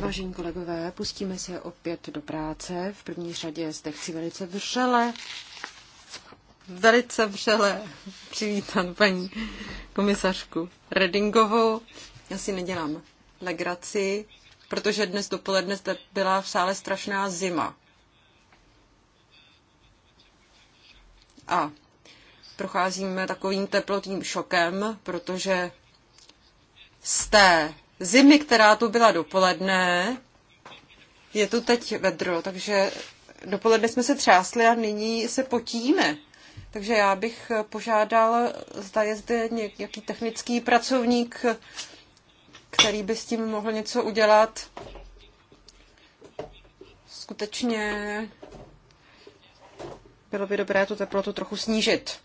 Vážení kolegové, pustíme se opět do práce. V první řadě zde chci velice vřele, velice vřele přivítat paní komisařku Redingovou. Já si nedělám legraci, protože dnes dopoledne zde byla v sále strašná zima. A procházíme takovým teplotním šokem, protože z té zimy, která tu byla dopoledne, je tu teď vedro, takže dopoledne jsme se třásli a nyní se potíme. Takže já bych požádal, zda je zde nějaký technický pracovník, který by s tím mohl něco udělat. Skutečně bylo by dobré tu teplotu trochu snížit.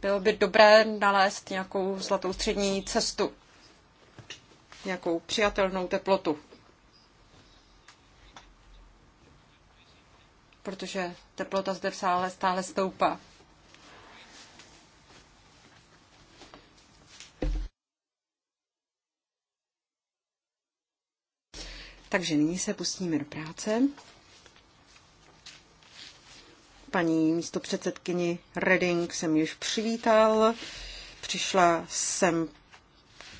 Bylo by dobré nalézt nějakou zlatou střední cestu nějakou přijatelnou teplotu. Protože teplota zde v sále stále stoupá. Takže nyní se pustíme do práce. Paní místo předsedkyni Redding jsem již přivítal. Přišla jsem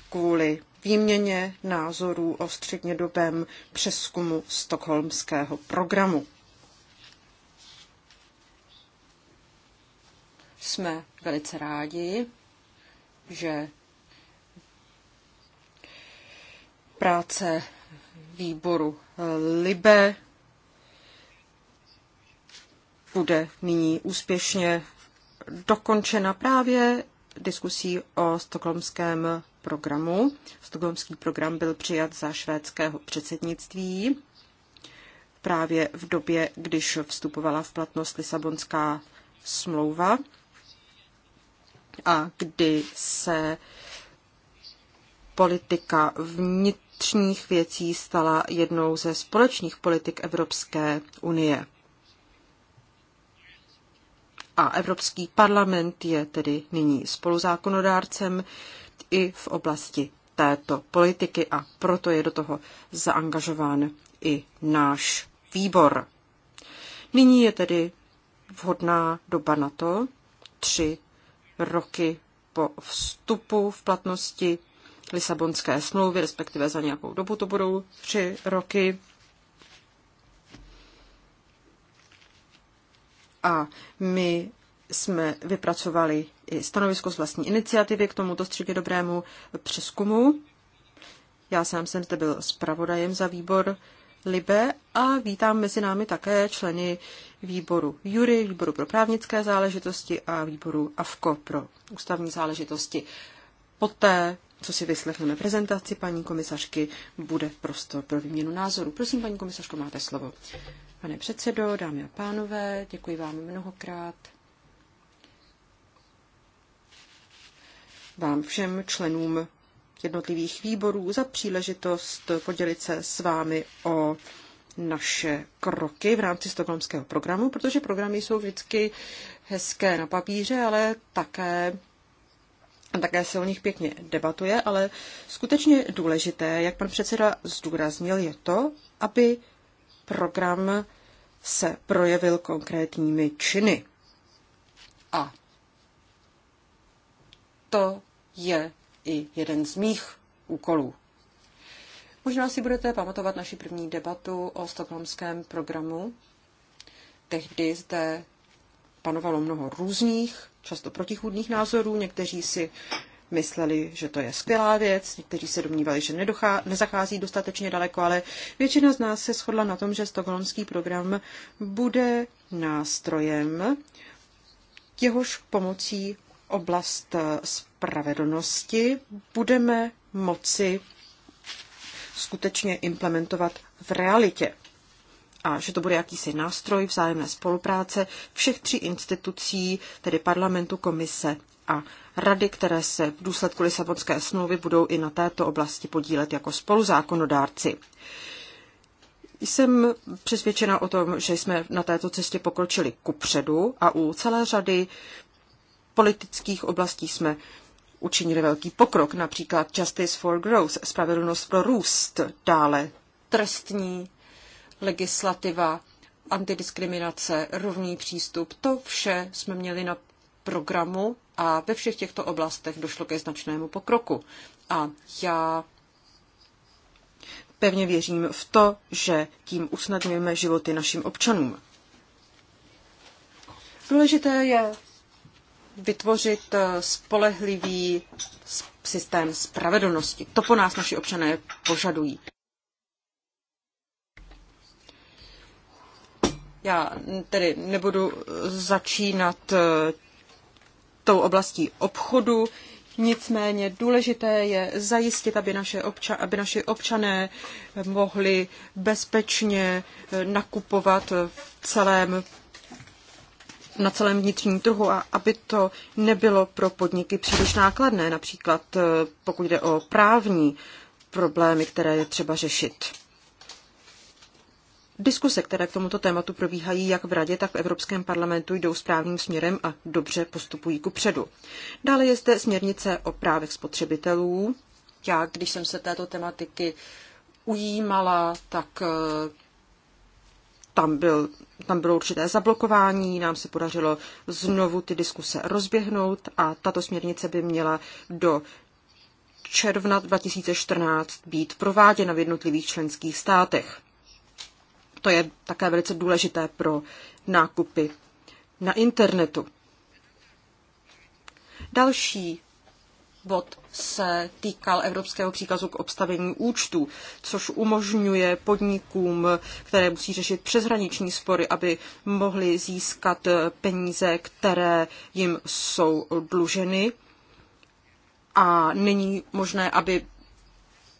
kvůli výměně názorů o střednědobém přeskumu stokholmského programu. Jsme velice rádi, že práce výboru LIBE bude nyní úspěšně dokončena právě diskusí o stokholmském programu. Stockholmský program byl přijat za švédského předsednictví právě v době, když vstupovala v platnost Lisabonská smlouva a kdy se politika vnitřních věcí stala jednou ze společných politik Evropské unie. A Evropský parlament je tedy nyní spoluzákonodárcem i v oblasti této politiky a proto je do toho zaangažován i náš výbor. Nyní je tedy vhodná doba na to, tři roky po vstupu v platnosti Lisabonské smlouvy, respektive za nějakou dobu to budou tři roky. A my jsme vypracovali i stanovisko z vlastní iniciativy k tomuto středně dobrému přeskumu. Já sám jsem zde byl zpravodajem za výbor Libe a vítám mezi námi také členy výboru Jury, výboru pro právnické záležitosti a výboru AFKO pro ústavní záležitosti. Poté, co si vyslechneme prezentaci paní komisařky, bude prostor pro výměnu názoru. Prosím, paní komisařko, máte slovo. Pane předsedo, dámy a pánové, děkuji vám mnohokrát vám všem členům jednotlivých výborů za příležitost podělit se s vámi o naše kroky v rámci stokholmského programu, protože programy jsou vždycky hezké na papíře, ale také také se o nich pěkně debatuje, ale skutečně důležité, jak pan předseda zdůraznil, je to, aby program se projevil konkrétními činy. A to je i jeden z mých úkolů. Možná si budete pamatovat naši první debatu o stokholmském programu. Tehdy zde panovalo mnoho různých, často protichůdných názorů. Někteří si mysleli, že to je skvělá věc, někteří se domnívali, že nedochá, nezachází dostatečně daleko, ale většina z nás se shodla na tom, že stokholmský program bude nástrojem, jehož pomocí oblast eh, spravedlnosti budeme moci skutečně implementovat v realitě. A že to bude jakýsi nástroj vzájemné spolupráce všech tří institucí, tedy parlamentu, komise a rady, které se v důsledku Lisabonské smlouvy budou i na této oblasti podílet jako spoluzákonodárci. Jsem přesvědčena o tom, že jsme na této cestě pokročili kupředu a u celé řady politických oblastí jsme učinili velký pokrok, například Justice for Growth, spravedlnost pro růst, dále trestní legislativa, antidiskriminace, rovný přístup. To vše jsme měli na programu a ve všech těchto oblastech došlo ke značnému pokroku. A já pevně věřím v to, že tím usnadňujeme životy našim občanům. Důležité je vytvořit eh, spolehlivý systém spravedlnosti. To po nás naši občané požadují. Já tedy nebudu začínat eh, tou oblastí obchodu, nicméně důležité je zajistit, aby, naše obča, aby naši občané mohli bezpečně eh, nakupovat v celém na celém vnitřním trhu a aby to nebylo pro podniky příliš nákladné, například eh, pokud jde o právní problémy, které je třeba řešit. Diskuse, které k tomuto tématu probíhají jak v Radě, tak v Evropském parlamentu, jdou správným směrem a dobře postupují ku předu. Dále je zde směrnice o právech spotřebitelů. Já, když jsem se této tematiky ujímala, tak eh, tam, byl, tam bylo určité zablokování, nám se podařilo znovu ty diskuse rozběhnout a tato směrnice by měla do června 2014 být prováděna v jednotlivých členských státech. To je také velice důležité pro nákupy na internetu. Další bod se týkal evropského příkazu k obstavení účtu, což umožňuje podnikům, které musí řešit přeshraniční spory, aby mohli získat peníze, které jim jsou dluženy. A není možné, aby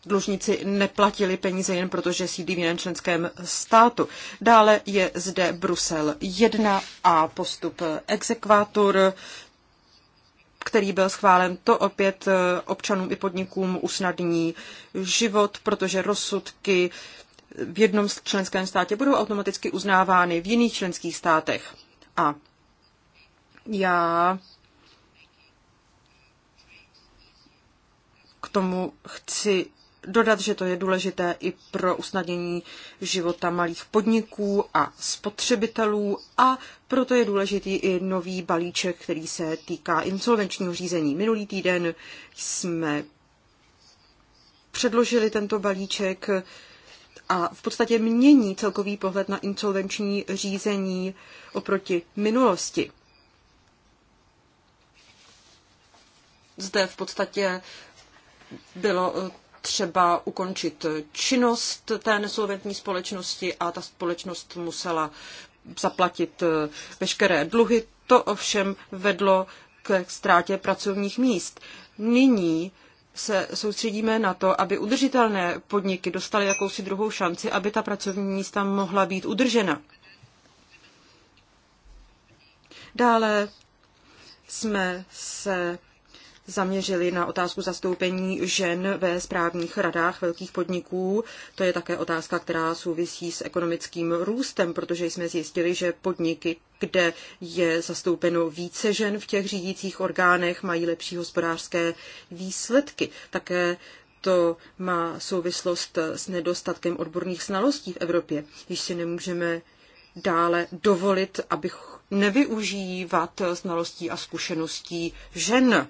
dlužníci neplatili peníze jen proto, že sídlí v jiném členském státu. Dále je zde Brusel 1 a postup exekvátor, který byl schválen, to opět eh, občanům i podnikům usnadní život, protože rozsudky v jednom členském státě budou automaticky uznávány v jiných členských státech. A já k tomu chci dodat, že to je důležité i pro usnadnění života malých podniků a spotřebitelů a proto je důležitý i nový balíček, který se týká insolvenčního řízení. Minulý týden jsme předložili tento balíček a v podstatě mění celkový pohled na insolvenční řízení oproti minulosti. Zde v podstatě bylo třeba ukončit činnost té nesolventní společnosti a ta společnost musela zaplatit eh, veškeré dluhy. To ovšem vedlo k ztrátě pracovních míst. Nyní se soustředíme na to, aby udržitelné podniky dostaly jakousi druhou šanci, aby ta pracovní místa mohla být udržena. Dále jsme se zaměřili na otázku zastoupení žen ve správních radách velkých podniků. To je také otázka, která souvisí s ekonomickým růstem, protože jsme zjistili, že podniky, kde je zastoupeno více žen v těch řídících orgánech, mají lepší hospodářské výsledky. Také to má souvislost s nedostatkem odborných znalostí v Evropě. Již si nemůžeme dále dovolit, abych nevyužívat znalostí a zkušeností žen.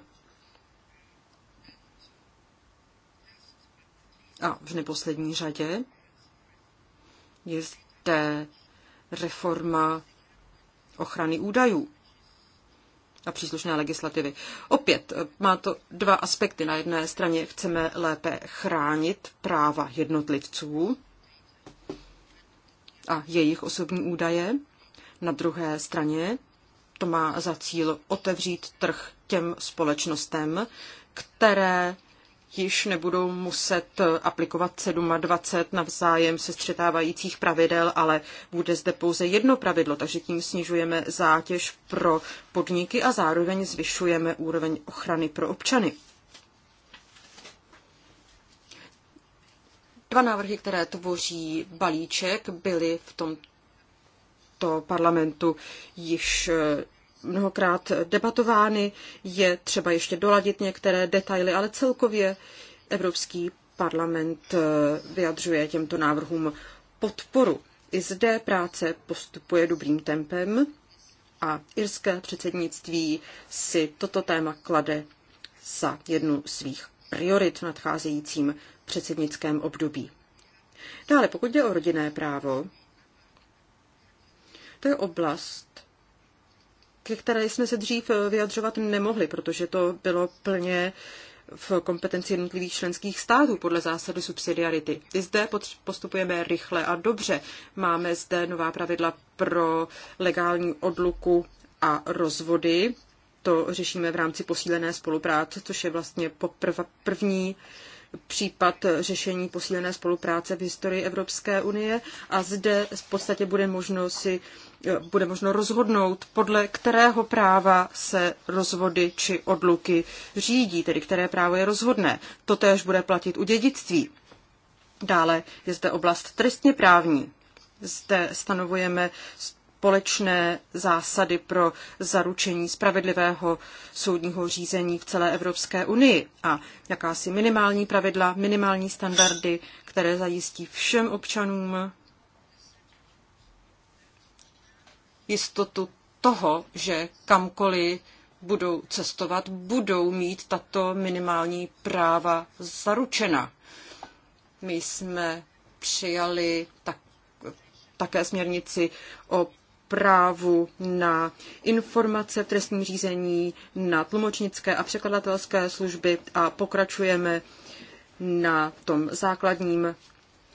A v neposlední řadě je zde reforma ochrany údajů a příslušné legislativy. Opět má to dva aspekty. Na jedné straně chceme lépe chránit práva jednotlivců a jejich osobní údaje. Na druhé straně to má za cíl otevřít trh těm společnostem, které již nebudou muset aplikovat 27 navzájem se střetávajících pravidel, ale bude zde pouze jedno pravidlo, takže tím snižujeme zátěž pro podniky a zároveň zvyšujeme úroveň ochrany pro občany. Dva návrhy, které tvoří balíček, byly v tomto parlamentu již mnohokrát debatovány, je třeba ještě doladit některé detaily, ale celkově Evropský parlament eh, vyjadřuje těmto návrhům podporu. I zde práce postupuje dobrým tempem a irské předsednictví si toto téma klade za jednu svých priorit v nadcházejícím předsednickém období. Dále, pokud jde o rodinné právo, to je oblast, ke které jsme se dřív eh, vyjadřovat nemohli, protože to bylo plně v kompetenci jednotlivých členských států podle zásady subsidiarity. I zde postupujeme rychle a dobře. Máme zde nová pravidla pro legální odluku a rozvody. To řešíme v rámci posílené spolupráce, což je vlastně poprv, první případ řešení posílené spolupráce v historii Evropské unie a zde v podstatě bude možno si eh, bude možno rozhodnout, podle kterého práva se rozvody či odluky řídí, tedy které právo je rozhodné. Totéž bude platit u dědictví. Dále je zde oblast trestně právní. Zde stanovujeme společné zásady pro zaručení spravedlivého soudního řízení v celé Evropské unii a jakási minimální pravidla, minimální standardy, které zajistí všem občanům jistotu toho, že kamkoliv budou cestovat, budou mít tato minimální práva zaručena. My jsme přijali tak, také směrnici o právu na informace v trestním řízení, na tlumočnické a překladatelské služby a pokračujeme na tom základním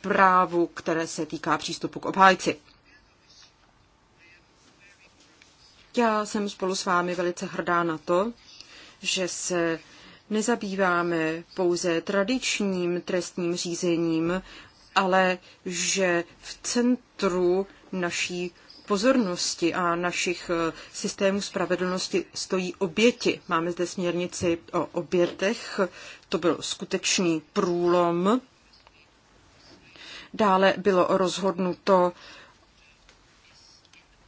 právu, které se týká přístupu k obhájci. Já jsem spolu s vámi velice hrdá na to, že se nezabýváme pouze tradičním trestním řízením, ale že v centru naší pozornosti a našich eh, systémů spravedlnosti stojí oběti. Máme zde směrnici o obětech, to byl skutečný průlom. Dále bylo rozhodnuto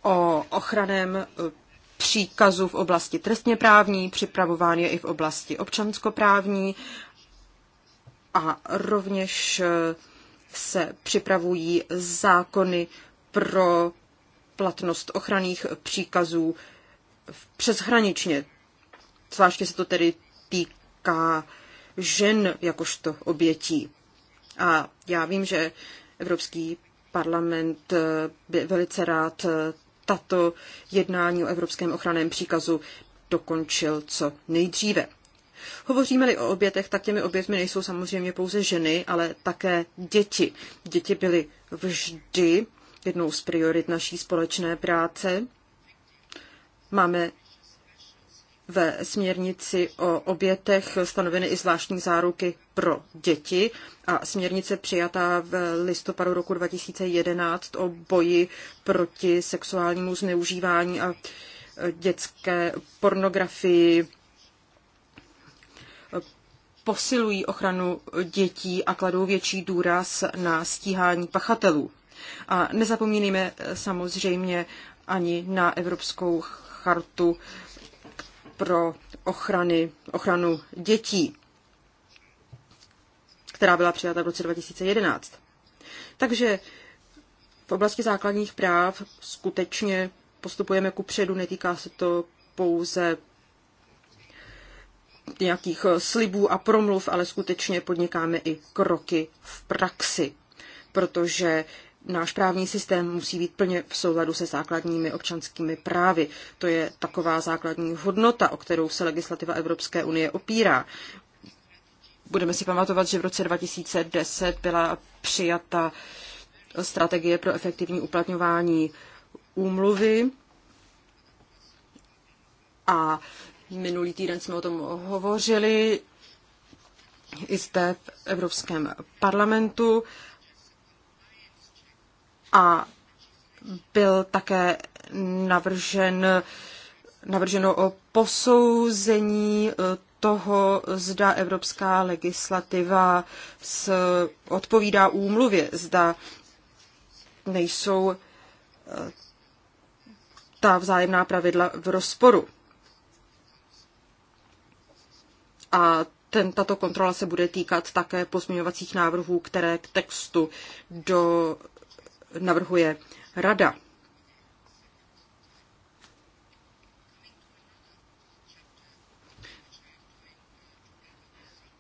o ochraném eh, příkazu v oblasti trestně právní, připravován je i v oblasti občanskoprávní a rovněž eh, se připravují zákony pro platnost ochranných příkazů přeshraničně. Zvláště se to tedy týká žen jakožto obětí. A já vím, že Evropský parlament eh, by velice rád eh, tato jednání o Evropském ochranném příkazu dokončil co nejdříve. Hovoříme-li o obětech, tak těmi obětmi nejsou samozřejmě pouze ženy, ale také děti. Děti byly vždy jednou z priorit naší společné práce. Máme ve směrnici o obětech stanoveny i zvláštní záruky pro děti a směrnice přijatá v listopadu roku 2011 o boji proti sexuálnímu zneužívání a dětské pornografii posilují ochranu dětí a kladou větší důraz na stíhání pachatelů. A nezapomínejme eh, samozřejmě ani na Evropskou chartu pro ochrany, ochranu dětí, která byla přijata v roce 2011. Takže v oblasti základních práv skutečně postupujeme ku předu, netýká se to pouze nějakých eh, slibů a promluv, ale skutečně podnikáme i kroky v praxi, protože náš právní systém musí být plně v souladu se základními občanskými právy. To je taková základní hodnota, o kterou se legislativa Evropské unie opírá. Budeme si pamatovat, že v roce 2010 byla přijata strategie pro efektivní uplatňování úmluvy a minulý týden jsme o tom hovořili i zde v Evropském parlamentu a byl také navržen, navrženo o posouzení eh, toho, zda evropská legislativa s, odpovídá úmluvě, zda nejsou eh, ta vzájemná pravidla v rozporu. A ten, tato kontrola se bude týkat také pozměňovacích návrhů, které k textu do navrhuje Rada.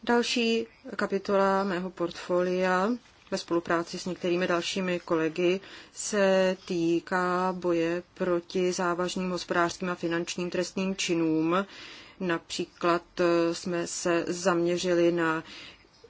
Další kapitola mého portfolia ve spolupráci s některými dalšími kolegy se týká boje proti závažným hospodářským a finančním trestným činům. Například eh, jsme se zaměřili na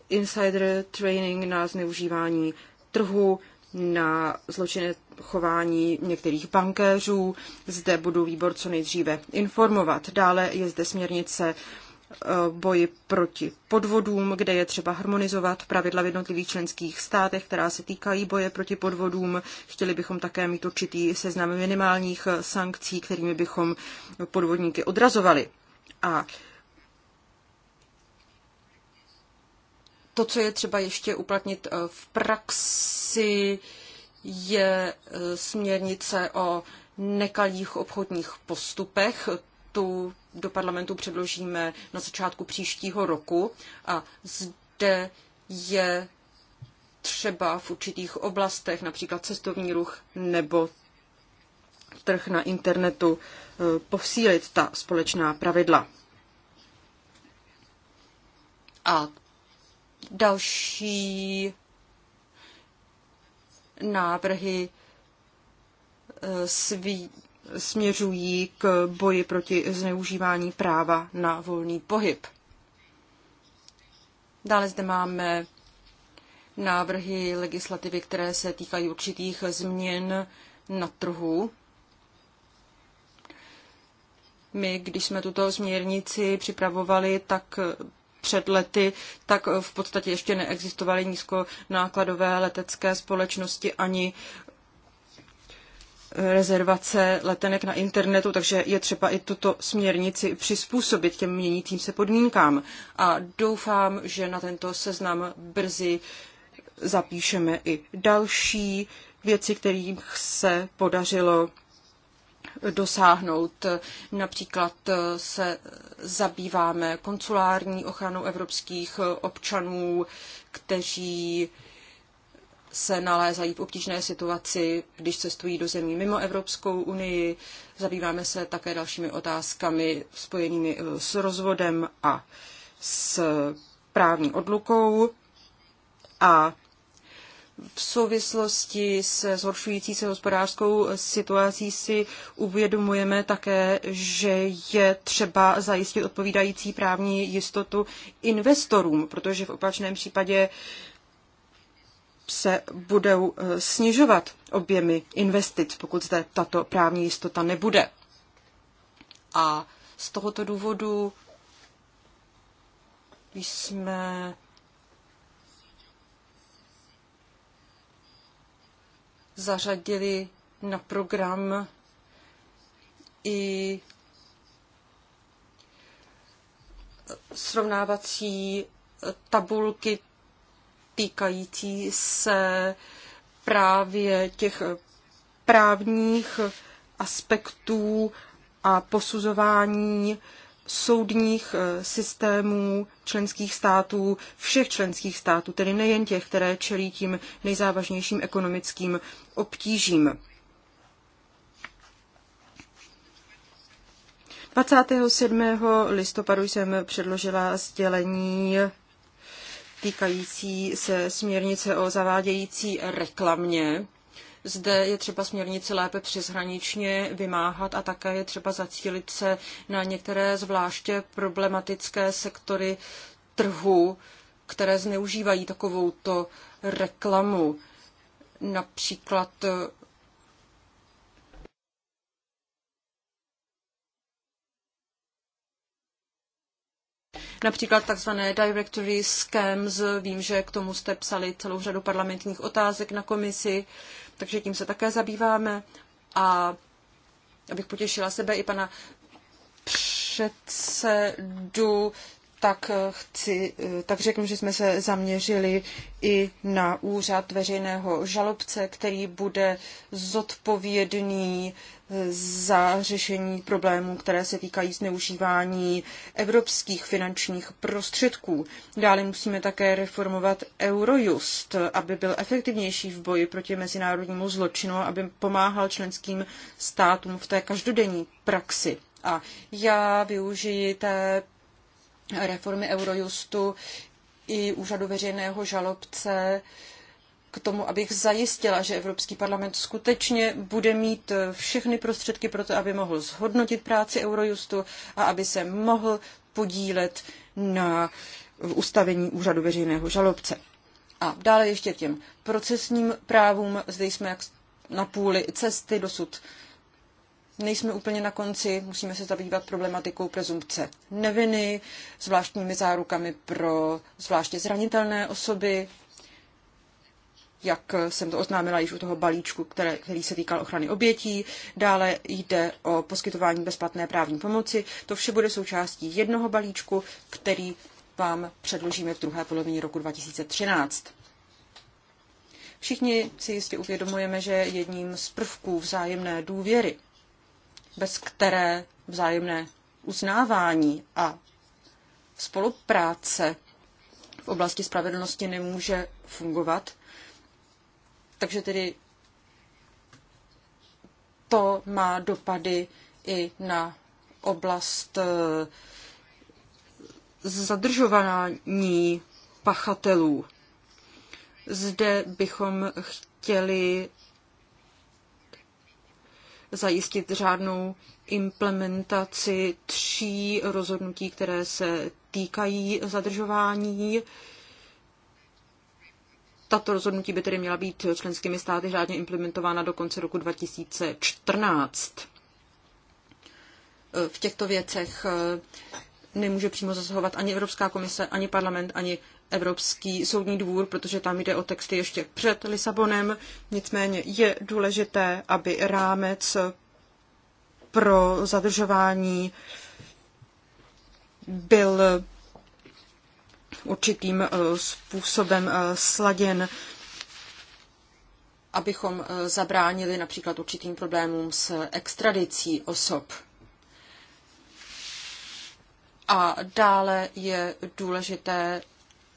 insider training, na zneužívání trhu, na zločinné chování některých bankéřů. Zde budu výbor co nejdříve informovat. Dále je zde směrnice eh, boji proti podvodům, kde je třeba harmonizovat pravidla v jednotlivých členských státech, která se týkají boje proti podvodům. Chtěli bychom také mít určitý seznam minimálních sankcí, kterými bychom podvodníky odrazovali. A to, co je třeba ještě uplatnit eh, v praxi, je eh, směrnice o nekalých obchodních postupech. Tu do parlamentu předložíme na začátku příštího roku a zde je třeba v určitých oblastech, například cestovní ruch nebo trh na internetu, eh, posílit ta společná pravidla. A další návrhy eh, svý, směřují k boji proti zneužívání práva na volný pohyb. Dále zde máme návrhy legislativy, které se týkají určitých změn na trhu. My, když jsme tuto směrnici připravovali, tak před lety, tak v podstatě ještě neexistovaly nízkonákladové letecké společnosti ani rezervace letenek na internetu, takže je třeba i tuto směrnici přizpůsobit těm měnícím se podmínkám. A doufám, že na tento seznam brzy zapíšeme i další věci, kterým se podařilo dosáhnout. Například eh, se zabýváme konsulární ochranou evropských eh, občanů, kteří se nalézají v obtížné situaci, když cestují do zemí mimo Evropskou unii. Zabýváme se také dalšími otázkami spojenými eh, s rozvodem a s právní odlukou. A v souvislosti s zhoršující se hospodářskou situací si uvědomujeme také, že je třeba zajistit odpovídající právní jistotu investorům, protože v opačném případě se budou eh, snižovat objemy investic, pokud zde tato právní jistota nebude. A z tohoto důvodu jsme zařadili na program i srovnávací tabulky týkající se právě těch právních aspektů a posuzování soudních eh, systémů členských států, všech členských států, tedy nejen těch, které čelí tím nejzávažnějším ekonomickým obtížím. 27. listopadu jsem předložila sdělení týkající se směrnice o zavádějící reklamě. Zde je třeba směrnici lépe přeshraničně vymáhat a také je třeba zacílit se na některé zvláště problematické sektory trhu, které zneužívají takovouto reklamu. Například například takzvané directory scams. Vím, že k tomu jste psali celou řadu parlamentních otázek na komisi, takže tím se také zabýváme. A abych potěšila sebe i pana předsedu, tak, eh, chci, eh, tak řeknu, že jsme se zaměřili i na úřad veřejného žalobce, který bude zodpovědný eh, za řešení problémů, které se týkají zneužívání evropských finančních prostředků. Dále musíme také reformovat Eurojust, aby byl efektivnější v boji proti mezinárodnímu zločinu, aby pomáhal členským státům v té každodenní praxi. A já využiji té reformy Eurojustu i úřadu veřejného žalobce k tomu, abych zajistila, že Evropský parlament skutečně bude mít všechny prostředky pro to, aby mohl zhodnotit práci Eurojustu a aby se mohl podílet na ustavení úřadu veřejného žalobce. A dále ještě k těm procesním právům. Zde jsme jak na půli cesty, dosud nejsme úplně na konci, musíme se zabývat problematikou prezumpce neviny, zvláštními zárukami pro zvláště zranitelné osoby, jak jsem to oznámila již u toho balíčku, které, který se týkal ochrany obětí. Dále jde o poskytování bezplatné právní pomoci. To vše bude součástí jednoho balíčku, který vám předložíme v druhé polovině roku 2013. Všichni si jistě uvědomujeme, že jedním z prvků vzájemné důvěry bez které vzájemné uznávání a spolupráce v oblasti spravedlnosti nemůže fungovat. Takže tedy to má dopady i na oblast eh, zadržování pachatelů. Zde bychom chtěli zajistit řádnou implementaci tří rozhodnutí, které se týkají zadržování. Tato rozhodnutí by tedy měla být členskými státy řádně implementována do konce roku 2014. V těchto věcech nemůže přímo zasahovat ani Evropská komise, ani parlament, ani Evropský soudní dvůr, protože tam jde o texty ještě před Lisabonem. Nicméně je důležité, aby rámec pro zadržování byl určitým eh, způsobem eh, sladěn, abychom eh, zabránili například určitým problémům s extradicí osob. A dále je důležité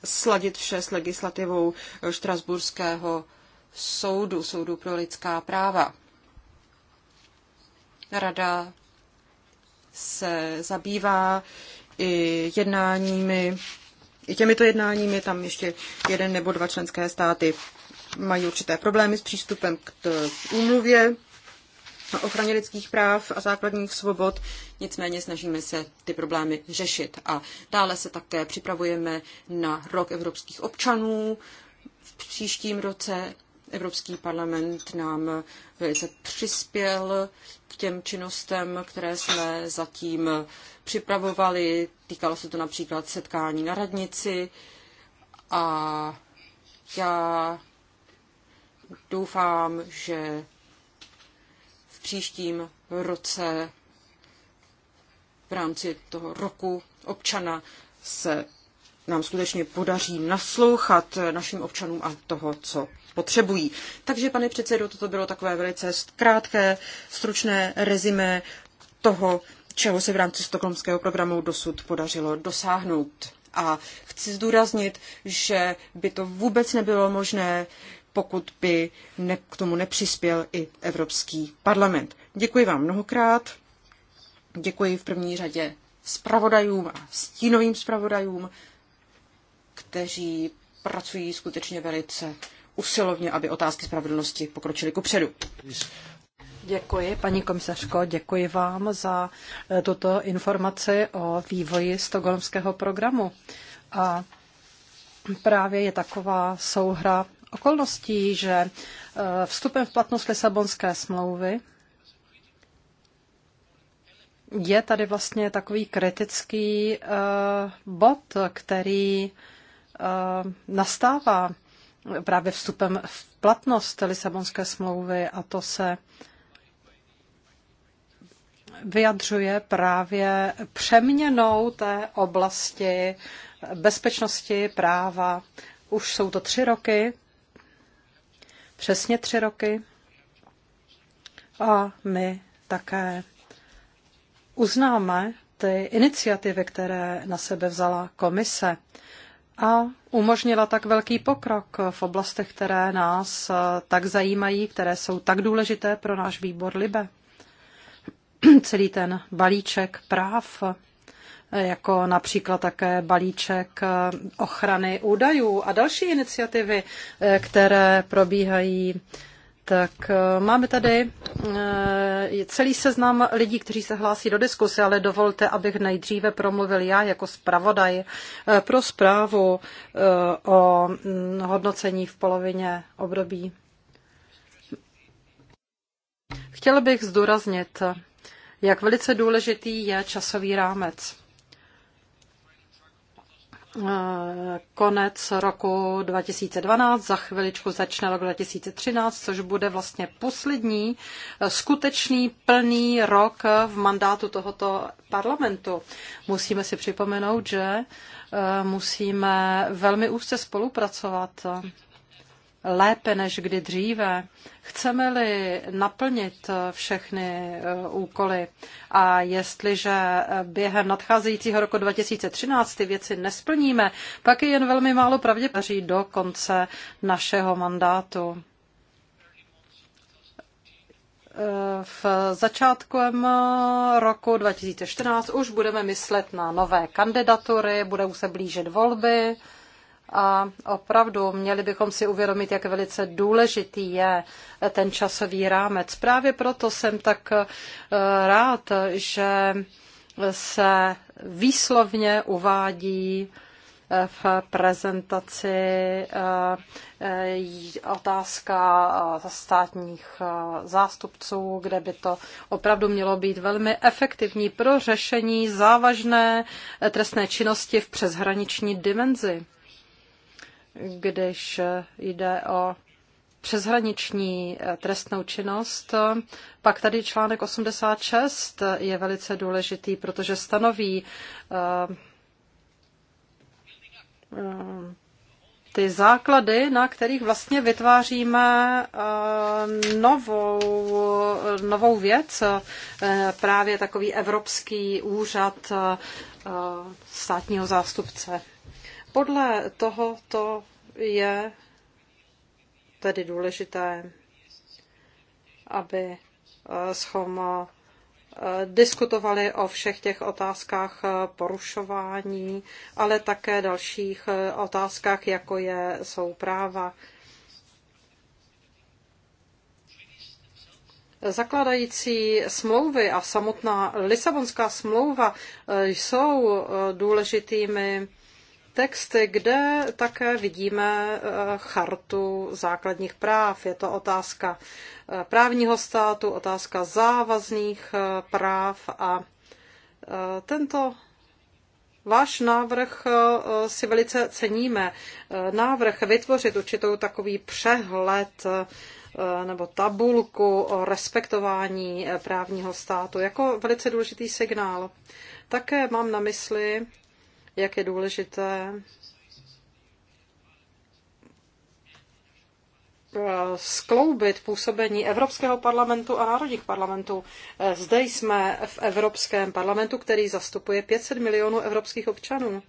sladit vše s legislativou Štrasburského soudu, soudu pro lidská práva. Rada se zabývá i jednáními, i těmito jednáními, tam ještě jeden nebo dva členské státy mají určité problémy s přístupem k, k úmluvě o ochraně lidských práv a základních svobod nicméně snažíme se ty problémy řešit. A dále se také připravujeme na rok evropských občanů. V příštím roce Evropský parlament nám velice přispěl k těm činnostem, které jsme zatím připravovali. Týkalo se to například setkání na radnici a já doufám, že v příštím roce v rámci toho roku občana se nám skutečně podaří naslouchat našim občanům a toho, co potřebují. Takže, pane předsedo, toto bylo takové velice krátké, stručné rezime toho, čeho se v rámci stokholmského programu dosud podařilo dosáhnout. A chci zdůraznit, že by to vůbec nebylo možné, pokud by ne, k tomu nepřispěl i Evropský parlament. Děkuji vám mnohokrát. Děkuji v první řadě spravodajům a stínovým spravodajům, kteří pracují skutečně velice usilovně, aby otázky spravedlnosti pokročily kupředu. Děkuji, paní komisařko, děkuji vám za eh, tuto informaci o vývoji stokholmského programu. A právě je taková souhra okolností, že eh, vstupem v platnost Lisabonské smlouvy je tady vlastně takový kritický eh, bod, který eh, nastává právě vstupem v platnost Lisabonské smlouvy a to se vyjadřuje právě přeměnou té oblasti bezpečnosti práva. Už jsou to tři roky, přesně tři roky a my také uznáme ty iniciativy, které na sebe vzala komise a umožnila tak velký pokrok v oblastech, které nás eh, tak zajímají, které jsou tak důležité pro náš výbor Libe. Celý ten balíček práv, eh, jako například také balíček eh, ochrany údajů a další iniciativy, které probíhají tak eh, máme tady eh, celý seznam lidí, kteří se hlásí do diskuse, ale dovolte, abych nejdříve promluvil já jako zpravodaj eh, pro zprávu o mm, hodnocení v polovině období. Chtěl bych zdůraznit, jak velice důležitý je časový rámec konec roku 2012, za chviličku začne rok 2013, což bude vlastně poslední eh, skutečný plný rok v mandátu tohoto parlamentu. Musíme si připomenout, že eh, musíme velmi úzce spolupracovat lépe než kdy dříve, chceme-li naplnit všechny eh, úkoly a jestliže během nadcházejícího roku 2013 ty věci nesplníme, pak je jen velmi málo pravděpodobně do konce našeho mandátu eh, v začátku eh, roku 2014 už budeme myslet na nové kandidatury, budou se blížit volby a opravdu měli bychom si uvědomit, jak velice důležitý je ten časový rámec. Právě proto jsem tak eh, rád, že se výslovně uvádí eh, v prezentaci eh, otázka státních zástupců, kde by to opravdu mělo být velmi efektivní pro řešení závažné trestné činnosti v přeshraniční dimenzi když jde o přeshraniční eh, trestnou činnost. Pak tady článek 86 je velice důležitý, protože stanoví eh, eh, ty základy, na kterých vlastně vytváříme novou, novou věc, právě takový Evropský úřad státního zástupce. Podle toho to je tedy důležité, aby eh, schom eh, diskutovali o všech těch otázkách eh, porušování, ale také dalších otázkách, jako je, jsou práva. Zakladající smlouvy a samotná Lisabonská smlouva jsou důležitými text, kde také vidíme eh, chartu základních práv. Je to otázka eh, právního státu, otázka závazných eh, práv a tento Váš návrh si velice ceníme. Návrh vytvořit určitou takový přehled nebo tabulku o respektování právního státu jako velice důležitý signál. Také mám na mysli jak je důležité skloubit působení Evropského parlamentu a národních parlamentů. Zde jsme v Evropském parlamentu, který zastupuje 500 milionů evropských občanů.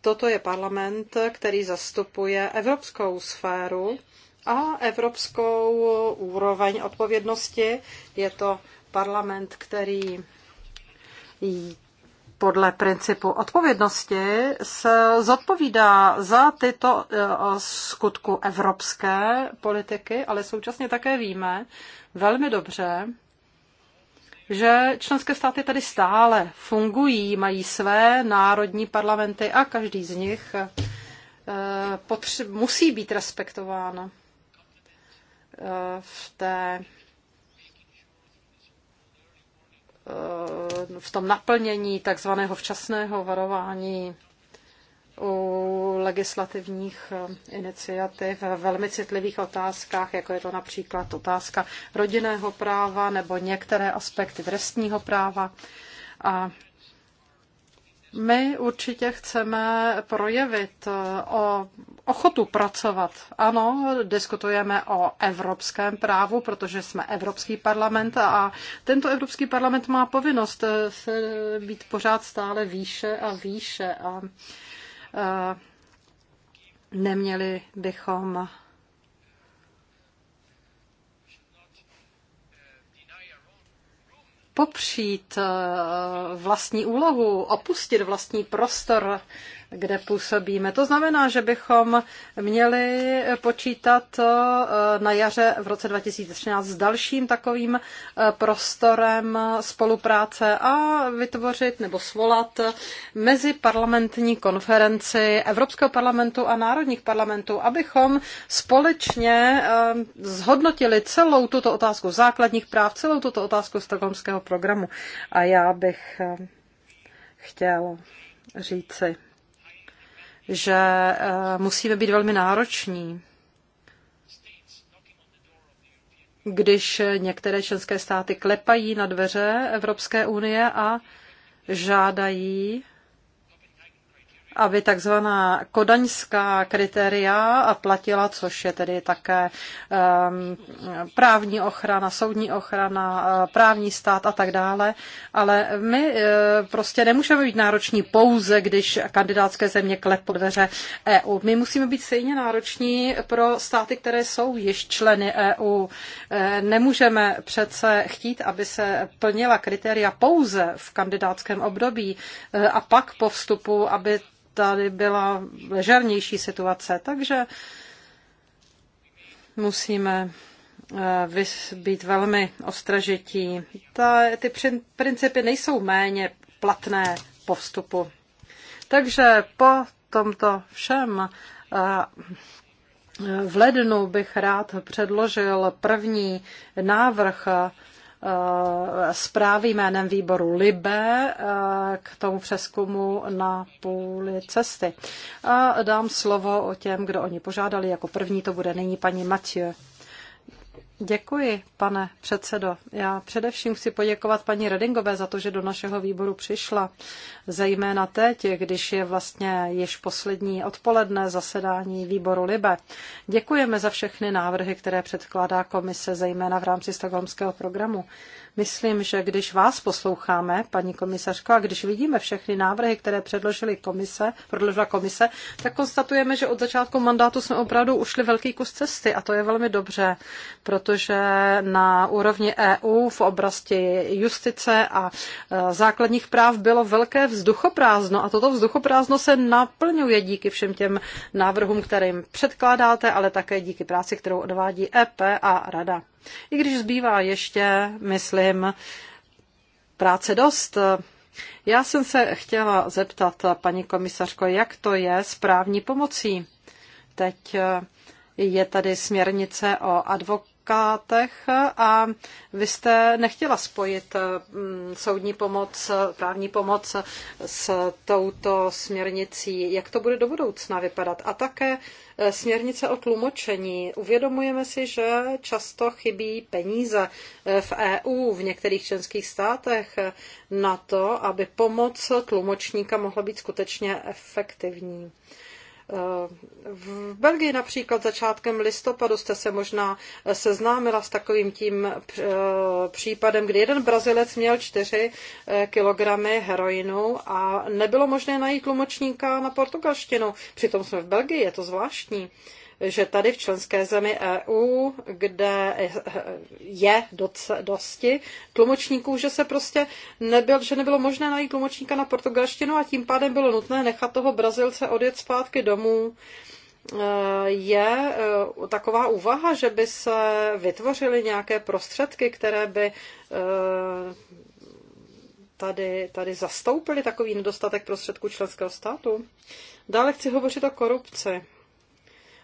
Toto je parlament, který zastupuje evropskou sféru a evropskou úroveň odpovědnosti. Je to parlament, který podle principu odpovědnosti se zodpovídá za tyto e, skutku evropské politiky, ale současně také víme velmi dobře, že členské státy tady stále fungují, mají své národní parlamenty a každý z nich e, musí být respektován e, v té Eh, v tom naplnění takzvaného včasného varování u legislativních eh, iniciativ v velmi citlivých otázkách, jako je to například otázka rodinného práva nebo některé aspekty trestního práva. A my určitě chceme projevit eh, o ochotu pracovat. Ano, diskutujeme o evropském právu, protože jsme Evropský parlament a tento Evropský parlament má povinnost eh, se být pořád stále výše a výše a eh, neměli bychom popřít eh, vlastní úlohu, opustit vlastní prostor kde působíme. To znamená, že bychom měli počítat eh, na jaře v roce 2013 s dalším takovým eh, prostorem eh, spolupráce a vytvořit nebo svolat mezi parlamentní konferenci Evropského parlamentu a národních parlamentů, abychom společně zhodnotili celou tuto otázku základních práv, celou tuto otázku stokholmského programu. A já bych chtěl říci že eh, musíme být velmi nároční, když některé členské státy klepají na dveře Evropské unie a žádají aby takzvaná kodaňská kritéria platila, což je tedy také ehm, právní ochrana, soudní ochrana, eh, právní stát a tak dále. Ale my eh, prostě nemůžeme být nároční pouze, když kandidátské země klepou dveře EU. My musíme být stejně nároční pro státy, které jsou již členy EU. Eh, nemůžeme přece chtít, aby se plnila kritéria pouze v kandidátském období a pak po vstupu, aby tady byla ležernější situace, takže musíme eh, být velmi ostražití. Ta, ty principy nejsou méně platné po vstupu. Takže po tomto všem eh, v lednu bych rád předložil první návrh Eh, zprávy jménem výboru Libe eh, k tomu přeskumu na půli cesty. A dám slovo o těm, kdo oni požádali. Jako první to bude nyní paní Mathieu. Děkuji, pane předsedo. Já především chci poděkovat paní Redingové za to, že do našeho výboru přišla, zejména teď, když je vlastně již poslední odpoledne zasedání výboru Libe. Děkujeme za všechny návrhy, které předkládá komise, zejména v rámci stokholmského programu. Myslím, že když vás posloucháme, paní komisařko, a když vidíme všechny návrhy, které předložili komise, předložila komise, tak konstatujeme, že od začátku mandátu jsme opravdu ušli velký kus cesty a to je velmi dobře, protože na úrovni EU v oblasti justice a e, základních práv bylo velké vzduchoprázdno a toto vzduchoprázdno se naplňuje díky všem těm návrhům, kterým předkládáte, ale také díky práci, kterou odvádí EP a Rada. I když zbývá ještě, myslím, práce dost, já jsem se chtěla zeptat, paní komisařko, jak to je s právní pomocí. Teď je tady směrnice o advokátu advokátech a vy jste nechtěla spojit mm, soudní pomoc, právní pomoc s touto směrnicí. Jak to bude do budoucna vypadat? A také eh, směrnice o tlumočení. Uvědomujeme si, že často chybí peníze eh, v EU, v některých členských státech eh, na to, aby pomoc tlumočníka mohla být skutečně efektivní. Eh, v Belgii například začátkem listopadu jste se možná eh, seznámila s takovým tím eh, případem, kdy jeden Brazilec měl 4 kilogramy heroinu a nebylo možné najít tlumočníka na portugalštinu. Přitom jsme v Belgii, je to zvláštní že tady v členské zemi EU, kde je dosti tlumočníků, že se prostě nebyl, že nebylo možné najít tlumočníka na portugalštinu a tím pádem bylo nutné nechat toho Brazilce odjet zpátky domů je e, taková úvaha, že by se vytvořily nějaké prostředky, které by e, tady, tady zastoupily takový nedostatek prostředků členského státu. Dále chci hovořit o korupci.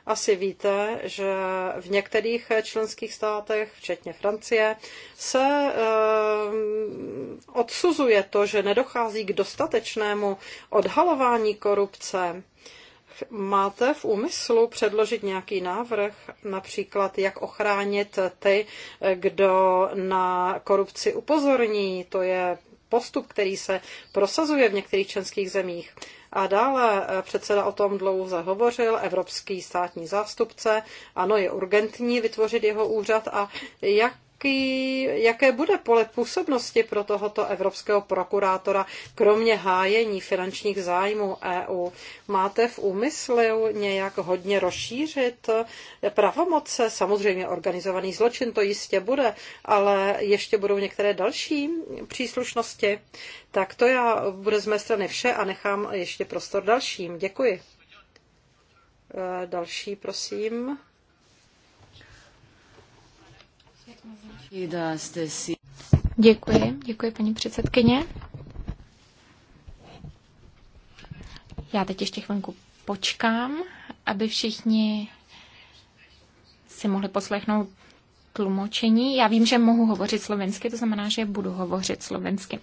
Asi víte, že v některých členských státech, včetně Francie, se eh, odsuzuje to, že nedochází k dostatečnému odhalování korupce. Máte v úmyslu předložit nějaký návrh, například jak ochránit ty, kdo na korupci upozorní? To je postup, který se prosazuje v některých členských zemích. A dále eh, předseda o tom dlouze hovořil, evropský státní zástupce. Ano, je urgentní vytvořit jeho úřad a jak jaký, jaké bude pole působnosti pro tohoto evropského prokurátora, kromě hájení finančních zájmů EU? Máte v úmyslu nějak hodně rozšířit pravomoce? Samozřejmě organizovaný zločin to jistě bude, ale ještě budou některé další příslušnosti. Tak to já bude z mé strany vše a nechám ještě prostor dalším. Děkuji. E, další, prosím. Děkuji, děkuji paní předsedkyně. Já teď ještě chvilku počkám, aby všichni si mohli poslechnout tlumočení. Já vím, že mohu hovořit slovensky, to znamená, že budu hovořit slovensky.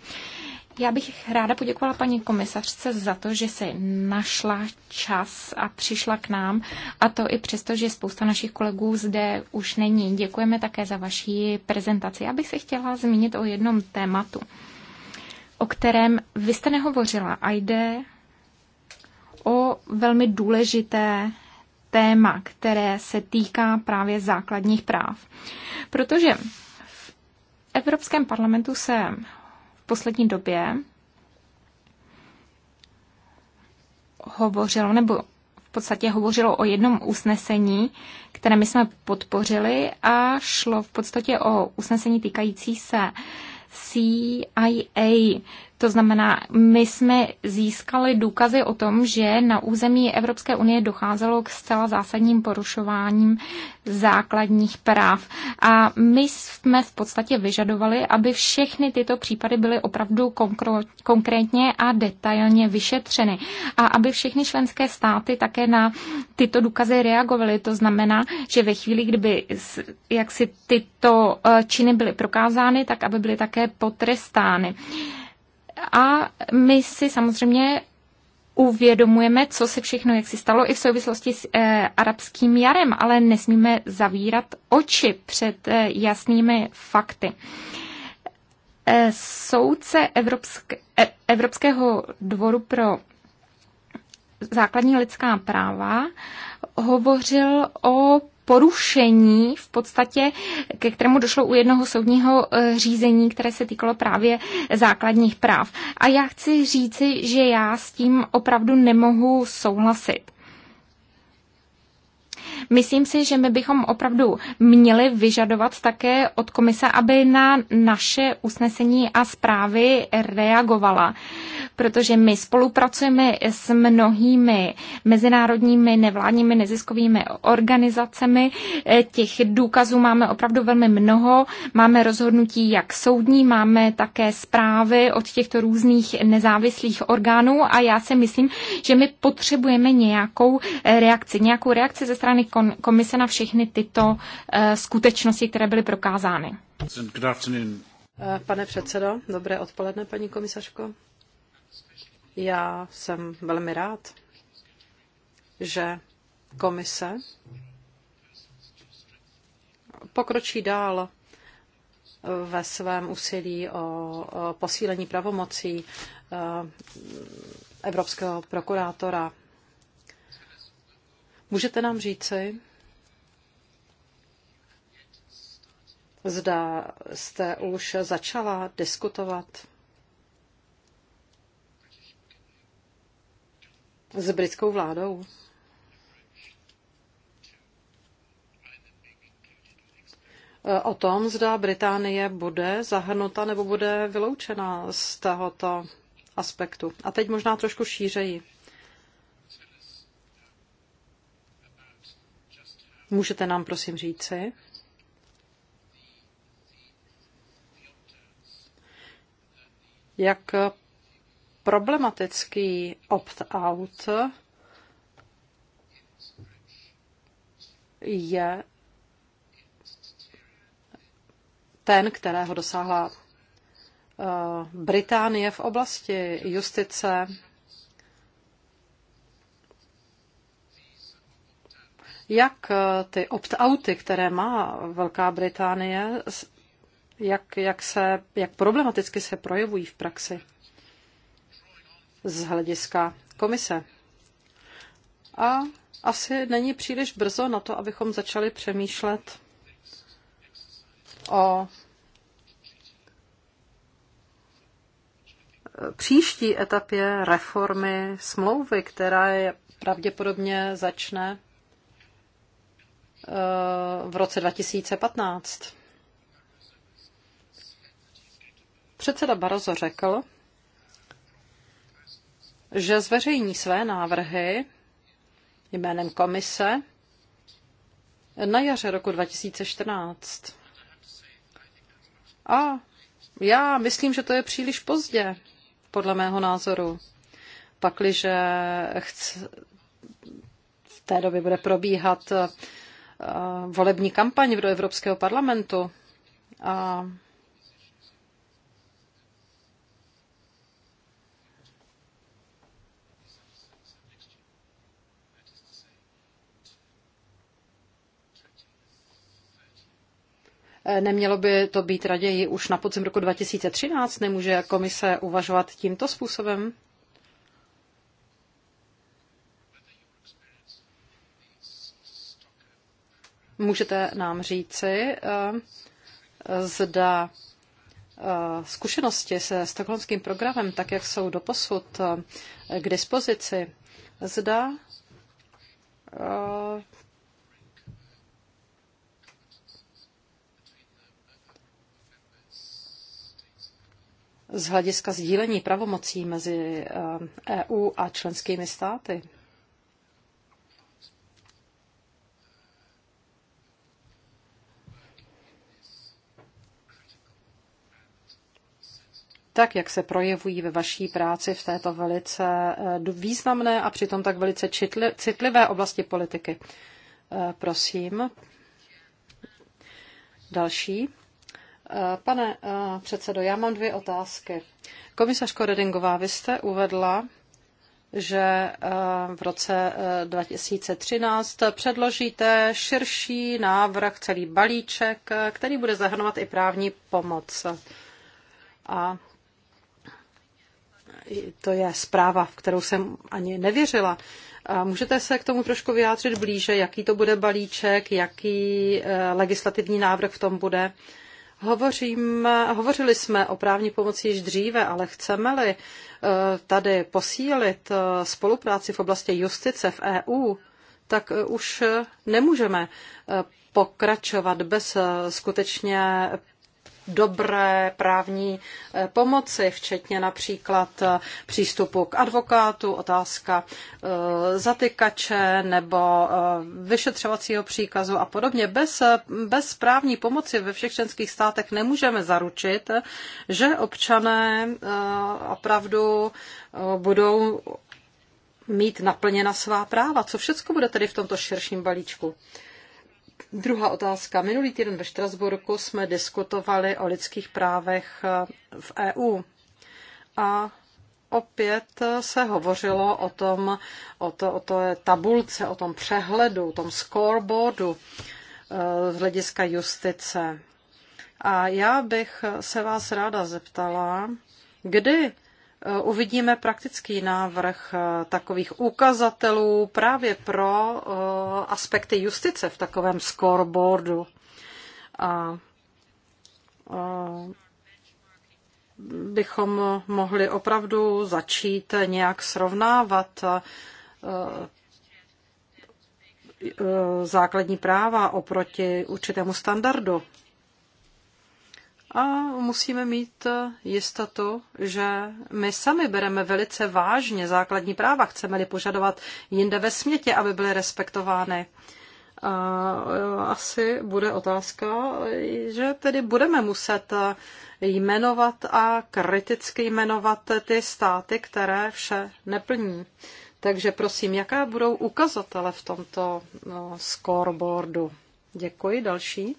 Já bych ráda poděkovala paní komisařce za to, že se našla čas a přišla k nám, a to i přesto, že spousta našich kolegů zde už není. Děkujeme také za vaši prezentaci. Já bych se chtěla zmínit o jednom tématu, o kterém vy jste nehovořila a jde o velmi důležité téma, které se týká právě základních práv. Protože v Evropském parlamentu se poslední době hovořilo, nebo v podstatě hovořilo o jednom usnesení, které my jsme podpořili a šlo v podstatě o usnesení týkající se CIA, to znamená, my jsme získali důkazy o tom, že na území Evropské unie docházelo k zcela zásadním porušováním základních práv. A my jsme v podstatě vyžadovali, aby všechny tyto případy byly opravdu konkrétně a detailně vyšetřeny. A aby všechny členské státy také na tyto důkazy reagovaly. To znamená, že ve chvíli, kdyby jak si tyto eh, činy byly prokázány, tak aby byly také potrestány. A my si samozřejmě uvědomujeme, co se všechno, jak si stalo i v souvislosti s e, arabským jarem, ale nesmíme zavírat oči před e, jasnými fakty. E, soudce Evropsk, e, Evropského dvoru pro základní lidská práva hovořil o porušení v podstatě, ke kterému došlo u jednoho soudního eh, řízení, které se týkalo právě základních práv. A já chci říci, že já s tím opravdu nemohu souhlasit. Myslím si, že my bychom opravdu měli vyžadovat také od komise, aby na naše usnesení a zprávy reagovala protože my spolupracujeme s mnohými mezinárodními nevládními neziskovými organizacemi. E, těch důkazů máme opravdu velmi mnoho. Máme rozhodnutí jak soudní, máme také zprávy od těchto různých nezávislých orgánů a já si myslím, že my potřebujeme nějakou e, reakci, nějakou reakci ze strany komise na všechny tyto e, skutečnosti, které byly prokázány. Pane předsedo, dobré odpoledne, paní komisařko. Já jsem velmi rád, že komise pokročí dál ve svém úsilí o posílení pravomocí eh, evropského prokurátora. Můžete nám říci, zda jste už začala diskutovat s britskou vládou. E, o tom, zda Británie bude zahrnuta nebo bude vyloučena z tohoto aspektu. A teď možná trošku šířeji. Můžete nám prosím říci, jak problematický opt-out je ten, kterého dosáhla eh, Británie v oblasti justice. Jak eh, ty opt-outy, které má Velká Británie, jak, jak, se, jak problematicky se projevují v praxi? z hlediska komise. A asi není příliš brzo na to, abychom začali přemýšlet o příští etapě reformy smlouvy, která je pravděpodobně začne eh, v roce 2015. Předseda Barozo řekl, že zveřejní své návrhy jménem komise na jaře roku 2014. A já myslím, že to je příliš pozdě, podle mého názoru. Pakliže v té době bude probíhat eh, volební kampaň do Evropského parlamentu. A Eh, nemělo by to být raději už na podzim roku 2013? Nemůže komise uvažovat tímto způsobem? Můžete nám říci, eh, zda eh, zkušenosti se stokholmským programem, tak jak jsou doposud k dispozici, zda z hlediska sdílení pravomocí mezi EU eh, e a členskými státy. tak, jak se projevují ve vaší práci v této velice eh, významné a přitom tak velice citlivé oblasti politiky. Eh, prosím. Další. Eh, pane eh, předsedo, já mám dvě otázky. Komisařko Redingová, vy jste uvedla, že eh, v roce 2013 předložíte širší návrh, celý balíček, který bude zahrnovat i právní pomoc. A to je zpráva, v kterou jsem ani nevěřila. můžete se k tomu trošku vyjádřit blíže, jaký to bude balíček, jaký legislativní návrh v tom bude? hovořili jsme o právní pomoci již dříve, ale chceme-li eh, tady posílit eh, spolupráci v oblasti justice v EU, tak eh, už nemůžeme pokračovat bez skutečně dobré právní eh, pomoci, včetně například eh, přístupu k advokátu, otázka eh, zatykače nebo vyšetřovacího příkazu a podobně. Bez, bez právní pomoci ve všech členských státech nemůžeme zaručit, že občané opravdu budou mít naplněna svá práva. Co všechno bude tedy v tomto širším balíčku? Druhá otázka. Minulý týden ve Štrasburku jsme diskutovali o lidských právech eh, v EU a opět se hovořilo o tom, o to, o to tabulce, o tom přehledu, o tom scoreboardu eh, z hlediska justice. A já bych se vás ráda zeptala, kdy Eh, uvidíme praktický návrh eh, takových ukazatelů právě pro eh, aspekty justice v takovém scoreboardu. A bychom mohli opravdu začít nějak srovnávat základní práva oproti určitému standardu a musíme mít eh, jistotu, že my sami bereme velice vážně základní práva. Chceme-li požadovat jinde ve smětě, aby byly respektovány. A eh, asi bude otázka, že tedy budeme muset eh, jmenovat a kriticky jmenovat ty státy, které vše neplní. Takže prosím, jaká budou ukazatele v tomto no, scoreboardu? Děkuji. Další.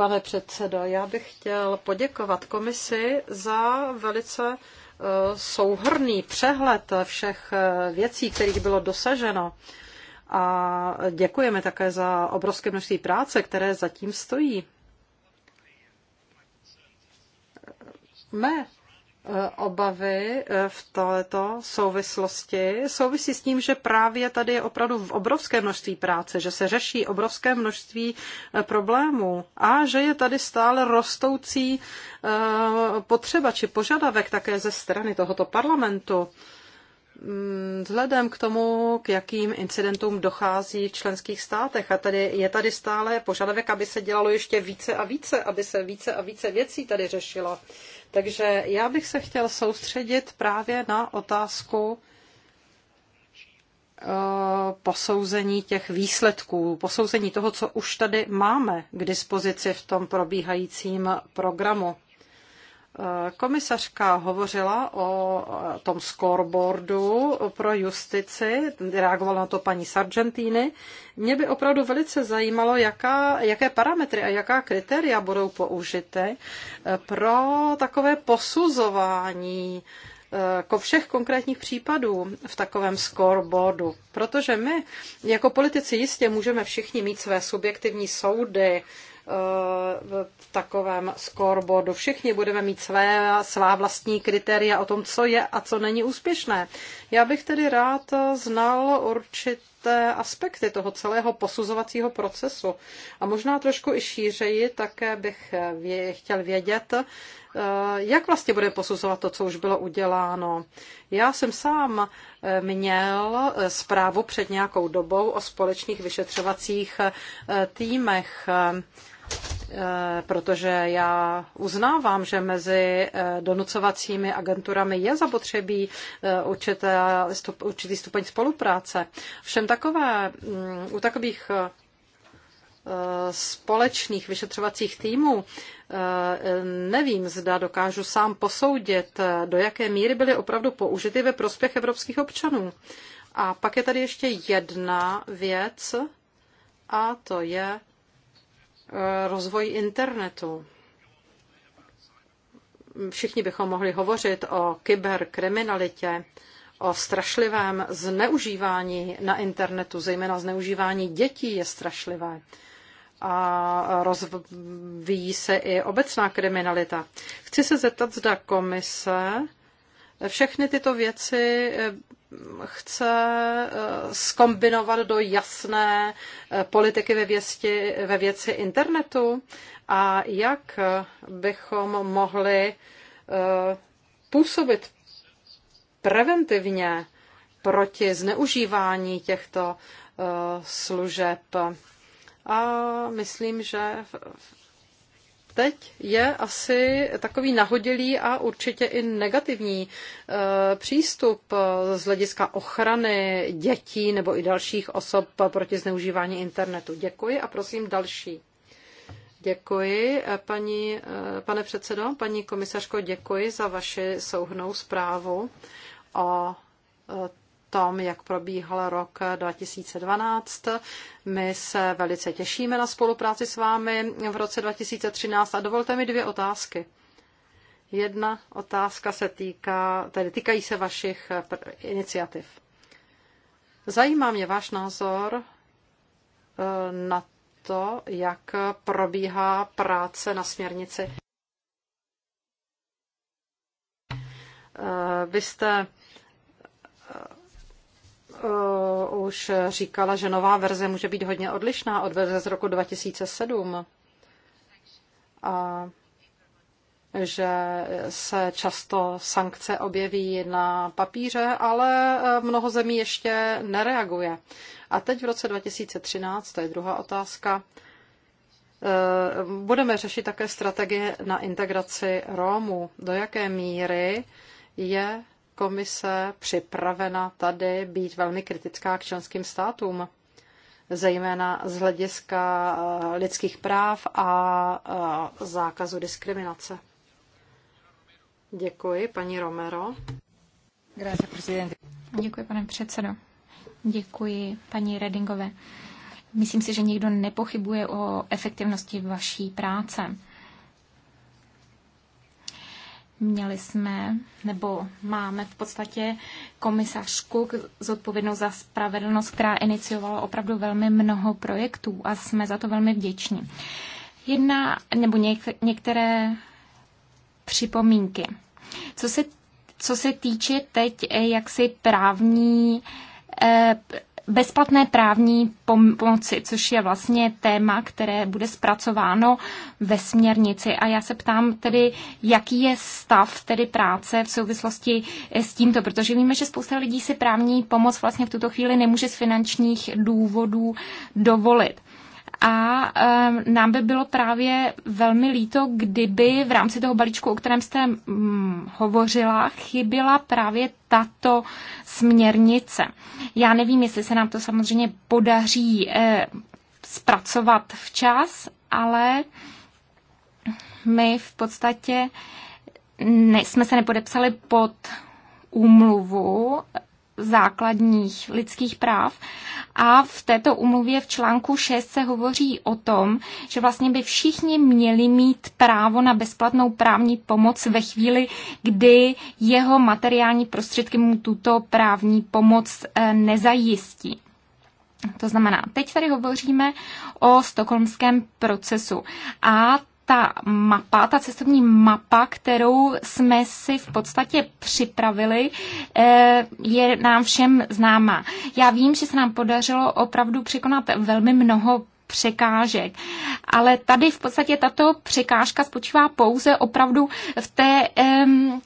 Pane předsedo, já bych chtěl poděkovat komisi za velice eh, souhrný přehled všech eh, věcí, kterých bylo dosaženo. A děkujeme také za obrovské množství práce, které zatím stojí. Mé Eh, obavy eh, v této souvislosti souvisí s tím, že právě tady je opravdu v obrovské množství práce, že se řeší obrovské množství eh, problémů a že je tady stále rostoucí potřeba či požadavek také ze strany tohoto parlamentu. Mm, vzhledem k tomu, k jakým incidentům dochází v členských státech, a tady je tady stále požadavek, aby se dělalo ještě více a více, aby se více a více věcí tady řešilo. Takže já bych se chtěl soustředit právě na otázku eh, posouzení těch výsledků, posouzení toho, co už tady máme k dispozici v tom probíhajícím programu. Komisařka hovořila o tom scoreboardu pro justici, reagovala na to paní Sargentini. Mě by opravdu velice zajímalo, jaká, jaké parametry a jaká kritéria budou použity eh, pro takové posuzování eh, ko všech konkrétních případů v takovém scoreboardu. Protože my jako politici jistě můžeme všichni mít své subjektivní soudy, Eh, v takovém scoreboardu. Všichni budeme mít své, svá vlastní kritéria o tom, co je a co není úspěšné. Já bych tedy rád znal určité aspekty toho celého posuzovacího procesu a možná trošku i šířeji také bych chtěl vědět, eh, jak vlastně bude posuzovat to, co už bylo uděláno. Já jsem sám eh, měl eh, zprávu před nějakou dobou o společných vyšetřovacích týmech Eh, protože já uznávám, že mezi eh, donucovacími agenturami je zapotřebí eh, určité, určitý stupeň spolupráce. Všem takové, mm, u takových společných vyšetřovacích týmů nevím, zda dokážu sám posoudit, do jaké míry byly opravdu použity ve prospěch evropských občanů. A pak je tady ještě jedna věc, a to je rozvoji internetu. Všichni bychom mohli hovořit o kyberkriminalitě, o strašlivém zneužívání na internetu, zejména zneužívání dětí je strašlivé. A rozvíjí se i obecná kriminalita. Chci se zeptat, zda komise všechny tyto věci chce eh, skombinovat do jasné eh, politiky ve, věsti, ve věci internetu a jak bychom mohli eh, působit preventivně proti zneužívání těchto služeb. A myslím, že teď je asi takový nahodilý a určitě i negativní eh, přístup eh, z hlediska ochrany dětí nebo i dalších osob proti zneužívání internetu. Děkuji a prosím další. Děkuji, eh, paní, pane předsedo, paní komisařko, děkuji za vaši souhnou zprávu o tom, jak probíhal rok 2012. My se velice těšíme na spolupráci s vámi v roce 2013 a dovolte mi dvě otázky. Jedna otázka se týká, tedy týkají se vašich iniciativ. Zajímá mě váš názor eh, na to, jak probíhá práce na směrnici. Eh, vy jste eh, uh, už říkala, že nová verze může být hodně odlišná od verze z roku 2007. A že se často sankce objeví na papíře, ale eh, mnoho zemí ještě nereaguje. A teď v roce 2013, to je druhá otázka, eh, budeme řešit také strategie na integraci Rómů. Do jaké míry je komise připravena tady být velmi kritická k členským státům, zejména z hlediska eh, lidských práv a eh, zákazu diskriminace. Děkuji, paní Romero. Děkuji, pane předsedo. Děkuji, paní Redingové. Myslím si, že nikdo nepochybuje o efektivnosti vaší práce. Měli jsme, nebo máme v podstatě komisařku zodpovědnou za spravedlnost, která iniciovala opravdu velmi mnoho projektů a jsme za to velmi vděční. Jedna nebo něk, některé připomínky. Co se, co se týče teď eh, jaksi právní eh, bezplatné právní pomoci, což je vlastně téma, které bude zpracováno ve směrnici. A já se ptám tedy, jaký je stav tedy práce v souvislosti s tímto, protože víme, že spousta lidí si právní pomoc vlastně v tuto chvíli nemůže z finančních důvodů dovolit a nám by bylo právě velmi líto, kdyby v rámci toho balíčku, o kterém jste hovořila, chyběla právě tato směrnice. Já nevím, jestli se nám to samozřejmě podaří e, zpracovat včas, ale my v podstatě ne, jsme se nepodepsali pod úmluvu základních lidských práv. A v této umluvě v článku 6 se hovoří o tom, že vlastně by všichni měli mít právo na bezplatnou právní pomoc ve chvíli, kdy jeho materiální prostředky mu tuto právní pomoc eh, nezajistí. To znamená, teď tady hovoříme o stokholmském procesu a ta mapa, ta cestovní mapa, kterou jsme si v podstatě připravili, eh, je nám všem známa. Já vím, že se nám podařilo opravdu překonat velmi mnoho překážek. Ale tady v podstatě tato překážka spočívá pouze opravdu v té um,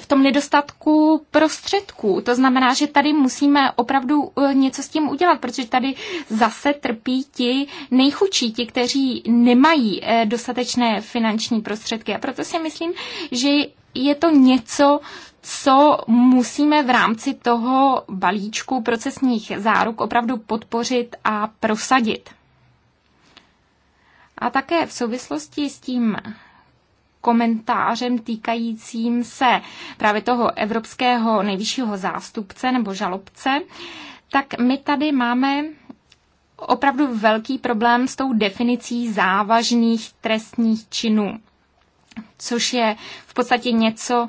v tom nedostatku prostředků. To znamená, že tady musíme opravdu e, něco s tím udělat, protože tady zase trpí ti nejchučí, ti, kteří nemají e, dostatečné finanční prostředky. A proto si myslím, že je to něco, co musíme v rámci toho balíčku procesních záruk opravdu podpořit a prosadit. A také v souvislosti s tím komentářem týkajícím se právě toho evropského nejvyššího zástupce nebo žalobce, tak my tady máme opravdu velký problém s tou definicí závažných trestních činů což je v podstatě něco,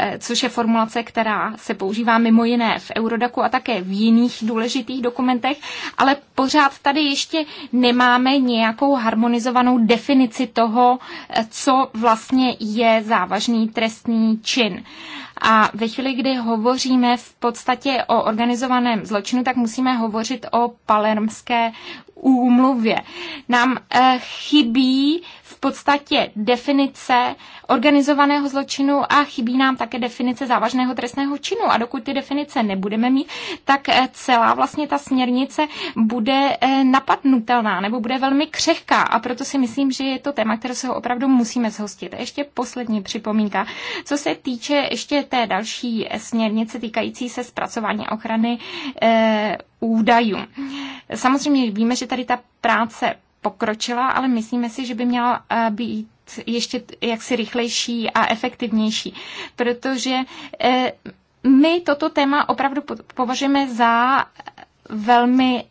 eh, což je formulace, která se používá mimo jiné v Eurodaku a také v jiných důležitých dokumentech, ale pořád tady ještě nemáme nějakou harmonizovanou definici toho, eh, co vlastně je závažný trestný čin. A ve chvíli, kdy hovoříme v podstatě o organizovaném zločinu, tak musíme hovořit o palermské úmluvě. Nám eh, chybí v podstatě definice organizovaného zločinu a chybí nám také definice závažného trestného činu. A dokud ty definice nebudeme mít, tak eh, celá vlastně ta směrnice bude eh, napadnutelná nebo bude velmi křehká. A proto si myslím, že je to téma, které se ho opravdu musíme zhostit. A ještě poslední připomínka. Co se týče ještě té další směrnice týkající se zpracování ochrany údajům. Samozřejmě víme, že tady ta práce pokročila, ale myslíme si, že by měla eh, být ještě jaksi rychlejší a efektivnější, protože eh, my toto téma opravdu považujeme za velmi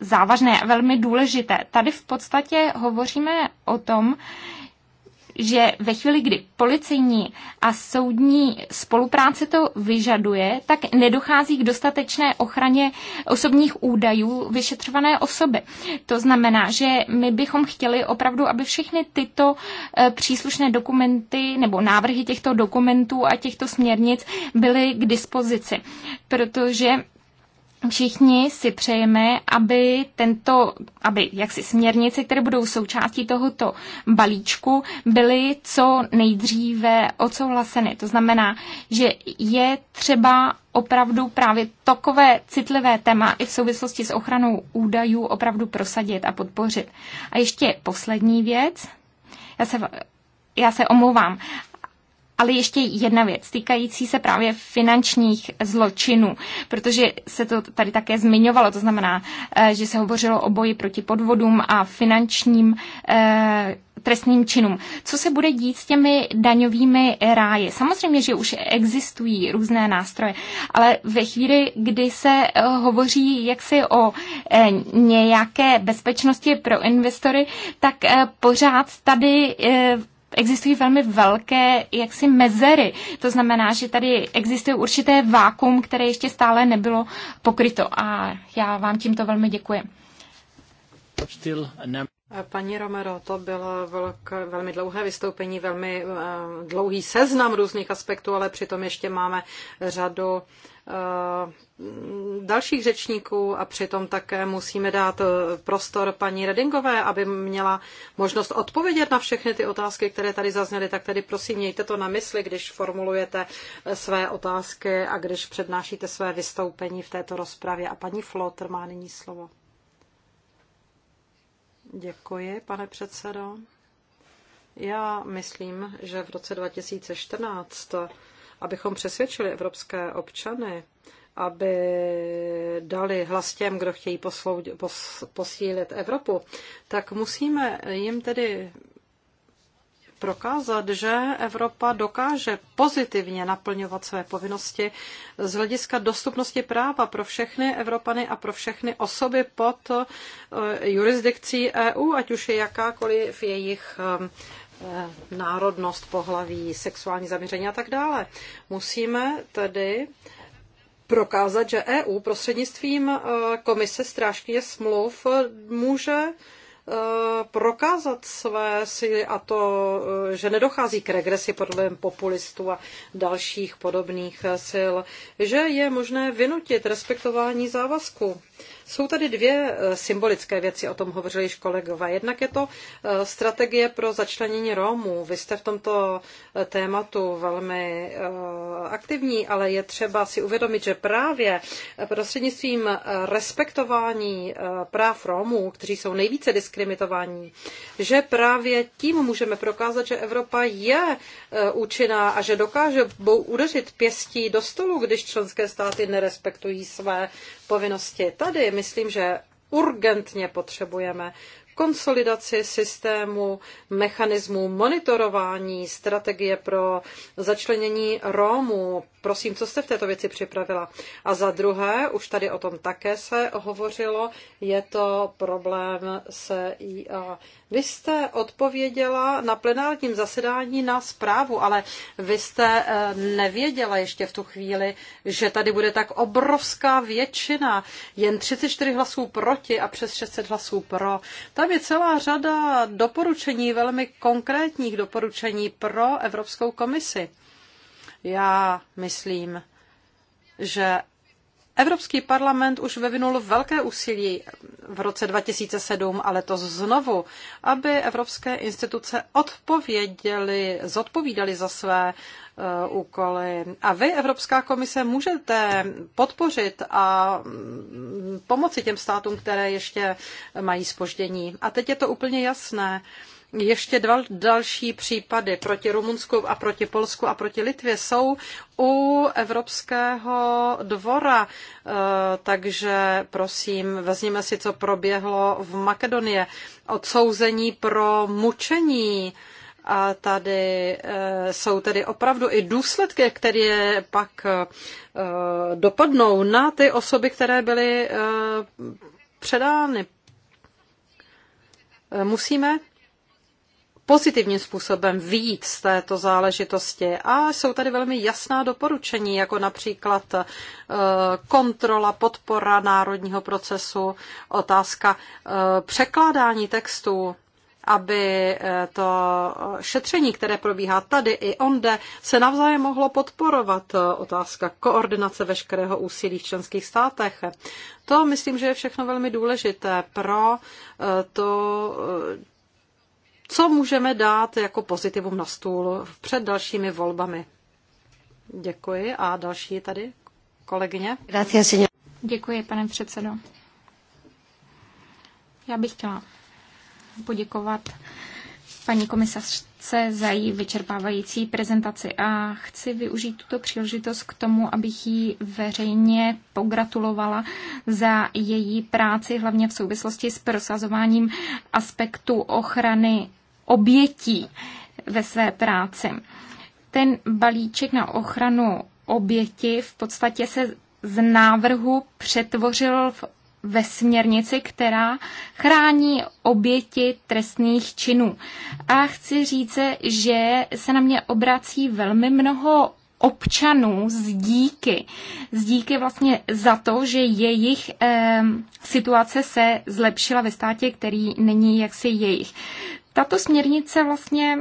závažné a velmi důležité. Tady v podstatě hovoříme o tom, že ve chvíli, kdy policejní a soudní spolupráce to vyžaduje, tak nedochází k dostatečné ochraně osobních údajů vyšetřované osoby. To znamená, že my bychom chtěli opravdu, aby všechny tyto eh, příslušné dokumenty nebo návrhy těchto dokumentů a těchto směrnic byly k dispozici, protože všichni si přejeme, aby tento, aby jaksi směrnice, které budou součástí tohoto balíčku, byly co nejdříve odsouhlaseny. To znamená, že je třeba opravdu právě takové citlivé téma i v souvislosti s ochranou údajů opravdu prosadit a podpořit. A ještě poslední věc. Já se, já se omlouvám, ale ještě jedna věc týkající se právě finančních zločinů, protože se to tady také zmiňovalo, to znamená, eh, že se hovořilo o boji proti podvodům a finančním eh, trestným činům. Co se bude dít s těmi daňovými ráje? Samozřejmě, že už existují různé nástroje, ale ve chvíli, kdy se eh, hovoří jaksi o nějaké bezpečnosti pro investory, tak pořád tady existují velmi velké jaksi mezery. To znamená, že tady existuje určité vákum, které ještě stále nebylo pokryto. A já vám tímto velmi děkuji. Paní Romero, to bylo velké, velmi dlouhé vystoupení, velmi eh, dlouhý seznam různých aspektů, ale přitom ještě máme řadu Eh, dalších řečníků a přitom také musíme dát eh, prostor paní Redingové, aby měla možnost odpovědět na všechny ty otázky, které tady zazněly, tak tedy prosím mějte to na mysli, když formulujete eh, své otázky a když přednášíte své vystoupení v této rozpravě. A paní Flotr má nyní slovo. Děkuji, pane předsedo. Já myslím, že v roce 2014 abychom přesvědčili evropské občany, aby dali hlas těm, kdo chtějí posloud, pos, posílit Evropu, tak musíme jim tedy prokázat, že Evropa dokáže pozitivně naplňovat své povinnosti z hlediska dostupnosti práva pro všechny Evropany a pro všechny osoby pod eh, jurisdikcí EU, ať už je jakákoliv jejich eh, Eh, národnost, pohlaví, sexuální zaměření a tak dále. Musíme tedy prokázat, že EU prostřednictvím eh, komise strážkyně smluv může eh, prokázat své síly a to, že nedochází k regresi podle populistů a dalších podobných sil, že je možné vynutit respektování závazku jsou tady dvě eh, symbolické věci, o tom hovořili již kolegové. Jednak je to eh, strategie pro začlenění Romů. Vy jste v tomto eh, tématu velmi aktivní, ale je třeba si uvědomit, že právě prostřednictvím respektování práv Romů, kteří jsou nejvíce diskriminováni, že právě tím můžeme prokázat, že Evropa je účinná a že dokáže udeřit pěstí do stolu, když členské státy nerespektují své povinnosti. Tady myslím, že urgentně potřebujeme konsolidaci systému, mechanismu monitorování, strategie pro začlenění Rómů. Prosím, co jste v této věci připravila? A za druhé, už tady o tom také se hovořilo, je to problém se IA. Vy jste odpověděla na plenárním zasedání na zprávu, ale vy jste eh, nevěděla ještě v tu chvíli, že tady bude tak obrovská většina, jen 34 hlasů proti a přes 600 hlasů pro. Tam je celá řada doporučení, velmi konkrétních doporučení pro Evropskou komisi. Já myslím, že Evropský parlament už vyvinul velké úsilí v roce 2007 a letos znovu, aby evropské instituce odpověděly, zodpovídaly za své eh, úkoly. A vy, Evropská komise, můžete podpořit a mm, pomoci těm státům, které ještě mají spoždění. A teď je to úplně jasné ještě dva další případy proti Rumunsku a proti Polsku a proti Litvě jsou u Evropského dvora, e, takže prosím, vezměme si, co proběhlo v Makedonie. Odsouzení pro mučení. A tady e, jsou tedy opravdu i důsledky, které pak e, dopadnou na ty osoby, které byly předány. Musíme pozitivním způsobem výjít z této záležitosti. A jsou tady velmi jasná doporučení, jako například eh, kontrola, podpora národního procesu, otázka eh, překládání textů, aby eh, to šetření, které probíhá tady i onde, se navzájem mohlo podporovat. Otázka koordinace veškerého úsilí v členských státech. To myslím, že je všechno velmi důležité pro to, co můžeme dát jako pozitivum na stůl před dalšími volbami. Děkuji. A další tady kolegyně. Děkuji, pane předsedo. Já bych chtěla poděkovat paní komisařce za její vyčerpávající prezentaci a chci využít tuto příležitost k tomu, abych jí veřejně pogratulovala za její práci, hlavně v souvislosti s prosazováním aspektu ochrany obětí ve své práci. Ten balíček na ochranu oběti v podstatě se z návrhu přetvořil v ve směrnici, která chrání oběti trestných činů. A chci říct, že se na mě obrací velmi mnoho občanů z díky. Z díky vlastně za to, že jejich eh, situace se zlepšila ve státě, který není jaksi jejich. Tato směrnice vlastně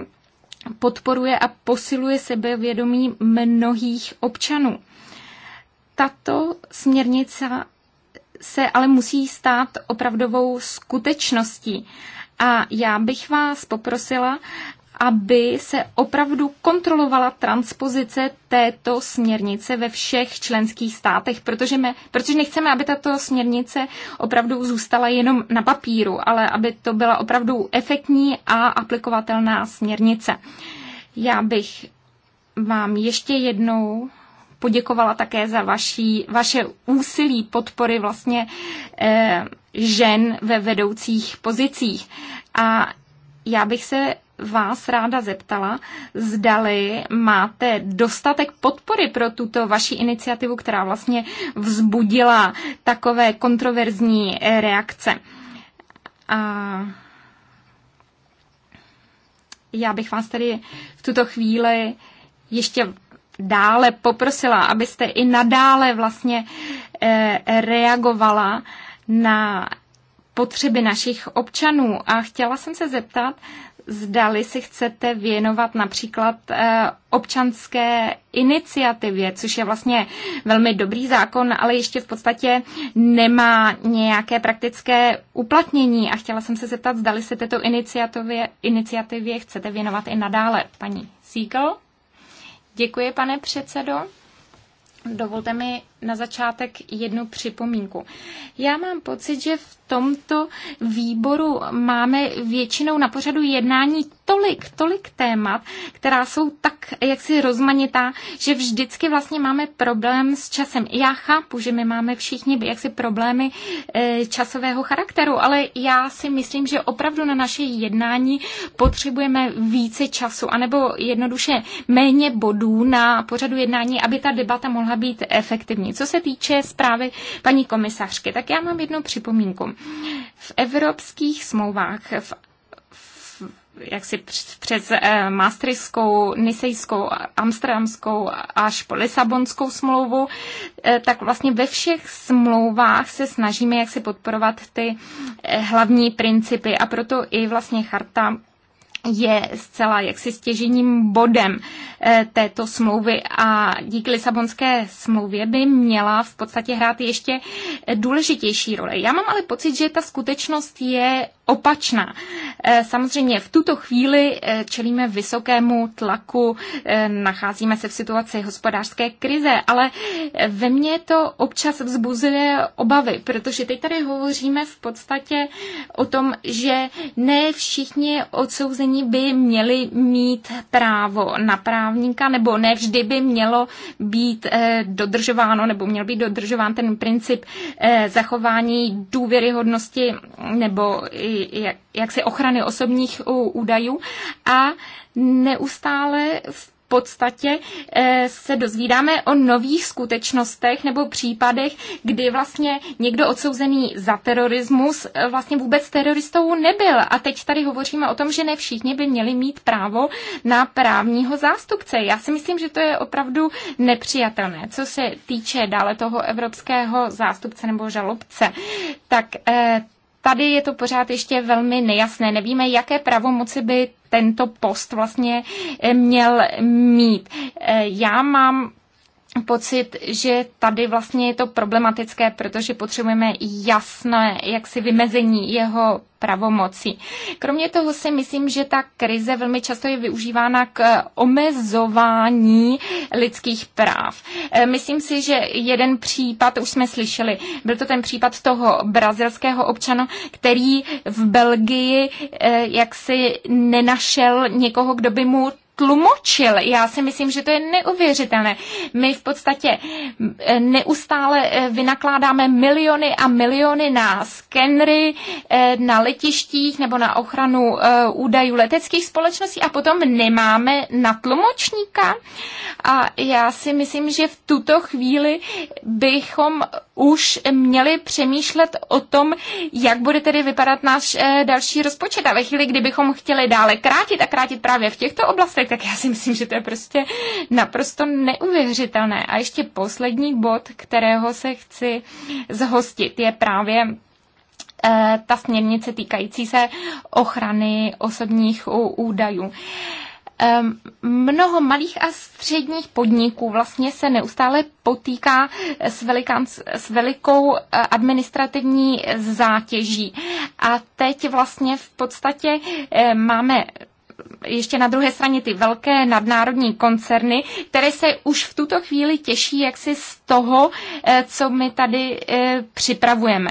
podporuje a posiluje sebevědomí mnohých občanů. Tato směrnice se ale musí stát opravdovou skutečností. A já bych vás poprosila, aby se opravdu kontrolovala transpozice této směrnice ve všech členských státech, protože, me, protože nechceme, aby tato směrnice opravdu zůstala jenom na papíru, ale aby to byla opravdu efektní a aplikovatelná směrnice. Já bych vám ještě jednou poděkovala také za vaší, vaše úsilí podpory vlastně eh, žen ve vedoucích pozicích. A já bych se vás ráda zeptala, zdali máte dostatek podpory pro tuto vaši iniciativu, která vlastně vzbudila takové kontroverzní eh, reakce. A já bych vás tedy v tuto chvíli ještě dále poprosila, abyste i nadále vlastně eh, reagovala na potřeby našich občanů. A chtěla jsem se zeptat, zdali si chcete věnovat například eh, občanské iniciativě, což je vlastně velmi dobrý zákon, ale ještě v podstatě nemá nějaké praktické uplatnění. A chtěla jsem se zeptat, zdali se této iniciativě, iniciativě chcete věnovat i nadále. Paní Siegel? Děkuji, pane předsedo. Dovolte mi na začátek jednu připomínku. Já mám pocit, že v tomto výboru máme většinou na pořadu jednání tolik, tolik témat, která jsou tak jaksi rozmanitá, že vždycky vlastně máme problém s časem. Já chápu, že my máme všichni jaksi problémy e, časového charakteru, ale já si myslím, že opravdu na naše jednání potřebujeme více času, anebo jednoduše méně bodů na pořadu jednání, aby ta debata mohla být efektivní jednání. Co se týče zprávy paní komisařky, tak já mám jednu připomínku. V evropských smlouvách, v jak si přes eh, Maastrichtskou, Nisejskou, Amsterdamskou až po Lisabonskou smlouvu, eh, tak vlastně ve všech smlouvách se snažíme jak si podporovat ty eh, hlavní principy a proto i vlastně charta je zcela jaksi stěžením bodem eh, této smlouvy a díky Lisabonské smlouvě by měla v podstatě hrát ještě důležitější roli. Já mám ale pocit, že ta skutečnost je opačná. Eh, samozřejmě v tuto chvíli eh, čelíme vysokému tlaku, nacházíme se v situaci hospodářské krize, ale ve mně to občas vzbuzuje obavy, protože teď tady hovoříme v podstatě o tom, že ne všichni odsouzení řízení by měli mít právo na právníka, nebo ne vždy by mělo být eh, dodržováno, nebo měl být dodržován ten princip eh, zachování důvěryhodnosti nebo jaksi ochrany osobních údajů a neustále v podstatě eh, se dozvídáme o nových skutečnostech nebo případech, kdy vlastně někdo odsouzený za terorismus eh, vlastně vůbec teroristou nebyl. A teď tady hovoříme o tom, že ne všichni by měli mít právo na právního zástupce. Já si myslím, že to je opravdu nepřijatelné. Co se týče dále toho evropského zástupce nebo žalobce, tak eh, tady je to pořád ještě velmi nejasné. Nevíme, jaké pravomoci by tento post vlastně měl mít. Eh, já mám pocit, že tady vlastně je to problematické, protože potřebujeme jasné jaksi vymezení jeho pravomocí. Kromě toho si myslím, že ta krize velmi často je využívána k omezování lidských práv. E, myslím si, že jeden případ už jsme slyšeli. Byl to ten případ toho brazilského občana, který v Belgii e, jaksi nenašel někoho, kdo by mu tlumočil. Já si myslím, že to je neuvěřitelné. My v podstatě eh, neustále eh, vynakládáme miliony a miliony na skenry, eh, na letištích nebo na ochranu údajů leteckých společností a potom nemáme na tlumočníka. A já si myslím, že v tuto chvíli bychom už měli přemýšlet o tom, jak bude tedy vypadat náš eh, další rozpočet. A ve chvíli, kdybychom chtěli dále krátit a krátit právě v těchto oblastech, tak já si myslím, že to je prostě naprosto neuvěřitelné. A ještě poslední bod, kterého se chci zhostit, je právě eh, ta směrnice týkající se ochrany osobních údajů mnoho malých a středních podniků vlastně se neustále potýká s, velikán, s velikou e, administrativní zátěží. A teď vlastně v podstatě e, máme ještě na druhé straně ty velké nadnárodní koncerny, které se už v tuto chvíli těší jaksi z toho, eh, co my tady eh, připravujeme.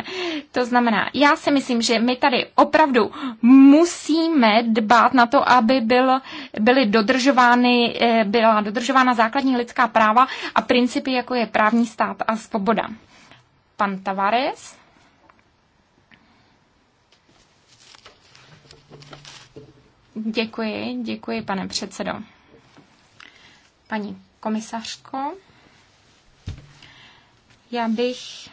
To znamená, já si myslím, že my tady opravdu musíme dbát na to, aby byl, byly dodržovány, eh, byla dodržována základní lidská práva a principy, jako je právní stát a svoboda. Pan Tavares? Děkuji, děkuji, pane předsedo. Paní komisařko, já bych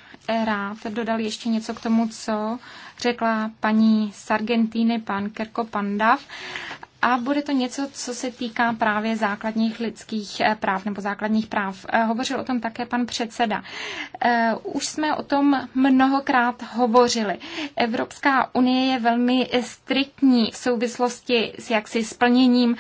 rád dodal ještě něco k tomu, co řekla paní Sargentini, pan Kerko Pandav a bude to něco, co se týká právě základních lidských eh, práv nebo základních práv. Eh, hovořil o tom také pan předseda. Eh, už jsme o tom mnohokrát hovořili. Evropská unie je velmi striktní v souvislosti s jaksi splněním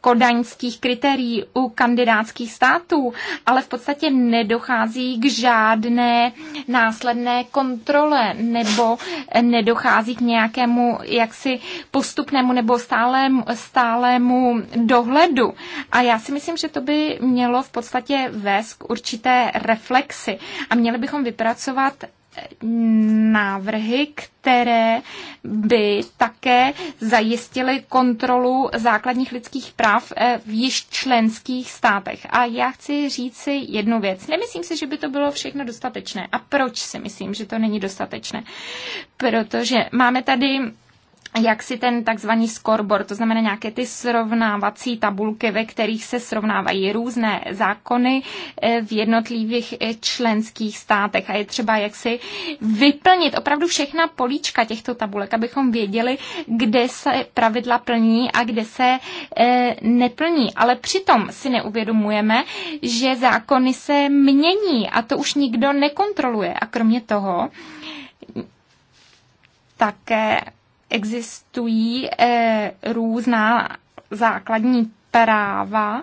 kodaňských kritérií u kandidátských států, ale v podstatě nedochází k žádné následné kontrole nebo nedochází k nějakému jaksi postupnému nebo stálém, stálému dohledu. A já si myslím, že to by mělo v podstatě vést k určité reflexy a měli bychom vypracovat návrhy, které by také zajistily kontrolu základních lidských práv eh, v již členských státech. A já chci říct si jednu věc. Nemyslím si, že by to bylo všechno dostatečné. A proč si myslím, že to není dostatečné? Protože máme tady jak si ten takzvaný scoreboard, to znamená nějaké ty srovnávací tabulky, ve kterých se srovnávají různé zákony eh, v jednotlivých eh, členských státech. A je třeba jak si vyplnit opravdu všechna políčka těchto tabulek, abychom věděli, kde se pravidla plní a kde se eh, neplní. Ale přitom si neuvědomujeme, že zákony se mění a to už nikdo nekontroluje. A kromě toho také existují eh, různá základní práva,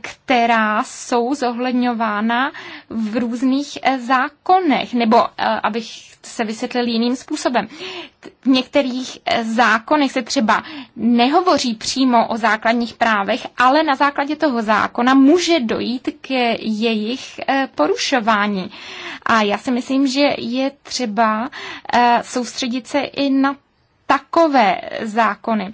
která jsou zohledňována v různých eh, zákonech, nebo eh, abych se vysvětlil jiným způsobem. V některých zákonech se třeba nehovoří přímo o základních právech, ale na základě toho zákona může dojít k jejich porušování. A já si myslím, že je třeba soustředit se i na takové zákony.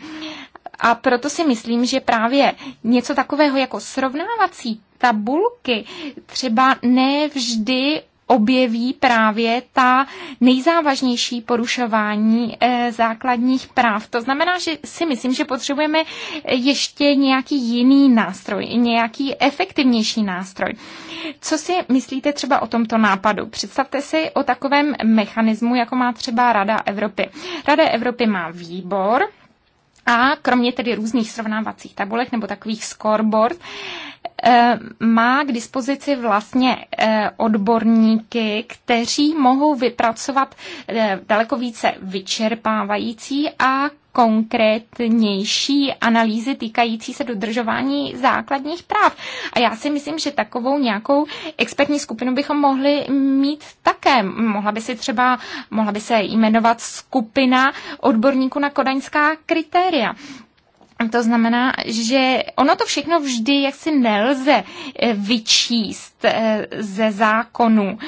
A proto si myslím, že právě něco takového jako srovnávací tabulky třeba nevždy objeví právě ta nejzávažnější porušování eh, základních práv. To znamená, že si myslím, že potřebujeme ještě nějaký jiný nástroj, nějaký efektivnější nástroj. Co si myslíte třeba o tomto nápadu? Představte si o takovém mechanismu, jako má třeba Rada Evropy. Rada Evropy má výbor, a kromě tedy různých srovnávacích tabulek nebo takových scoreboard, E, má k dispozici vlastně e, odborníky, kteří mohou vypracovat e, daleko více vyčerpávající a konkrétnější analýzy týkající se dodržování základních práv. A já si myslím, že takovou nějakou expertní skupinu bychom mohli mít také. Mohla by se třeba, mohla by se jmenovat skupina odborníků na kodaňská kritéria. To znamená, že ono to všechno vždy jaksi nelze eh, vyčíst eh, ze zákonu.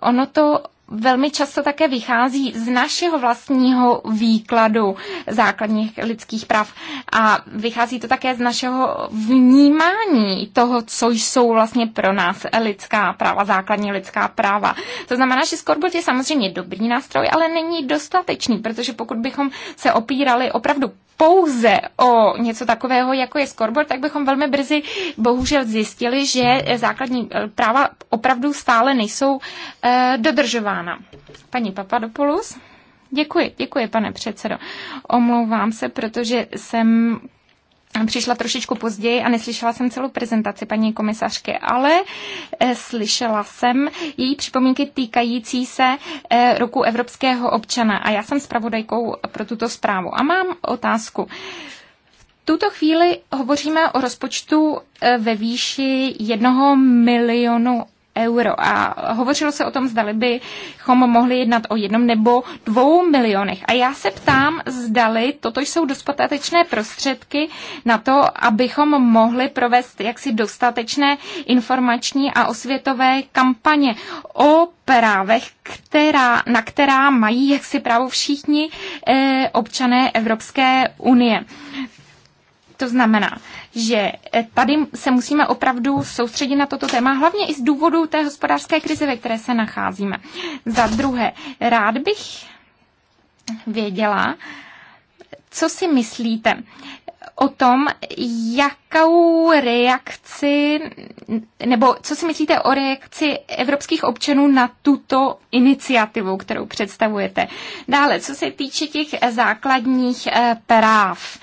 Ono to velmi často také vychází z našeho vlastního výkladu základních lidských práv a vychází to také z našeho vnímání toho, co jsou vlastně pro nás lidská práva, základní lidská práva. To znamená, že scoreboard je samozřejmě dobrý nástroj, ale není dostatečný, protože pokud bychom se opírali opravdu pouze o něco takového, jako je scoreboard, tak bychom velmi brzy bohužel zjistili, že základní eh, práva opravdu stále nejsou eh, dodržována. Paní Papadopoulos. Děkuji, děkuji, pane předsedo. Omlouvám se, protože jsem přišla trošičku později a neslyšela jsem celou prezentaci paní komisařky, ale eh, slyšela jsem její připomínky týkající se eh, roku evropského občana a já jsem zpravodajkou pro tuto zprávu a mám otázku tuto chvíli hovoříme o rozpočtu eh, ve výši jednoho milionu euro. A hovořilo se o tom, zdali bychom mohli jednat o jednom nebo dvou milionech. A já se ptám, zdali toto jsou dostatečné prostředky na to, abychom mohli provést jaksi dostatečné informační a osvětové kampaně o právech, která, na která mají jaksi právo všichni e, občané Evropské unie. To znamená, že eh, tady se musíme opravdu soustředit na toto téma, hlavně i z důvodu té hospodářské krize, ve které se nacházíme. Za druhé, rád bych věděla, co si myslíte o tom, jakou reakci, nebo co si myslíte o reakci evropských občanů na tuto iniciativu, kterou představujete. Dále, co se týče těch základních eh, práv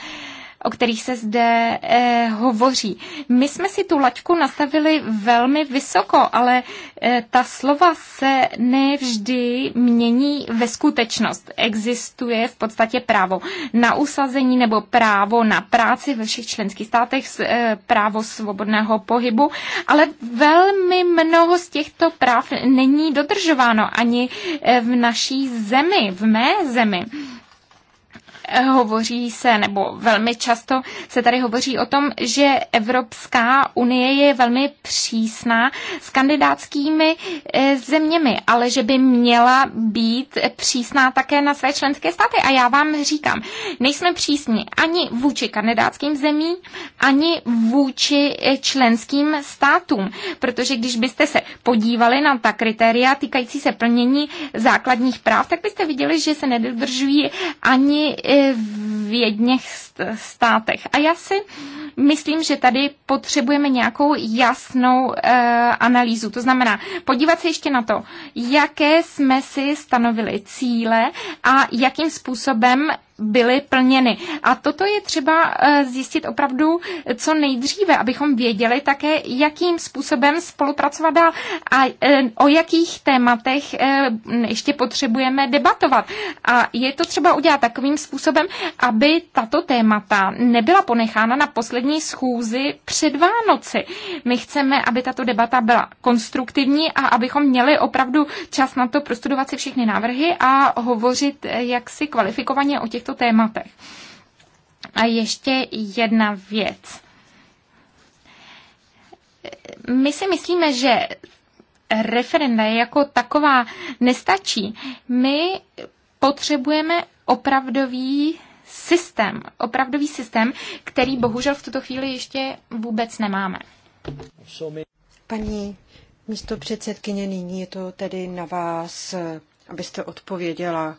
o kterých se zde eh, hovoří. My jsme si tu laťku nastavili velmi vysoko, ale eh, ta slova se nevždy mění ve skutečnost. Existuje v podstatě právo na usazení nebo právo na práci ve všech členských státech, eh, právo svobodného pohybu, ale velmi mnoho z těchto práv není dodržováno ani eh, v naší zemi, v mé zemi hovoří se, nebo velmi často se tady hovoří o tom, že Evropská unie je velmi přísná s kandidátskými e, zeměmi, ale že by měla být přísná také na své členské státy. A já vám říkám, nejsme přísní ani vůči kandidátským zemím, ani vůči e, členským státům, protože když byste se podívali na ta kritéria týkající se plnění základních práv, tak byste viděli, že se nedodržují ani e, v jedněch státech. A já si myslím, že tady potřebujeme nějakou jasnou e, analýzu. To znamená podívat se ještě na to, jaké jsme si stanovili cíle a jakým způsobem byly plněny. A toto je třeba eh, zjistit opravdu co nejdříve, abychom věděli také, jakým způsobem spolupracovat dál a eh, o jakých tématech ještě potřebujeme debatovat. A je to třeba udělat takovým způsobem, aby tato témata nebyla ponechána na poslední poslední schůzi před Vánoci. My chceme, aby tato debata byla konstruktivní a abychom měli opravdu čas na to prostudovat si všechny návrhy a hovořit jaksi kvalifikovaně o těchto tématech. A ještě jedna věc. My si myslíme, že referenda jako taková nestačí. My potřebujeme opravdový systém, opravdový systém, který bohužel v tuto chvíli ještě vůbec nemáme. Paní místo předsedkyně, nyní je to tedy na vás, abyste odpověděla.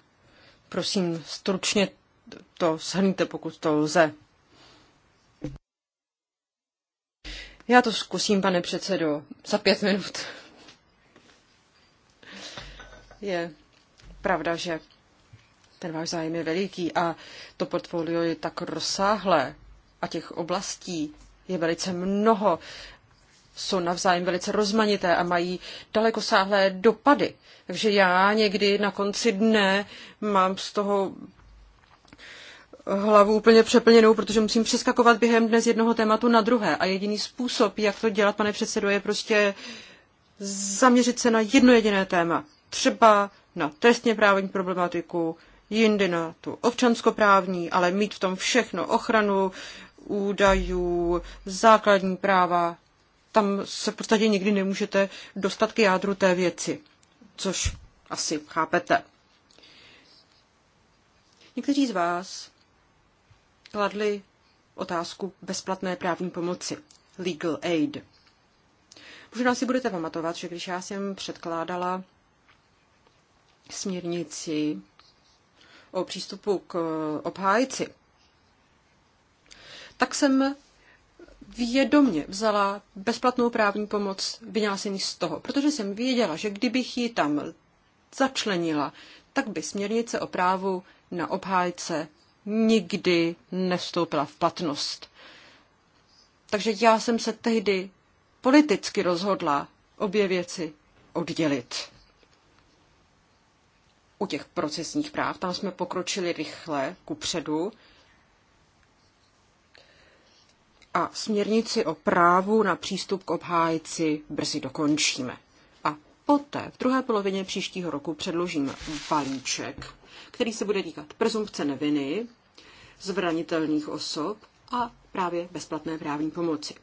Prosím, stručně to shrňte, pokud to lze. Já to zkusím, pane předsedo, za pět minut. Je pravda, že ten váš zájem je veliký a to portfolio je tak rozsáhlé a těch oblastí je velice mnoho. Jsou navzájem velice rozmanité a mají daleko sáhlé dopady. Takže já někdy na konci dne mám z toho hlavu úplně přeplněnou, protože musím přeskakovat během dne z jednoho tématu na druhé. A jediný způsob, jak to dělat, pane předsedo, je prostě zaměřit se na jedno jediné téma. Třeba na trestně právní problematiku, jindy na tu občanskoprávní, ale mít v tom všechno ochranu údajů, základní práva. Tam se v podstatě nikdy nemůžete dostat k jádru té věci, což asi chápete. Někteří z vás kladli otázku bezplatné právní pomoci, legal aid. Možná si budete pamatovat, že když já jsem předkládala směrnici o přístupu k obhájci, tak jsem vědomě vzala bezplatnou právní pomoc vynásený z toho, protože jsem věděla, že kdybych ji tam začlenila, tak by směrnice o právu na obhájce nikdy nevstoupila v platnost. Takže já jsem se tehdy politicky rozhodla obě věci oddělit u těch procesních práv, tam jsme pokročili rychle ku předu. A směrnici o právu na přístup k obhájci brzy dokončíme. A poté, v druhé polovině příštího roku, předložíme balíček, který se bude týkat prezumpce neviny, zvranitelných osob a právě bezplatné právní pomoci.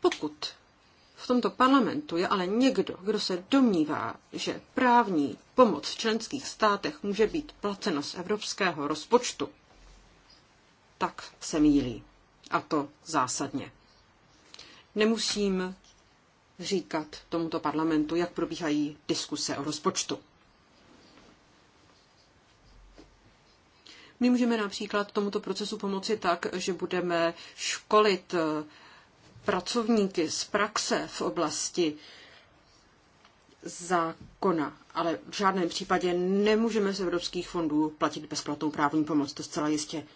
Pokud v tomto parlamentu je ale někdo, kdo se domnívá, že právní pomoc v členských státech může být placena z evropského rozpočtu, tak se mílí. A to zásadně. Nemusím říkat tomuto parlamentu, jak probíhají diskuse o rozpočtu. My můžeme například tomuto procesu pomoci tak, že budeme školit eh, pracovníky z praxe v oblasti zákona, ale v žádném případě nemůžeme z evropských fondů platit bezplatnou právní pomoc. To zcela jistě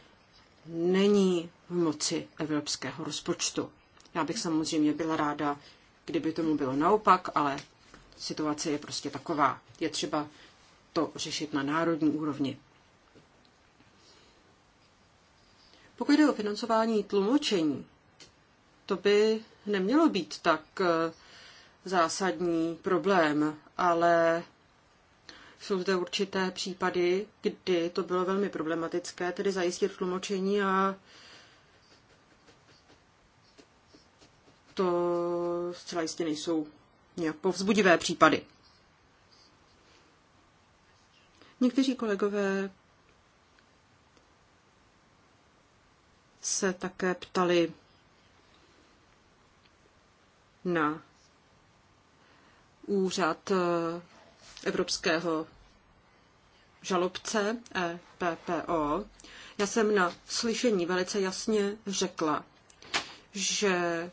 není v moci evropského rozpočtu. Já bych samozřejmě byla ráda, kdyby tomu bylo naopak, ale situace je prostě taková. Je třeba to řešit na národní úrovni. Pokud jde o financování tlumočení, to by nemělo být tak eh, zásadní problém, ale jsou zde určité případy, kdy to bylo velmi problematické, tedy zajistit tlumočení a to zcela jistě nejsou nějak povzbudivé případy. Někteří kolegové se také ptali na úřad eh, Evropského žalobce EPPO, já jsem na slyšení velice jasně řekla, že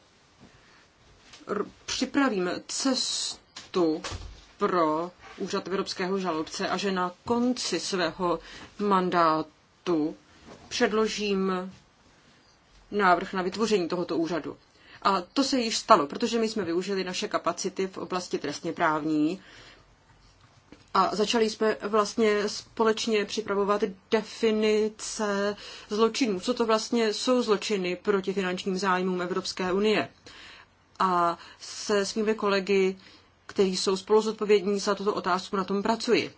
připravím cestu pro úřad Evropského žalobce a že na konci svého mandátu předložím návrh na vytvoření tohoto úřadu. A to se již stalo, protože my jsme využili naše kapacity v oblasti trestně právní a začali jsme vlastně společně připravovat definice zločinů. Co to vlastně jsou zločiny proti finančním zájmům Evropské unie? A se svými kolegy, kteří jsou spolu zodpovědní za tuto otázku, na tom pracuji.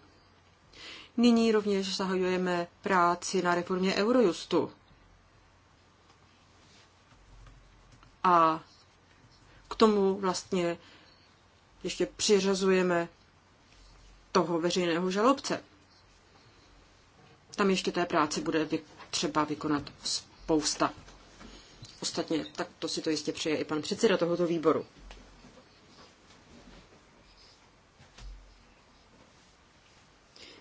Nyní rovněž zahajujeme práci na reformě Eurojustu. a k tomu vlastně ještě přiřazujeme toho veřejného žalobce. Tam ještě té práce bude třeba vykonat spousta. Ostatně, tak to si to jistě přeje i pan předseda tohoto výboru.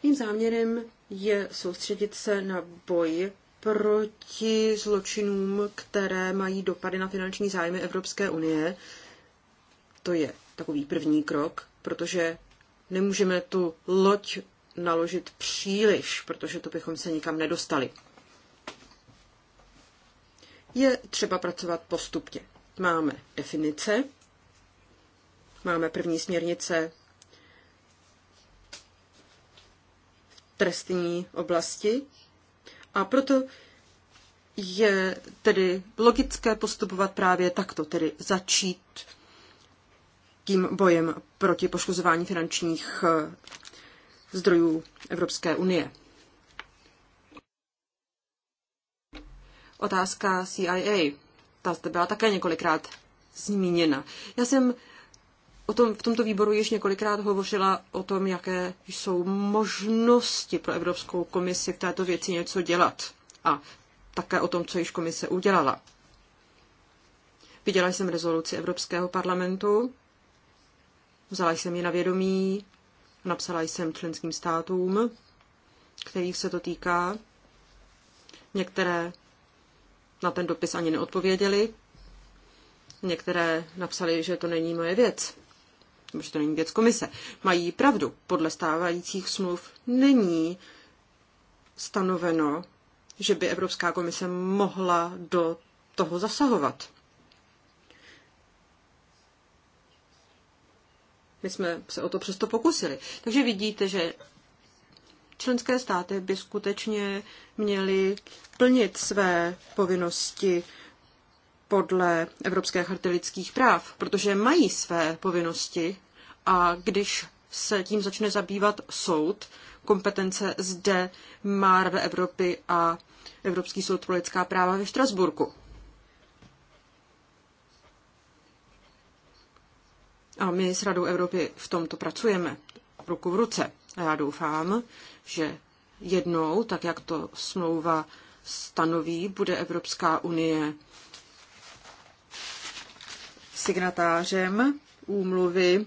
Mým záměrem je soustředit se na boj proti zločinům, které mají dopady na finanční zájmy Evropské unie. To je takový první krok, protože nemůžeme tu loď naložit příliš, protože to bychom se nikam nedostali. Je třeba pracovat postupně. Máme definice, máme první směrnice trestní oblasti, a proto je tedy logické postupovat právě takto, tedy začít tím bojem proti poškozování finančních eh, zdrojů Evropské unie. Otázka CIA. Ta zde byla také několikrát zmíněna. Já jsem o tom, v tomto výboru již několikrát hovořila o tom, jaké jsou možnosti pro Evropskou komisi v této věci něco dělat a také o tom, co již komise udělala. Viděla jsem rezoluci Evropského parlamentu, vzala jsem ji na vědomí, napsala jsem členským státům, kterých se to týká. Některé na ten dopis ani neodpověděli, některé napsali, že to není moje věc že to není věc komise, mají pravdu. Podle stávajících smluv není stanoveno, že by Evropská komise mohla do toho zasahovat. My jsme se o to přesto pokusili. Takže vidíte, že členské státy by skutečně měly plnit své povinnosti podle Evropské charty lidských práv, protože mají své povinnosti a když se tím začne zabývat soud, kompetence zde má Rada Evropy a Evropský soud pro lidská práva ve Štrasburku. A my s Radou Evropy v tomto pracujeme ruku v ruce. A já doufám, že jednou, tak jak to smlouva stanoví, bude Evropská unie signatářem úmluvy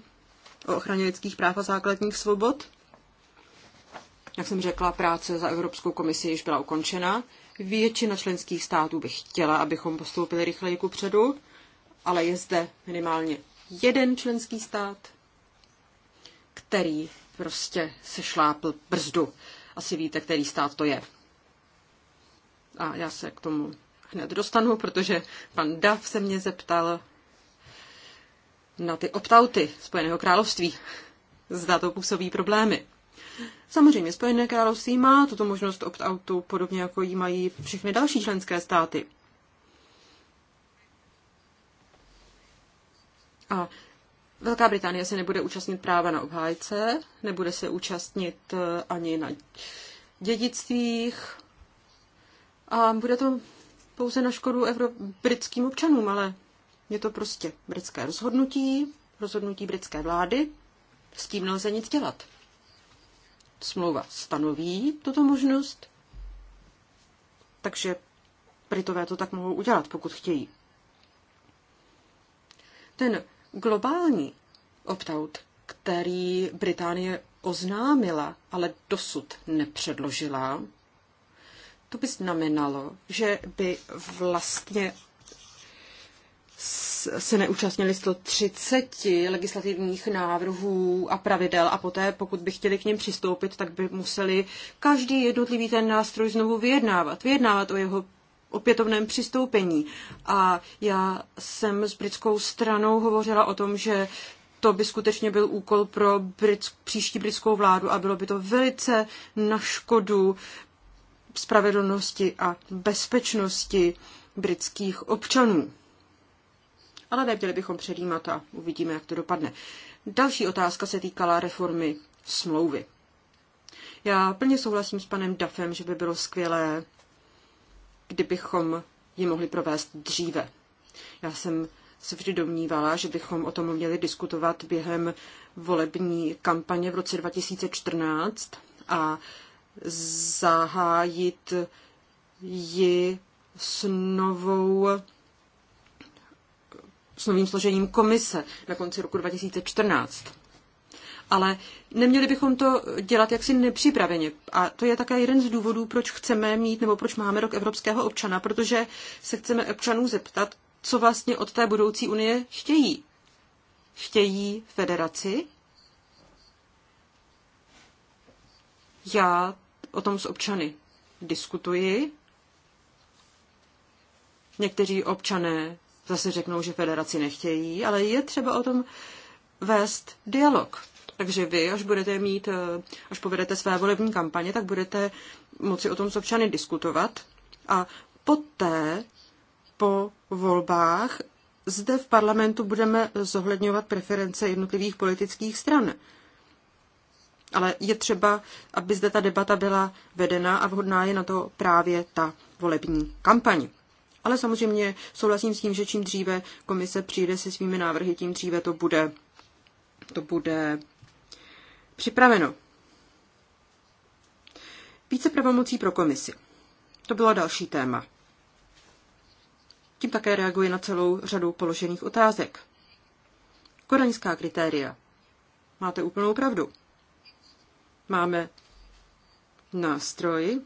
o ochraně lidských práv a základních svobod. Jak jsem řekla, práce za Evropskou komisi již byla ukončena. Většina členských států by chtěla, abychom postoupili rychleji ku předu, ale je zde minimálně jeden členský stát, který prostě se šlápl brzdu. Asi víte, který stát to je. A já se k tomu hned dostanu, protože pan Dav se mě zeptal, na ty optauty Spojeného království. Zda to působí problémy. Samozřejmě Spojené království má tuto možnost opt-outu, podobně jako ji mají všechny další členské státy. A Velká Británie se nebude účastnit práva na obhájce, nebude se účastnit eh, ani na dědictvích a bude to pouze na škodu evro- britským občanům, ale je to prostě britské rozhodnutí, rozhodnutí britské vlády, s tím nelze nic dělat. Smlouva stanoví tuto možnost, takže Britové to tak mohou udělat, pokud chtějí. Ten globální opt-out, který Británie oznámila, ale dosud nepředložila, to by znamenalo, že by vlastně se neúčastnili 130 legislativních návrhů a pravidel a poté, pokud by chtěli k něm přistoupit, tak by museli každý jednotlivý ten nástroj znovu vyjednávat. Vyjednávat o jeho opětovném přistoupení. A já jsem s britskou stranou hovořila o tom, že to by skutečně byl úkol pro brit, příští britskou vládu a bylo by to velice na škodu spravedlnosti a bezpečnosti britských občanů ale neměli bychom předjímat a uvidíme, jak to dopadne. Další otázka se týkala reformy smlouvy. Já plně souhlasím s panem Dafem, že by bylo skvělé, kdybychom ji mohli provést dříve. Já jsem se vždy domnívala, že bychom o tom měli diskutovat během volební kampaně v roce 2014 a zahájit ji s novou s novým složením komise na konci roku 2014. Ale neměli bychom to dělat jaksi nepřipraveně. A to je také jeden z důvodů, proč chceme mít nebo proč máme rok evropského občana, protože se chceme občanů zeptat, co vlastně od té budoucí unie chtějí. Chtějí federaci? Já o tom s občany diskutuji. Někteří občané zase řeknou, že federaci nechtějí, ale je třeba o tom vést dialog. Takže vy, až budete mít, eh, až povedete své volební kampaně, tak budete moci o tom s občany diskutovat a poté po volbách zde v parlamentu budeme zohledňovat preference jednotlivých politických stran. Ale je třeba, aby zde ta debata byla vedena a vhodná je na to právě ta volební kampaň. Ale samozřejmě souhlasím s tím, že čím dříve komise přijde se svými návrhy, tím dříve to bude, to bude připraveno. Více pravomocí pro komisi. To bylo další téma. Tím také reaguje na celou řadu položených otázek. Kodaňská kritéria. Máte úplnou pravdu. Máme nástroj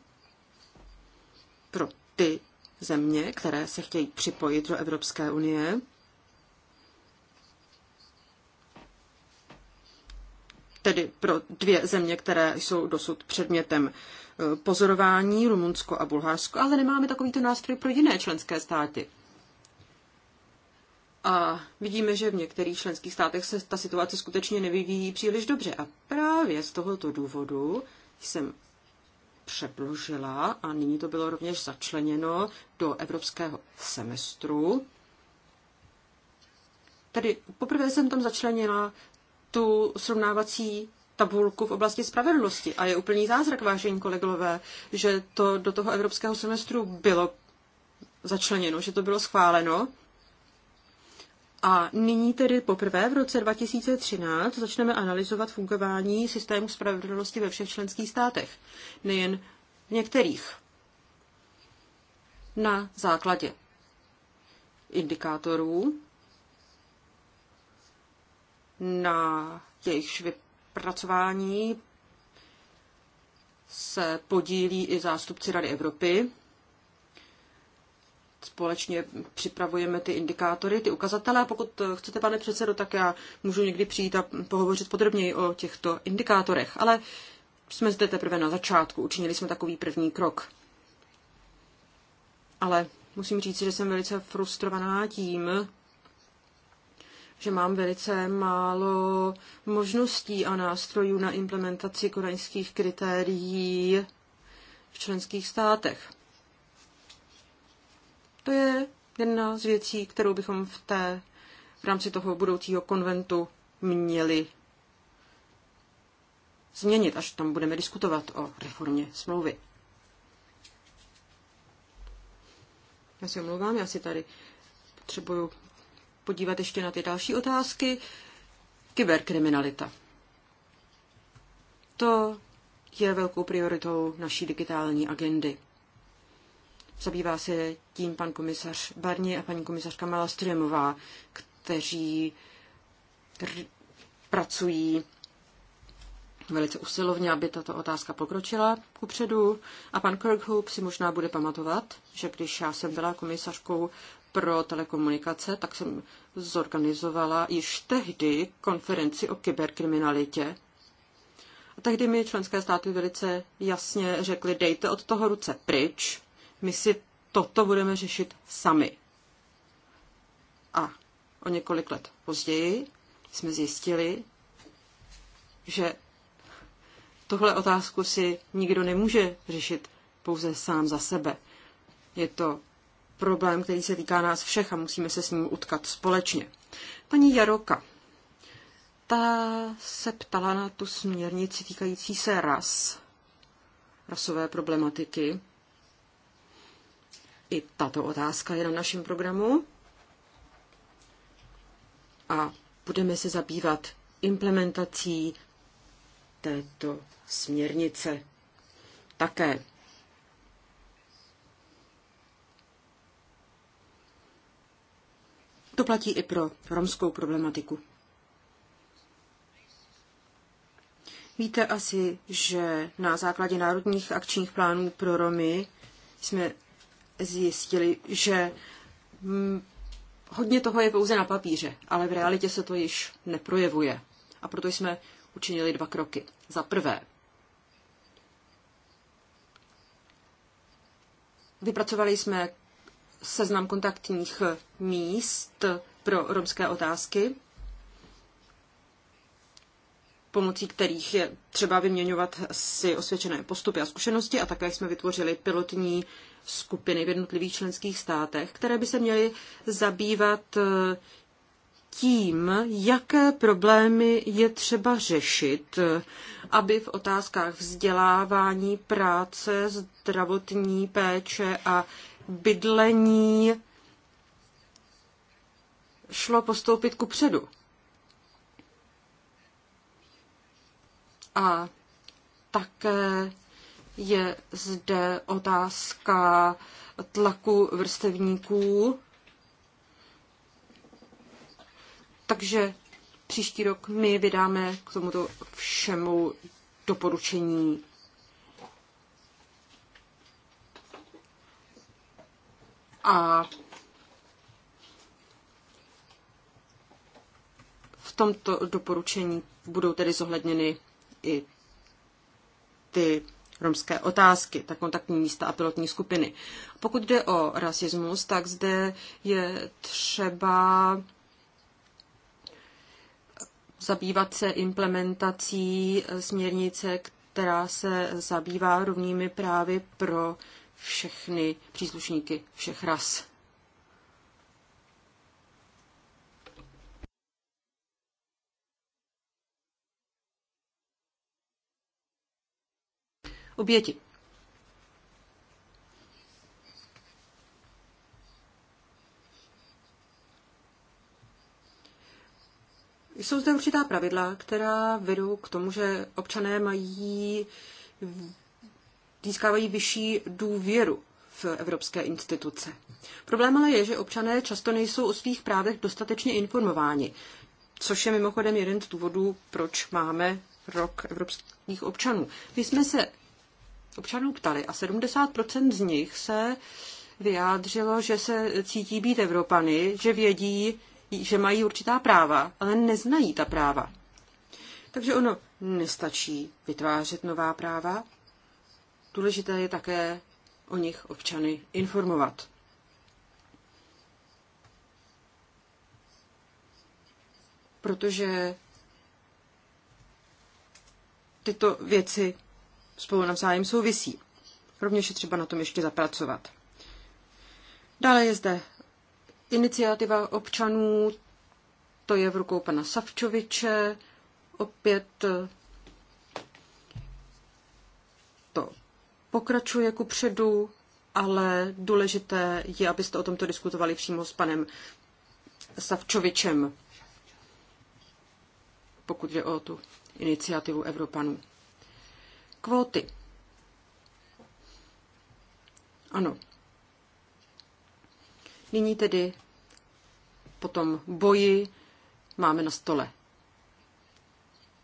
pro ty země, které se chtějí připojit do Evropské unie. Tedy pro dvě země, které jsou dosud předmětem eh, pozorování, Rumunsko a Bulharsko, ale nemáme takovýto nástroj pro jiné členské státy. A vidíme, že v některých členských státech se ta situace skutečně nevyvíjí příliš dobře. A právě z tohoto důvodu jsem přepložila a nyní to bylo rovněž začleněno do evropského semestru. Tedy poprvé jsem tam začlenila tu srovnávací tabulku v oblasti spravedlnosti. A je úplný zázrak, vážení kolegové, že to do toho evropského semestru bylo začleněno, že to bylo schváleno. A nyní tedy poprvé v roce 2013 začneme analyzovat fungování systému spravedlnosti ve všech členských státech, nejen v některých. Na základě indikátorů, na jejich vypracování se podílí i zástupci Rady Evropy, společně připravujeme ty indikátory, ty ukazatele. A pokud chcete, pane předsedo, tak já můžu někdy přijít a pohovořit podrobněji o těchto indikátorech. Ale jsme zde teprve na začátku, učinili jsme takový první krok. Ale musím říct, že jsem velice frustrovaná tím, že mám velice málo možností a nástrojů na implementaci koreňských kritérií v členských státech. To je jedna z věcí, kterou bychom v té v rámci toho budoucího konventu měli změnit, až tam budeme diskutovat o reformě smlouvy. Já si omlouvám, já si tady potřebuju podívat ještě na ty další otázky. Kyberkriminalita. To je velkou prioritou naší digitální agendy. Zabývá se tím pan komisař Barni a paní komisařka Malastrémová, kteří pracují velice usilovně, aby tato otázka pokročila kupředu. A pan Kirkhope si možná bude pamatovat, že když já jsem byla komisařkou pro telekomunikace, tak jsem zorganizovala již tehdy konferenci o kyberkriminalitě. A tehdy mi členské státy velice jasně řekly, dejte od toho ruce pryč, my si toto budeme řešit sami. A o několik let později jsme zjistili, že tohle otázku si nikdo nemůže řešit pouze sám za sebe. Je to problém, který se týká nás všech a musíme se s ním utkat společně. Paní Jaroka, ta se ptala na tu směrnici týkající se ras, rasové problematiky. I tato otázka je na našem programu a budeme se zabývat implementací této směrnice také. To platí i pro romskou problematiku. Víte asi, že na základě národních akčních plánů pro Romy jsme zjistili, že hm, hodně toho je pouze na papíře, ale v realitě se to již neprojevuje. A proto jsme učinili dva kroky. Za prvé, vypracovali jsme seznam kontaktních míst pro romské otázky, pomocí kterých je třeba vyměňovat si osvědčené postupy a zkušenosti a také jsme vytvořili pilotní skupiny v jednotlivých členských státech, které by se měly zabývat eh, tím, jaké problémy je třeba řešit, eh, aby v otázkách vzdělávání, práce, zdravotní péče a bydlení šlo postoupit ku předu. A také je zde otázka tlaku vrstevníků. Takže příští rok my vydáme k tomuto všemu doporučení. A v tomto doporučení budou tedy zohledněny i ty romské otázky, tak kontaktní místa a pilotní skupiny. Pokud jde o rasismus, tak zde je třeba zabývat se implementací směrnice, která se zabývá rovnými právy pro všechny příslušníky všech ras. oběti. Jsou zde určitá pravidla, která vedou k tomu, že občané mají, získávají vyšší důvěru v evropské instituce. Problém ale je, že občané často nejsou o svých právech dostatečně informováni, což je mimochodem jeden z důvodů, proč máme rok evropských občanů. My jsme se občanů ptali a 70% z nich se vyjádřilo, že se cítí být Evropany, že vědí, že mají určitá práva, ale neznají ta práva. Takže ono nestačí vytvářet nová práva. Důležité je také o nich občany informovat. Protože tyto věci spolu navzájem souvisí. Rovněž je třeba na tom ještě zapracovat. Dále je zde iniciativa občanů, to je v rukou pana Savčoviče, opět eh, to pokračuje ku předu, ale důležité je, abyste o tomto diskutovali přímo s panem Savčovičem, pokud jde o tu iniciativu Evropanů kvóty. Ano. Nyní tedy po tom boji máme na stole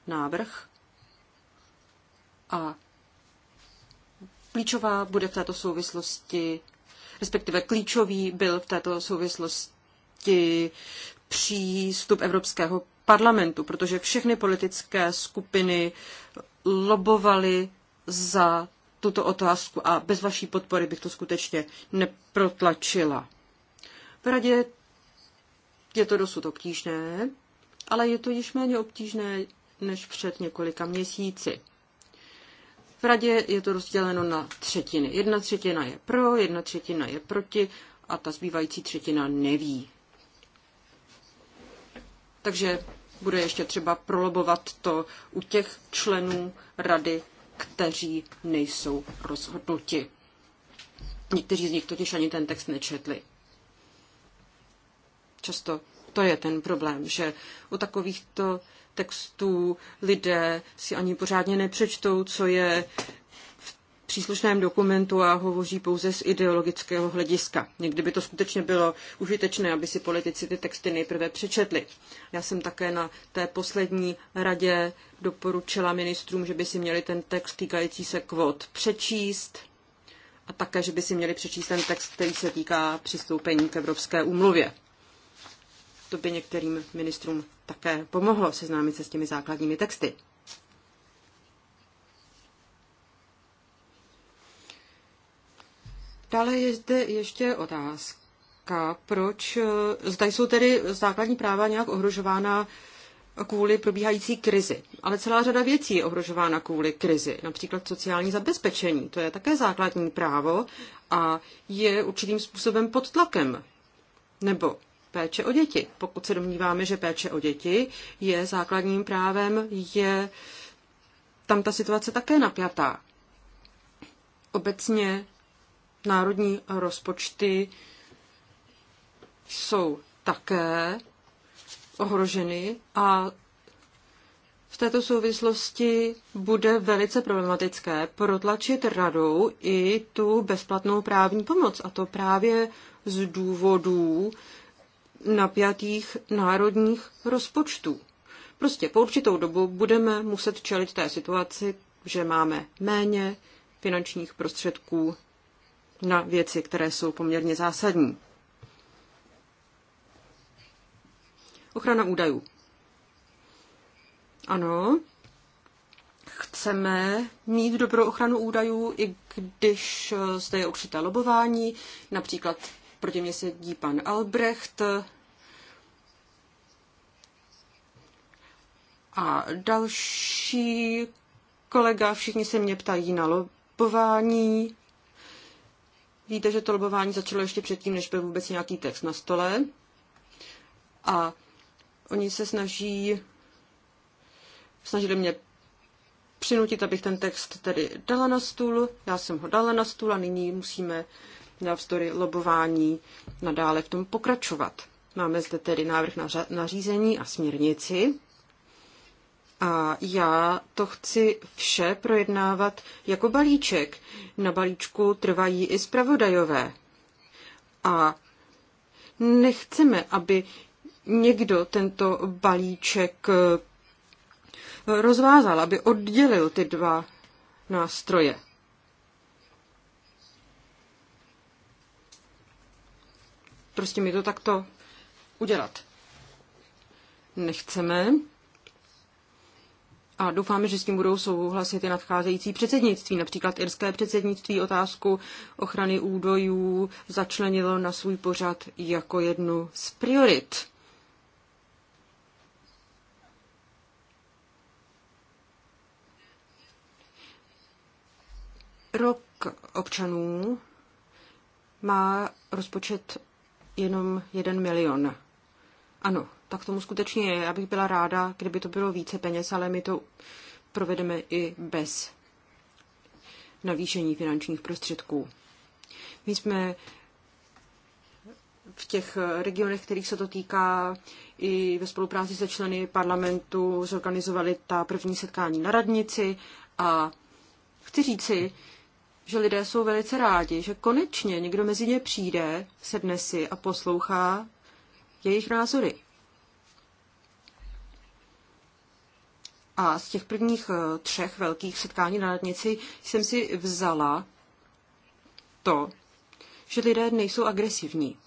návrh a klíčová bude v této souvislosti, respektive klíčový byl v této souvislosti přístup Evropského parlamentu, protože všechny politické skupiny lobovaly za tuto otázku a bez vaší podpory bych to skutečně neprotlačila. V radě je to dosud obtížné, ale je to již méně obtížné než před několika měsíci. V radě je to rozděleno na třetiny. Jedna třetina je pro, jedna třetina je proti a ta zbývající třetina neví takže bude ještě třeba prolobovat to u těch členů rady, kteří nejsou rozhodnuti. Někteří z nich totiž ani ten text nečetli. Často to je ten problém, že u takovýchto textů lidé si ani pořádně nepřečtou, co je příslušném dokumentu a hovoří pouze z ideologického hlediska. Někdy by to skutečně bylo užitečné, aby si politici ty texty nejprve přečetli. Já jsem také na té poslední radě doporučila ministrům, že by si měli ten text týkající se kvot přečíst a také, že by si měli přečíst ten text, který se týká přistoupení k Evropské úmluvě. To by některým ministrům také pomohlo seznámit se s těmi základními texty. Dále je zde ještě otázka, proč, eh, zda jsou tedy základní práva nějak ohrožována kvůli probíhající krizi. Ale celá řada věcí je ohrožována kvůli krizi. Například sociální zabezpečení, to je také základní právo a je určitým způsobem pod tlakem. Nebo péče o děti. Pokud se domníváme, že péče o děti je základním právem, je tam ta situace také napjatá. Obecně národní rozpočty jsou také ohroženy a v této souvislosti bude velice problematické protlačit radou i tu bezplatnou právní pomoc, a to právě z důvodů napjatých národních rozpočtů. Prostě po určitou dobu budeme muset čelit té situaci, že máme méně finančních prostředků na věci, které jsou poměrně zásadní. Ochrana údajů. Ano, chceme mít dobrou ochranu údajů, i když eh, zde je určité lobování. Například proti mě sedí pan Albrecht a další kolega. Všichni se mě ptají na lobování. Víte, že to lobování začalo ještě předtím, než byl vůbec nějaký text na stole. A oni se snaží, snažili mě přinutit, abych ten text tedy dala na stůl. Já jsem ho dala na stůl a nyní musíme navzdory lobování nadále v tom pokračovat. Máme zde tedy návrh na řízení a směrnici. A já to chci vše projednávat jako balíček. Na balíčku trvají i zpravodajové. A nechceme, aby někdo tento balíček eh, rozvázal, aby oddělil ty dva nástroje. Prostě mi to takto udělat. Nechceme, a doufáme, že s tím budou souhlasit i nadcházející předsednictví. Například irské předsednictví otázku ochrany údajů začlenilo na svůj pořad jako jednu z priorit. Rok občanů má rozpočet jenom jeden milion. Ano, tak tomu skutečně je. Já bych byla ráda, kdyby to bylo více peněz, ale my to provedeme i bez navýšení finančních prostředků. My jsme v těch regionech, kterých se to týká, i ve spolupráci se členy parlamentu zorganizovali ta první setkání na radnici a chci říci, že lidé jsou velice rádi, že konečně někdo mezi ně přijde, sedne si a poslouchá jejich názory. A z těch prvních eh, třech velkých setkání na letnici jsem si vzala to, že lidé nejsou agresivní,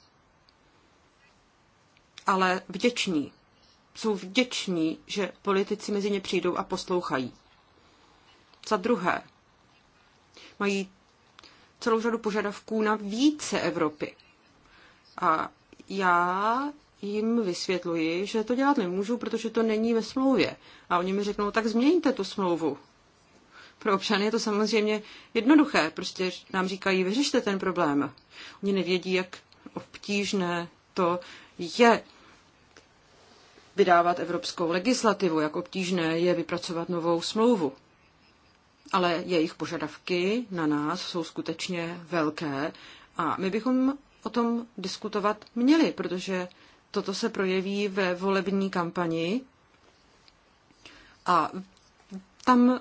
ale vděční. Jsou vděční, že politici mezi ně přijdou a poslouchají. Za druhé, mají celou řadu požadavků na více Evropy. A já jim vysvětluji, že to dělat nemůžu, protože to není ve smlouvě. A oni mi řeknou, tak změňte tu smlouvu. Pro občany je to samozřejmě jednoduché, prostě nám říkají, vyřešte ten problém. Oni nevědí, jak obtížné to je vydávat evropskou legislativu, jak obtížné je vypracovat novou smlouvu. Ale jejich požadavky na nás jsou skutečně velké a my bychom o tom diskutovat měli, protože toto se projeví ve volební kampani a tam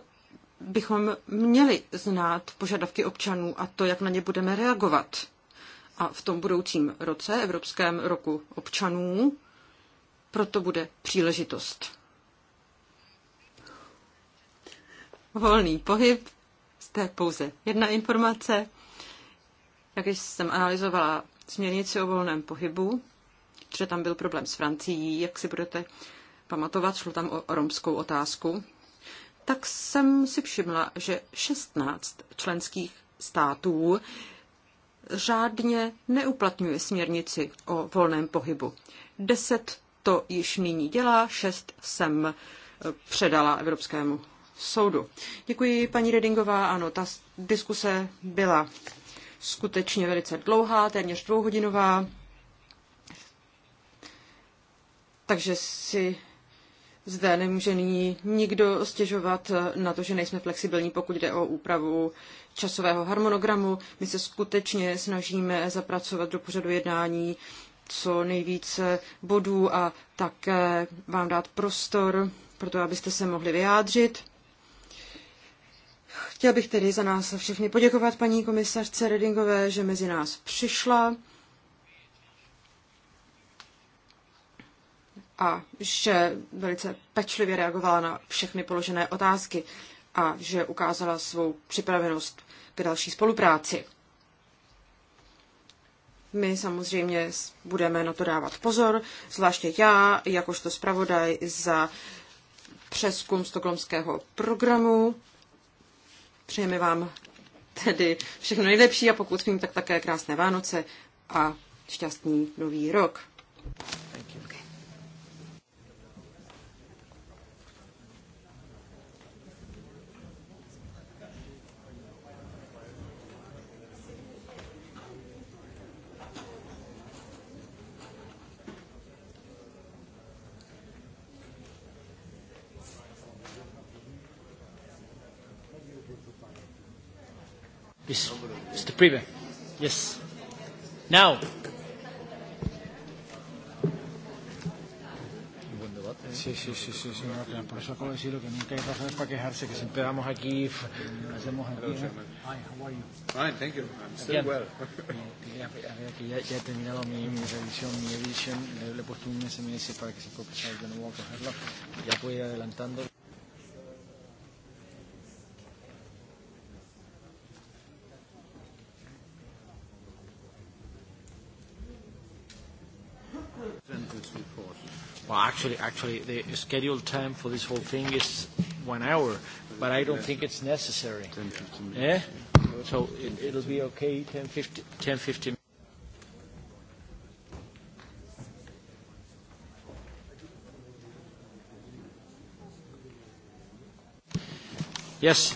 bychom měli znát požadavky občanů a to, jak na ně budeme reagovat. A v tom budoucím roce, Evropském roku občanů, proto bude příležitost. Volný pohyb, jste pouze jedna informace. Jak jsem analyzovala směrnici o volném pohybu, protože tam byl problém s Francií, jak si budete pamatovat, šlo tam o romskou otázku, tak jsem si všimla, že 16 členských států řádně neuplatňuje směrnici o volném pohybu. Deset to již nyní dělá, šest jsem eh, předala Evropskému soudu. Děkuji, paní Redingová. Ano, ta diskuse byla skutečně velice dlouhá, téměř dvouhodinová takže si zde nemůže nyní nikdo stěžovat na to, že nejsme flexibilní, pokud jde o úpravu časového harmonogramu. My se skutečně snažíme zapracovat do pořadu jednání co nejvíce bodů a také vám dát prostor pro to, abyste se mohli vyjádřit. Chtěl bych tedy za nás všechny poděkovat paní komisařce Redingové, že mezi nás přišla. a že velice pečlivě reagovala na všechny položené otázky a že ukázala svou připravenost k další spolupráci. My samozřejmě budeme na to dávat pozor, zvláště já, jakožto zpravodaj za přeskum stokholmského programu. Přejeme vám tedy všechno nejlepší a pokud vím, tak také krásné Vánoce a šťastný nový rok. This, Mr. Prive. Yes. Now. Sí, sí, sí, sí, sí, no, por eso acabo de decir lo que nunca hay razones para quejarse, que siempre damos aquí, hacemos aquí. ¿no? Hi, how are you? Fine, thank you. I'm still Again. well. Eh, eh, a ver, aquí ya, ya he terminado mi, mi revisión, mi edición, le, le he puesto un SMS para que se pueda pasar de nuevo no a cogerlo, ya puedo ir adelantando. actually, actually, the scheduled time for this whole thing is one hour, but I don't think it's necessary. 10, Eh? So it, it'll be okay, 10, 15, 10, 15 Yes.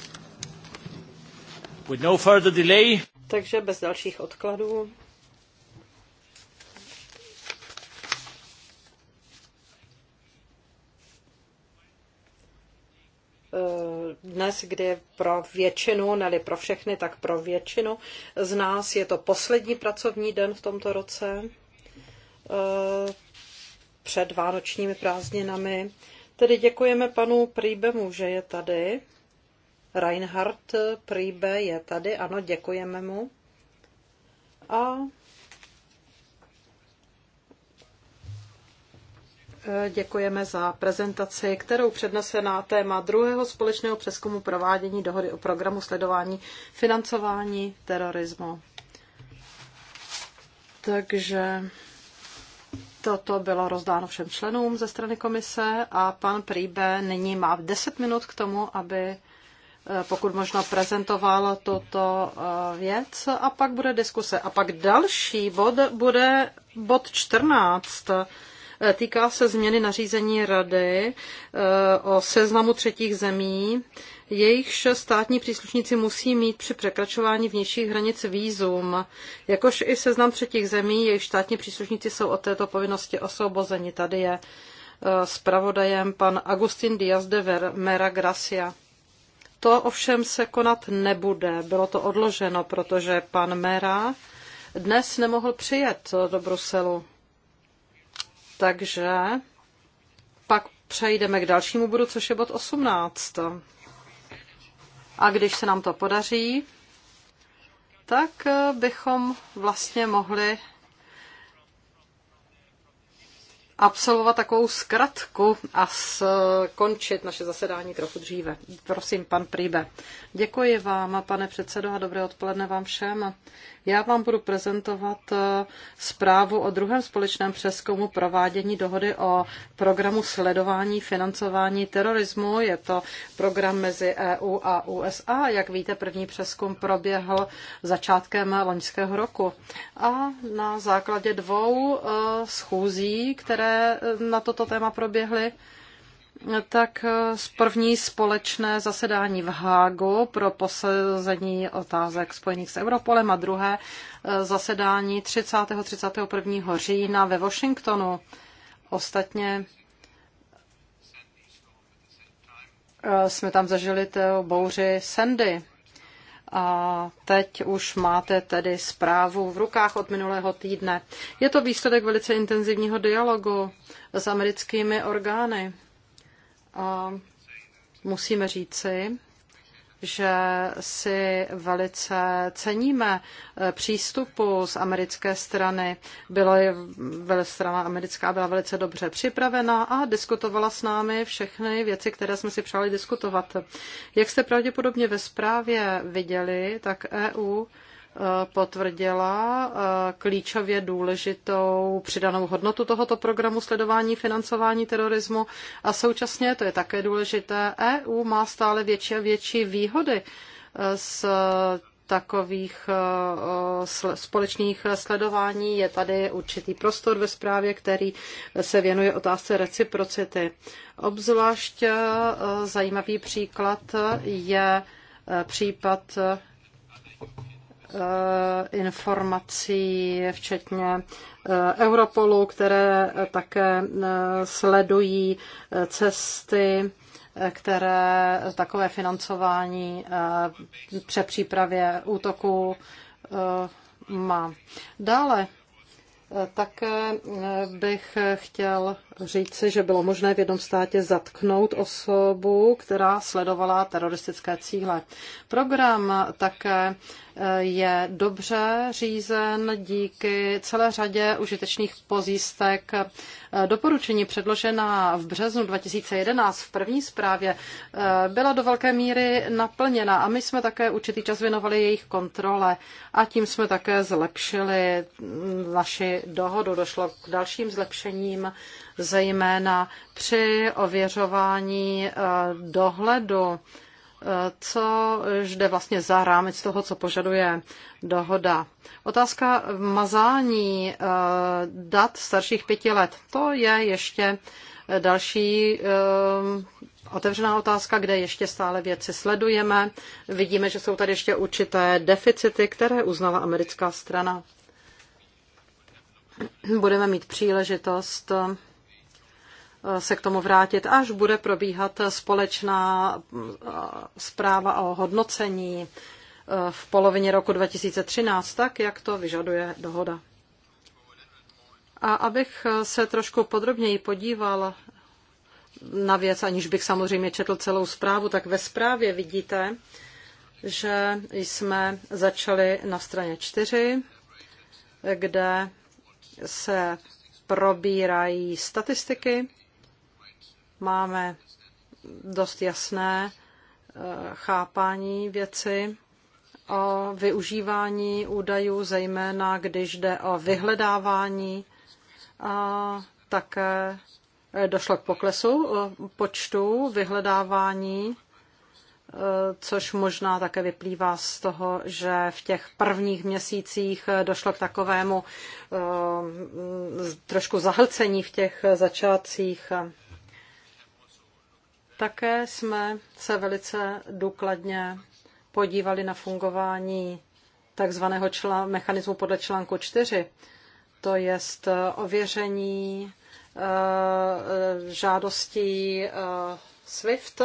With no further delay. Takže bez dalších odkladů dnes, kdy pro většinu, neli pro všechny, tak pro většinu z nás je to poslední pracovní den v tomto roce eh, před vánočními prázdninami. Tedy děkujeme panu Príbemu, že je tady. Reinhard Príbe je tady, ano, děkujeme mu. A Děkujeme za prezentaci, kterou přednese na téma druhého společného přeskumu provádění dohody o programu sledování financování terorismu. Takže toto bylo rozdáno všem členům ze strany komise a pan Príbe nyní má 10 minut k tomu, aby eh, pokud možno prezentoval tuto eh, věc a pak bude diskuse. A pak další bod bude bod 14 Týká se změny nařízení Rady eh, o seznamu třetích zemí, jejichž státní příslušníci musí mít při překračování vnějších hranic výzum, jakož i seznam třetích zemí, jejich státní příslušníci jsou od této povinnosti osvobozeni. Tady je eh, zpravodajem pan Agustin Díaz de Mera Gracia. To ovšem se konat nebude. Bylo to odloženo, protože pan Mera dnes nemohl přijet do Bruselu. Takže pak přejdeme k dalšímu bodu, což je bod 18. A když se nám to podaří, tak bychom vlastně mohli absolvovat takovou zkratku a skončit naše zasedání trochu dříve. Prosím, pan Príbe. Děkuji vám, pane předsedo, a dobré odpoledne vám všem. Já vám budu prezentovat eh, zprávu o druhém společném přeskumu provádění dohody o programu sledování financování terorismu. Je to program mezi EU a USA. Jak víte, první přeskum proběhl začátkem loňského roku. A na základě dvou eh, schůzí, které na toto téma proběhly, tak eh, z první společné zasedání v Hágu pro posazení otázek spojených s Europolem a druhé eh, zasedání 30. 31. října ve Washingtonu. Ostatně eh, jsme tam zažili to bouři Sandy. A teď už máte tedy zprávu v rukách od minulého týdne. Je to výsledek velice intenzivního dialogu s americkými orgány musíme říci, že si velice ceníme eh, přístupu z americké strany. Byla, byla strana americká byla velice dobře připravena a diskutovala s námi všechny věci, které jsme si přáli diskutovat. Jak jste pravděpodobně ve zprávě viděli, tak EU potvrdila eh, klíčově důležitou přidanou hodnotu tohoto programu sledování financování terorismu a současně, to je také důležité, EU má stále větší a větší výhody eh, z takových eh, společných sledování. Je tady určitý prostor ve zprávě, který se věnuje otázce reciprocity. Obzvlášť zajímavý příklad je případ Eh, informací, včetně eh, Europolu, které eh, také sledují cesty, které takové financování při přípravě útoku má. Dále také bych chtěl říci, že bylo možné v jednom státě zatknout osobu, která sledovala teroristické cíle. Program také eh, je dobře řízen díky celé řadě užitečných pozístek. Eh, doporučení předložená v březnu 2011 v první zprávě eh, byla do velké míry naplněna a my jsme také určitý čas věnovali jejich kontrole a tím jsme také zlepšili mm, naši dohodu. Došlo k dalším zlepšením zejména při ověřování eh, dohledu, eh, co jde vlastně za rámec toho, co požaduje dohoda. Otázka mazání eh, dat starších pěti let. To je ještě další otevřená otázka, kde ještě stále věci sledujeme. Vidíme, že jsou tady ještě určité deficity, které uznala americká strana. Budeme mít příležitost se k tomu vrátit, až bude probíhat společná eh, zpráva o hodnocení eh, v polovině roku 2013, tak jak to vyžaduje dohoda. A abych eh, se trošku podrobněji podíval na věc, aniž bych samozřejmě četl celou zprávu, tak ve zprávě vidíte, že jsme začali na straně 4, kde se probírají statistiky máme dost jasné eh, chápání věci o využívání údajů, zejména když jde o vyhledávání a také eh, došlo k poklesu eh, počtu vyhledávání, což možná také vyplývá z toho, že v těch prvních měsících došlo k takovému trošku zahlcení v těch začátcích také jsme se velice důkladně podívali na fungování takzvaného člán, mechanismu podle článku 4, to je eh, ověření e, žádostí eh, SWIFT.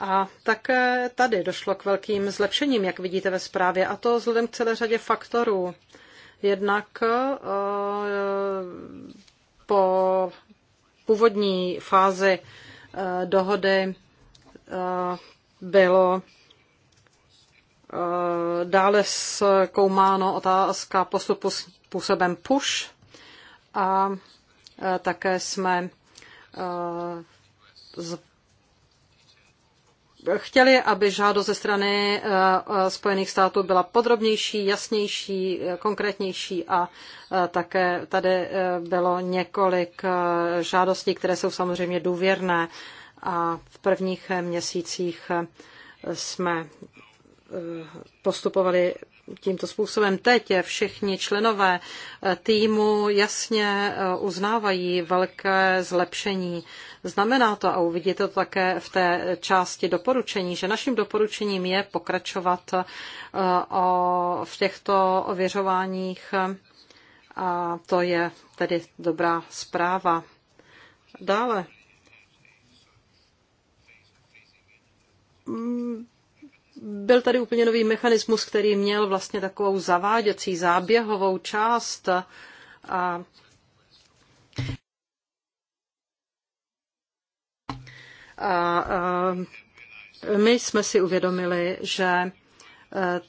A také tady došlo k velkým zlepšením, jak vidíte ve zprávě, a to vzhledem k celé řadě faktorů. Jednak e, po původní fázi Eh, dohody eh, bylo eh, dále zkoumáno otázka postupu působem push a také jsme chtěli, aby žádost ze strany eh, eh, Spojených států byla podrobnější, jasnější, eh, konkrétnější a také tady bylo několik žádostí, které jsou samozřejmě důvěrné a v prvních měsících jsme postupovali tímto způsobem teď všichni členové eh, týmu jasně eh, uznávají velké zlepšení. Znamená to, a uvidíte to také v té části doporučení, že naším doporučením je pokračovat eh, o, v těchto ověřováních a to je tedy dobrá zpráva. Dále. Mm, byl tady úplně nový mechanismus, který měl vlastně takovou zaváděcí záběhovou část a A, my jsme si uvědomili, že eh,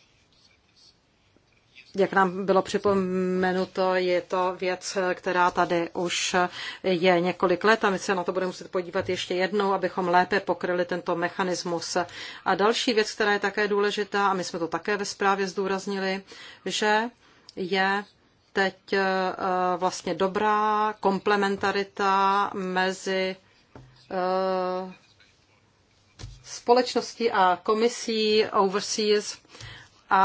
jak nám bylo připomenuto, je to věc, která tady už je několik let a my se na to budeme muset podívat ještě jednou, abychom lépe pokryli tento mechanismus. A další věc, která je také důležitá, a my jsme to také ve zprávě zdůraznili, že je teď eh, vlastně dobrá komplementarita mezi eh, společností a komisí Overseas a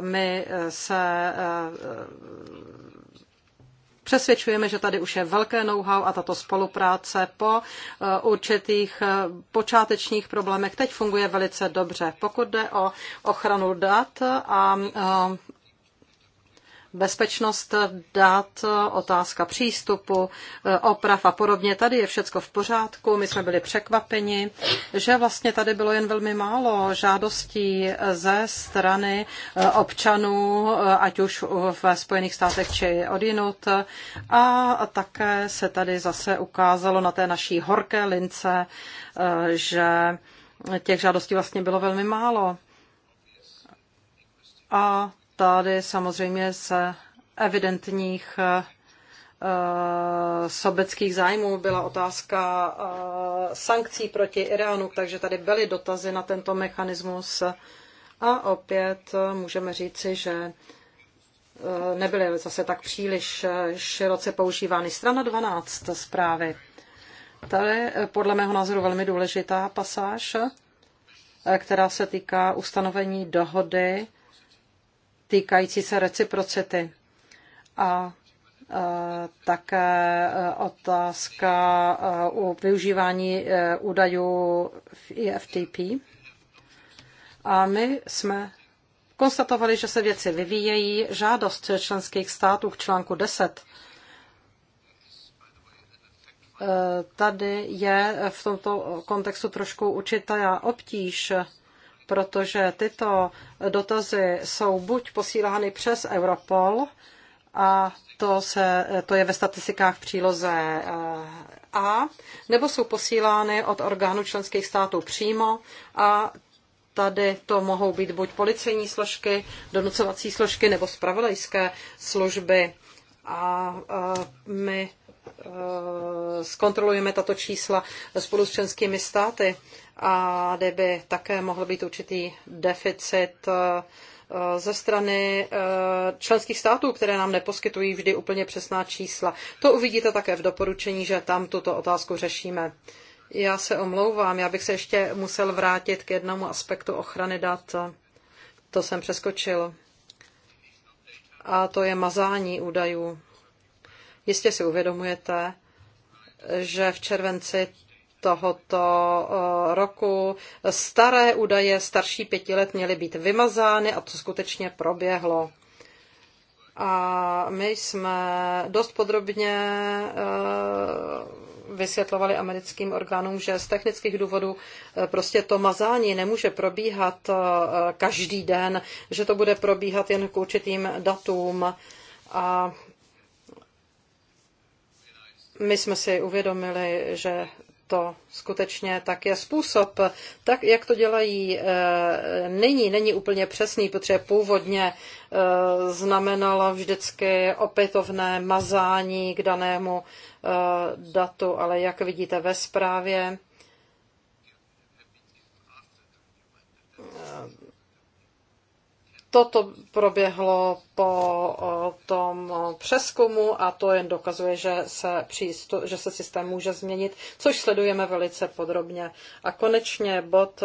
my se e, přesvědčujeme, že tady už je velké know-how a tato spolupráce po e, určitých e, počátečních problémech teď funguje velice dobře. Pokud jde o ochranu dat a bezpečnost dat, otázka přístupu, e, oprav a podobně. Tady je všecko v pořádku. My jsme byli překvapeni, že vlastně tady bylo jen velmi málo žádostí ze strany e, občanů, e, ať už ve Spojených státech či odinut. A také se tady zase ukázalo na té naší horké lince, že těch žádostí vlastně bylo velmi málo. A tady samozřejmě z evidentních eh, eh, sobeckých zájmů byla otázka eh, sankcí proti Iránu, takže tady byly dotazy na tento mechanismus a opět můžeme říci, že nebyly zase tak příliš široce používány. Strana 12 zprávy. Tady podle mého názoru velmi důležitá pasáž, která se týká ustanovení dohody týkající se reciprocity. A e, také e, otázka o e, využívání údajů v EFTP. A my jsme konstatovali, že se věci vyvíjejí. Žádost členských států k článku 10 tady je v tomto kontextu trošku určitá obtíž protože tyto dotazy jsou buď posílány přes Europol, a to, se, to je ve statistikách v příloze eh, A, nebo jsou posílány od orgánů členských států přímo a tady to mohou být buď policejní složky, donucovací složky nebo spravodajské služby. A eh, my eh, zkontrolujeme tato čísla spolu s členskými státy a by také mohl být určitý deficit eh, eh, ze strany eh, členských států, které nám neposkytují vždy úplně přesná čísla. To uvidíte také v doporučení, že tam tuto otázku řešíme. Já se omlouvám, já bych se ještě musel vrátit k jednomu aspektu ochrany dat. To jsem přeskočil. A to je mazání údajů. Jistě si uvědomujete, že v červenci tohoto eh, roku staré údaje starší pěti let měly být vymazány a to skutečně proběhlo. A my jsme dost podrobně eh, vysvětlovali americkým orgánům, že z technických důvodů eh, prostě to mazání nemůže probíhat každý den, že to bude probíhat jen k určitým datům. A my jsme si uvědomili, že to skutečně tak je způsob. Tak, jak to dělají, eh, není, není úplně přesný, protože původně eh, znamenalo vždycky opětovné mazání k danému eh, datu, ale jak vidíte ve zprávě, Toto proběhlo po tom přeskumu a to jen dokazuje, že se, přístup, že se systém může změnit, což sledujeme velice podrobně. A konečně bod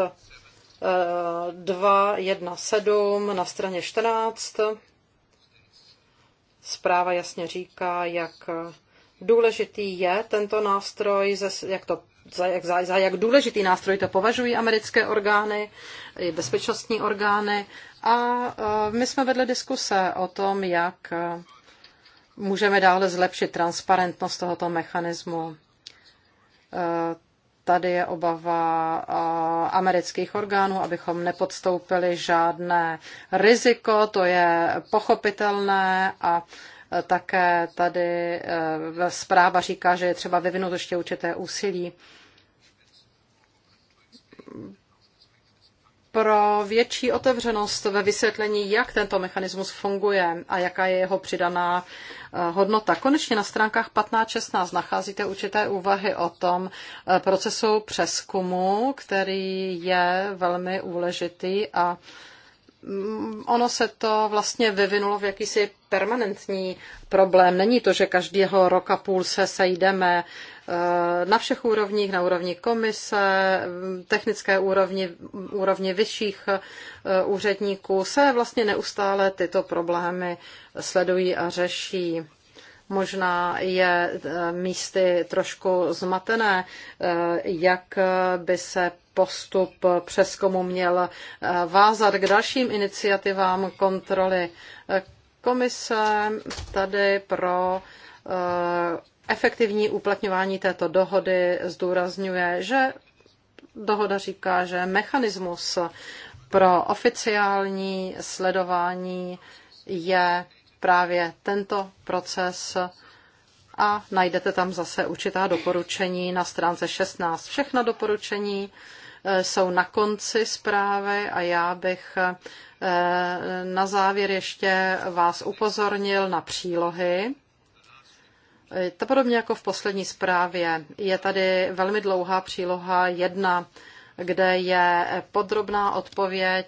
2.1.7 e, na straně 14. Zpráva jasně říká, jak důležitý je tento nástroj, jak to za, jak, za, za jak důležitý nástroj to považují americké orgány, i bezpečnostní orgány. A e, my jsme vedli diskuse o tom, jak e, můžeme dále zlepšit transparentnost tohoto mechanismu. E, tady je obava amerických orgánů, abychom nepodstoupili žádné riziko, to je pochopitelné a také tady eh, zpráva říká, že je třeba vyvinout ještě určité úsilí pro větší otevřenost ve vysvětlení, jak tento mechanismus funguje a jaká je jeho přidaná eh, hodnota. Konečně na stránkách 15.16 nacházíte určité úvahy o tom eh, procesu přeskumu, který je velmi úležitý a Mm, ono se to vlastně vyvinulo v jakýsi permanentní problém. Není to, že každého roka půl se sejdeme eh, na všech úrovních, na úrovni komise, technické úrovni, úrovni vyšších eh, úředníků, se vlastně neustále tyto problémy sledují a řeší možná je eh, místy trošku zmatené, jak by se postup přeskumu měl eh, vázat k dalším iniciativám kontroly. Komise tady pro eh, efektivní uplatňování této dohody zdůrazňuje, že dohoda říká, že mechanismus pro oficiální sledování je právě tento proces a najdete tam zase určitá doporučení na stránce 16. Všechna doporučení Eh, jsou na konci zprávy a já bych eh, na závěr ještě vás upozornil na přílohy. Eh, to podobně jako v poslední zprávě je tady velmi dlouhá příloha jedna, kde je podrobná odpověď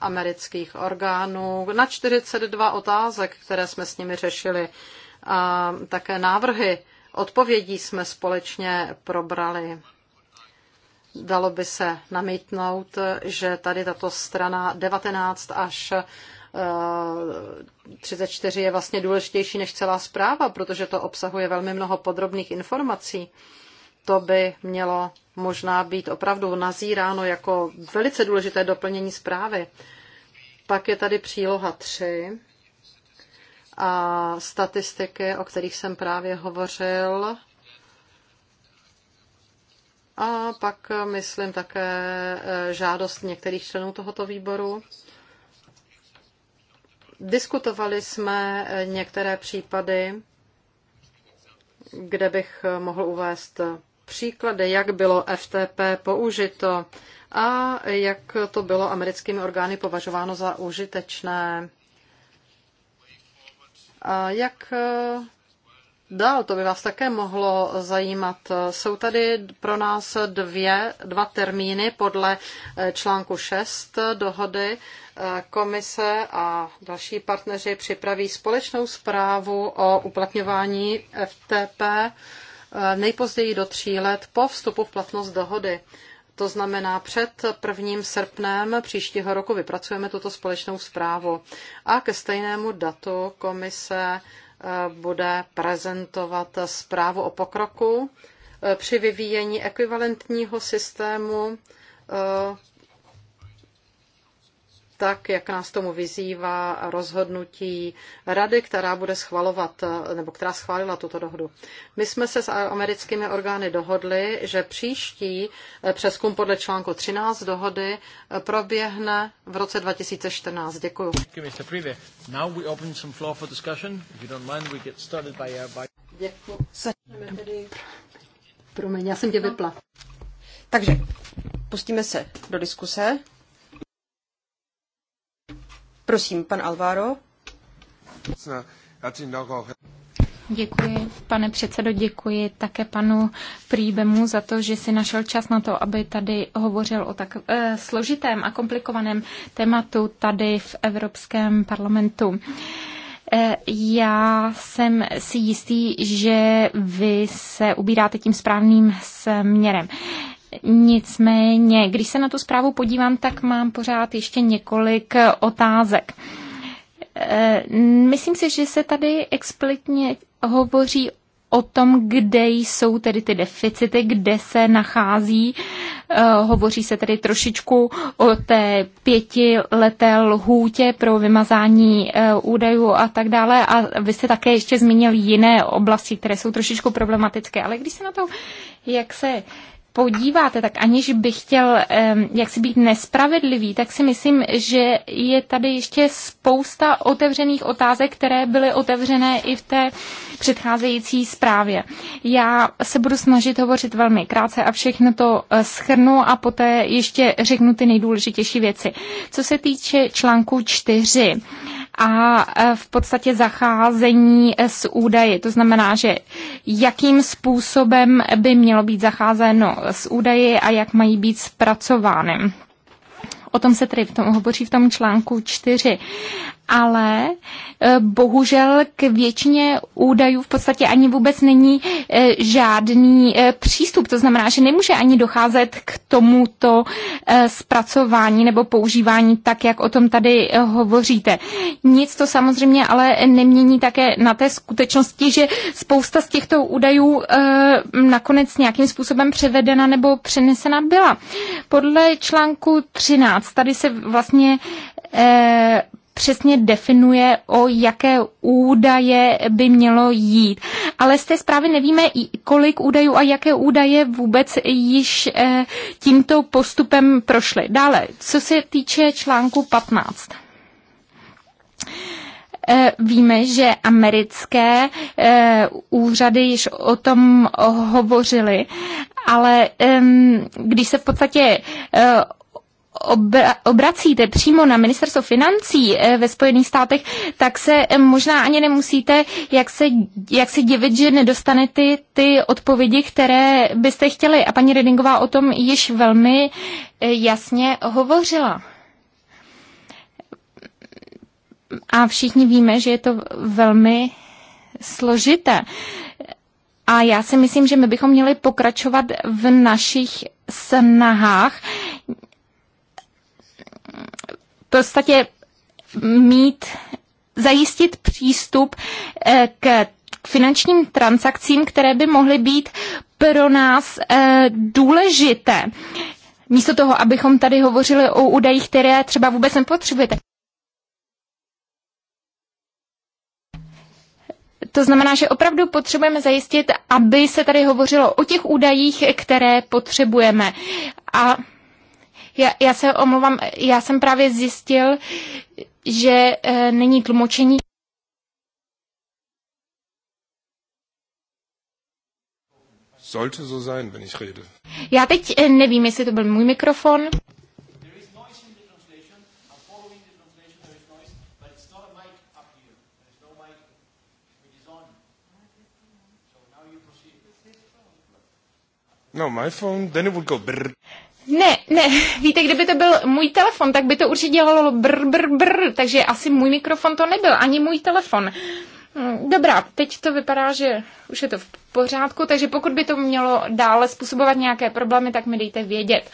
amerických orgánů na 42 otázek, které jsme s nimi řešili a také návrhy odpovědí jsme společně probrali dalo by se namítnout, že tady tato strana 19 až 34 eh, je vlastně důležitější než celá zpráva, protože to obsahuje velmi mnoho podrobných informací. To by mělo možná být opravdu nazíráno jako velice důležité doplnění zprávy. Pak je tady příloha 3 a statistiky, o kterých jsem právě hovořil, a pak, eh, myslím, také eh, žádost některých členů tohoto výboru. Diskutovali jsme eh, některé případy, kde bych mohl uvést příklady, jak bylo FTP použito a jak to bylo americkými orgány považováno za užitečné. A jak dál, to by vás také mohlo zajímat. Jsou tady pro nás dvě, dva termíny podle eh, článku 6 dohody. Eh, komise a další partneři připraví společnou zprávu o uplatňování FTP eh, nejpozději do tří let po vstupu v platnost dohody. To znamená, před 1. srpnem příštího roku vypracujeme tuto společnou zprávu. A ke stejnému datu komise bude prezentovat zprávu o pokroku e, při vyvíjení ekvivalentního systému e, tak, jak nás tomu vyzývá rozhodnutí rady, která bude schvalovat, nebo která schválila tuto dohodu. My jsme se s americkými orgány dohodli, že příští přeskum podle článku 13 dohody proběhne v roce 2014. Děkuji. Děkuji. Začneme tedy... Promiň, já jsem tě vypla. Takže pustíme se do diskuse. Prosím, pan Alvaro. Děkuji, pane předsedo, děkuji také panu Príbemu za to, že si našel čas na to, aby tady hovořil o tak eh, složitém a komplikovaném tématu tady v Evropském parlamentu. Eh, já jsem si jistý, že vy se ubíráte tím správným směrem. Nicméně, když se na tu zprávu podívám, tak mám pořád ještě několik otázek. Eh, myslím si, že se tady explicitně hovoří o tom, kde jsou tedy ty deficity, kde se nachází. Eh, hovoří se tedy trošičku o té pětileté lhůtě pro vymazání eh, údajů a tak dále. A vy jste také ještě zmínil jiné oblasti, které jsou trošičku problematické. Ale když se na to, jak se podíváte, tak aniž bych chtěl jak si být nespravedlivý, tak si myslím, že je tady ještě spousta otevřených otázek, které byly otevřené i v té předcházející zprávě. Já se budu snažit hovořit velmi krátce a všechno to eh, schrnu a poté ještě řeknu ty nejdůležitější věci. Co se týče článku 4, a e, v podstatě zacházení e, s údaji. To znamená, že jakým způsobem by mělo být zacházeno s údaji a jak mají být zpracovány. O tom se tedy v tom, hovoří v tom článku 4 ale eh, bohužel k většině údajů v podstatě ani vůbec není eh, žádný eh, přístup. To znamená, že nemůže ani docházet k tomuto zpracování nebo používání tak, jak o tom tady hovoříte. Nic to samozřejmě ale nemění také na té skutečnosti, že spousta z těchto údajů nakonec nějakým způsobem převedena nebo přenesena byla. Podle článku 13 tady se vlastně přesně definuje, o jaké údaje by mělo jít. Ale z té zprávy nevíme, kolik údajů a jaké údaje vůbec již eh, tímto postupem prošly. Dále, co se týče článku 15 eh, víme, že americké eh, úřady již o tom hovořily, ale když se v podstatě obra- obracíte přímo na ministerstvo financí eh, ve Spojených státech, tak se eh, možná ani nemusíte jak se, jak se divit, že nedostanete ty, ty odpovědi, které byste chtěli. A paní Redingová o tom již velmi eh, jasně hovořila. A všichni víme, že je to velmi složité. A já si myslím, že my bychom měli pokračovat v našich snahách podstatě mít, zajistit přístup eh, k finančním transakcím, které by mohly být pro nás eh, důležité. Místo toho, abychom tady hovořili o údajích, které třeba vůbec nepotřebujete. To znamená, že opravdu potřebujeme zajistit, aby se tady hovořilo o těch údajích, které potřebujeme. A já, já se omlouvám, já jsem právě zjistil, že e, není tlumočení. Sollte so sein, wenn ich rede. Já teď eh, nevím, jestli to byl můj mikrofon. No, my phone, then it would go brrr. Ne, ne, víte, kdyby to byl můj telefon, tak by to určitě dělalo br, br, br, takže asi můj mikrofon to nebyl, ani můj telefon. Mm, Dobrá, teď to vypadá, že už je to v pořádku, takže pokud by to mělo dále způsobovat nějaké problémy, tak mi dejte vědět.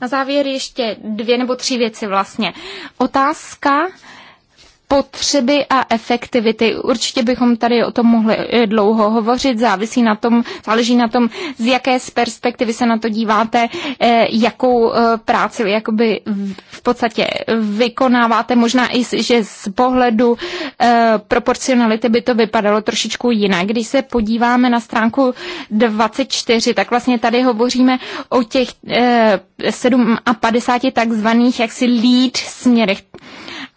Na závěr ještě dvě nebo tři věci vlastně. Otázka potřeby a efektivity. Určitě bychom tady o tom mohli eh, dlouho hovořit, závisí na tom, záleží na tom, z jaké z perspektivy se na to díváte, eh, jakou eh, práci jakoby v podstatě vykonáváte. Možná i, že z pohledu proporcionality by to vypadalo trošičku jinak. Když se podíváme na stránku 24, tak vlastně tady hovoříme o těch 57 takzvaných jaksi lead směrech.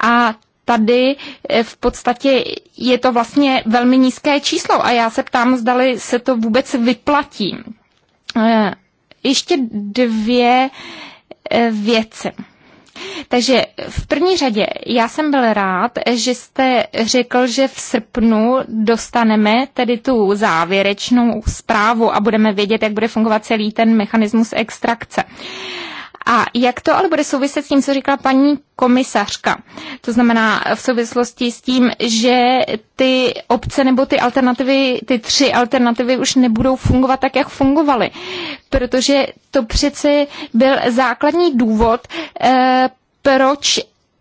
A tady eh, v podstatě je to vlastně velmi nízké číslo a já se ptám, zdali se to vůbec vyplatí. Eh, ještě dvě eh, věci. Takže v první řadě já jsem byl rád, že jste řekl, že v srpnu dostaneme tedy tu závěrečnou zprávu a budeme vědět, jak bude fungovat celý ten mechanismus extrakce. Uh, a jak to ale bude souviset s tím, co říkala paní komisařka? To znamená v souvislosti s tím, že ty obce nebo ty alternativy, ty tři alternativy už nebudou fungovat tak, jak fungovaly. Protože to přece byl základní důvod, eh, proč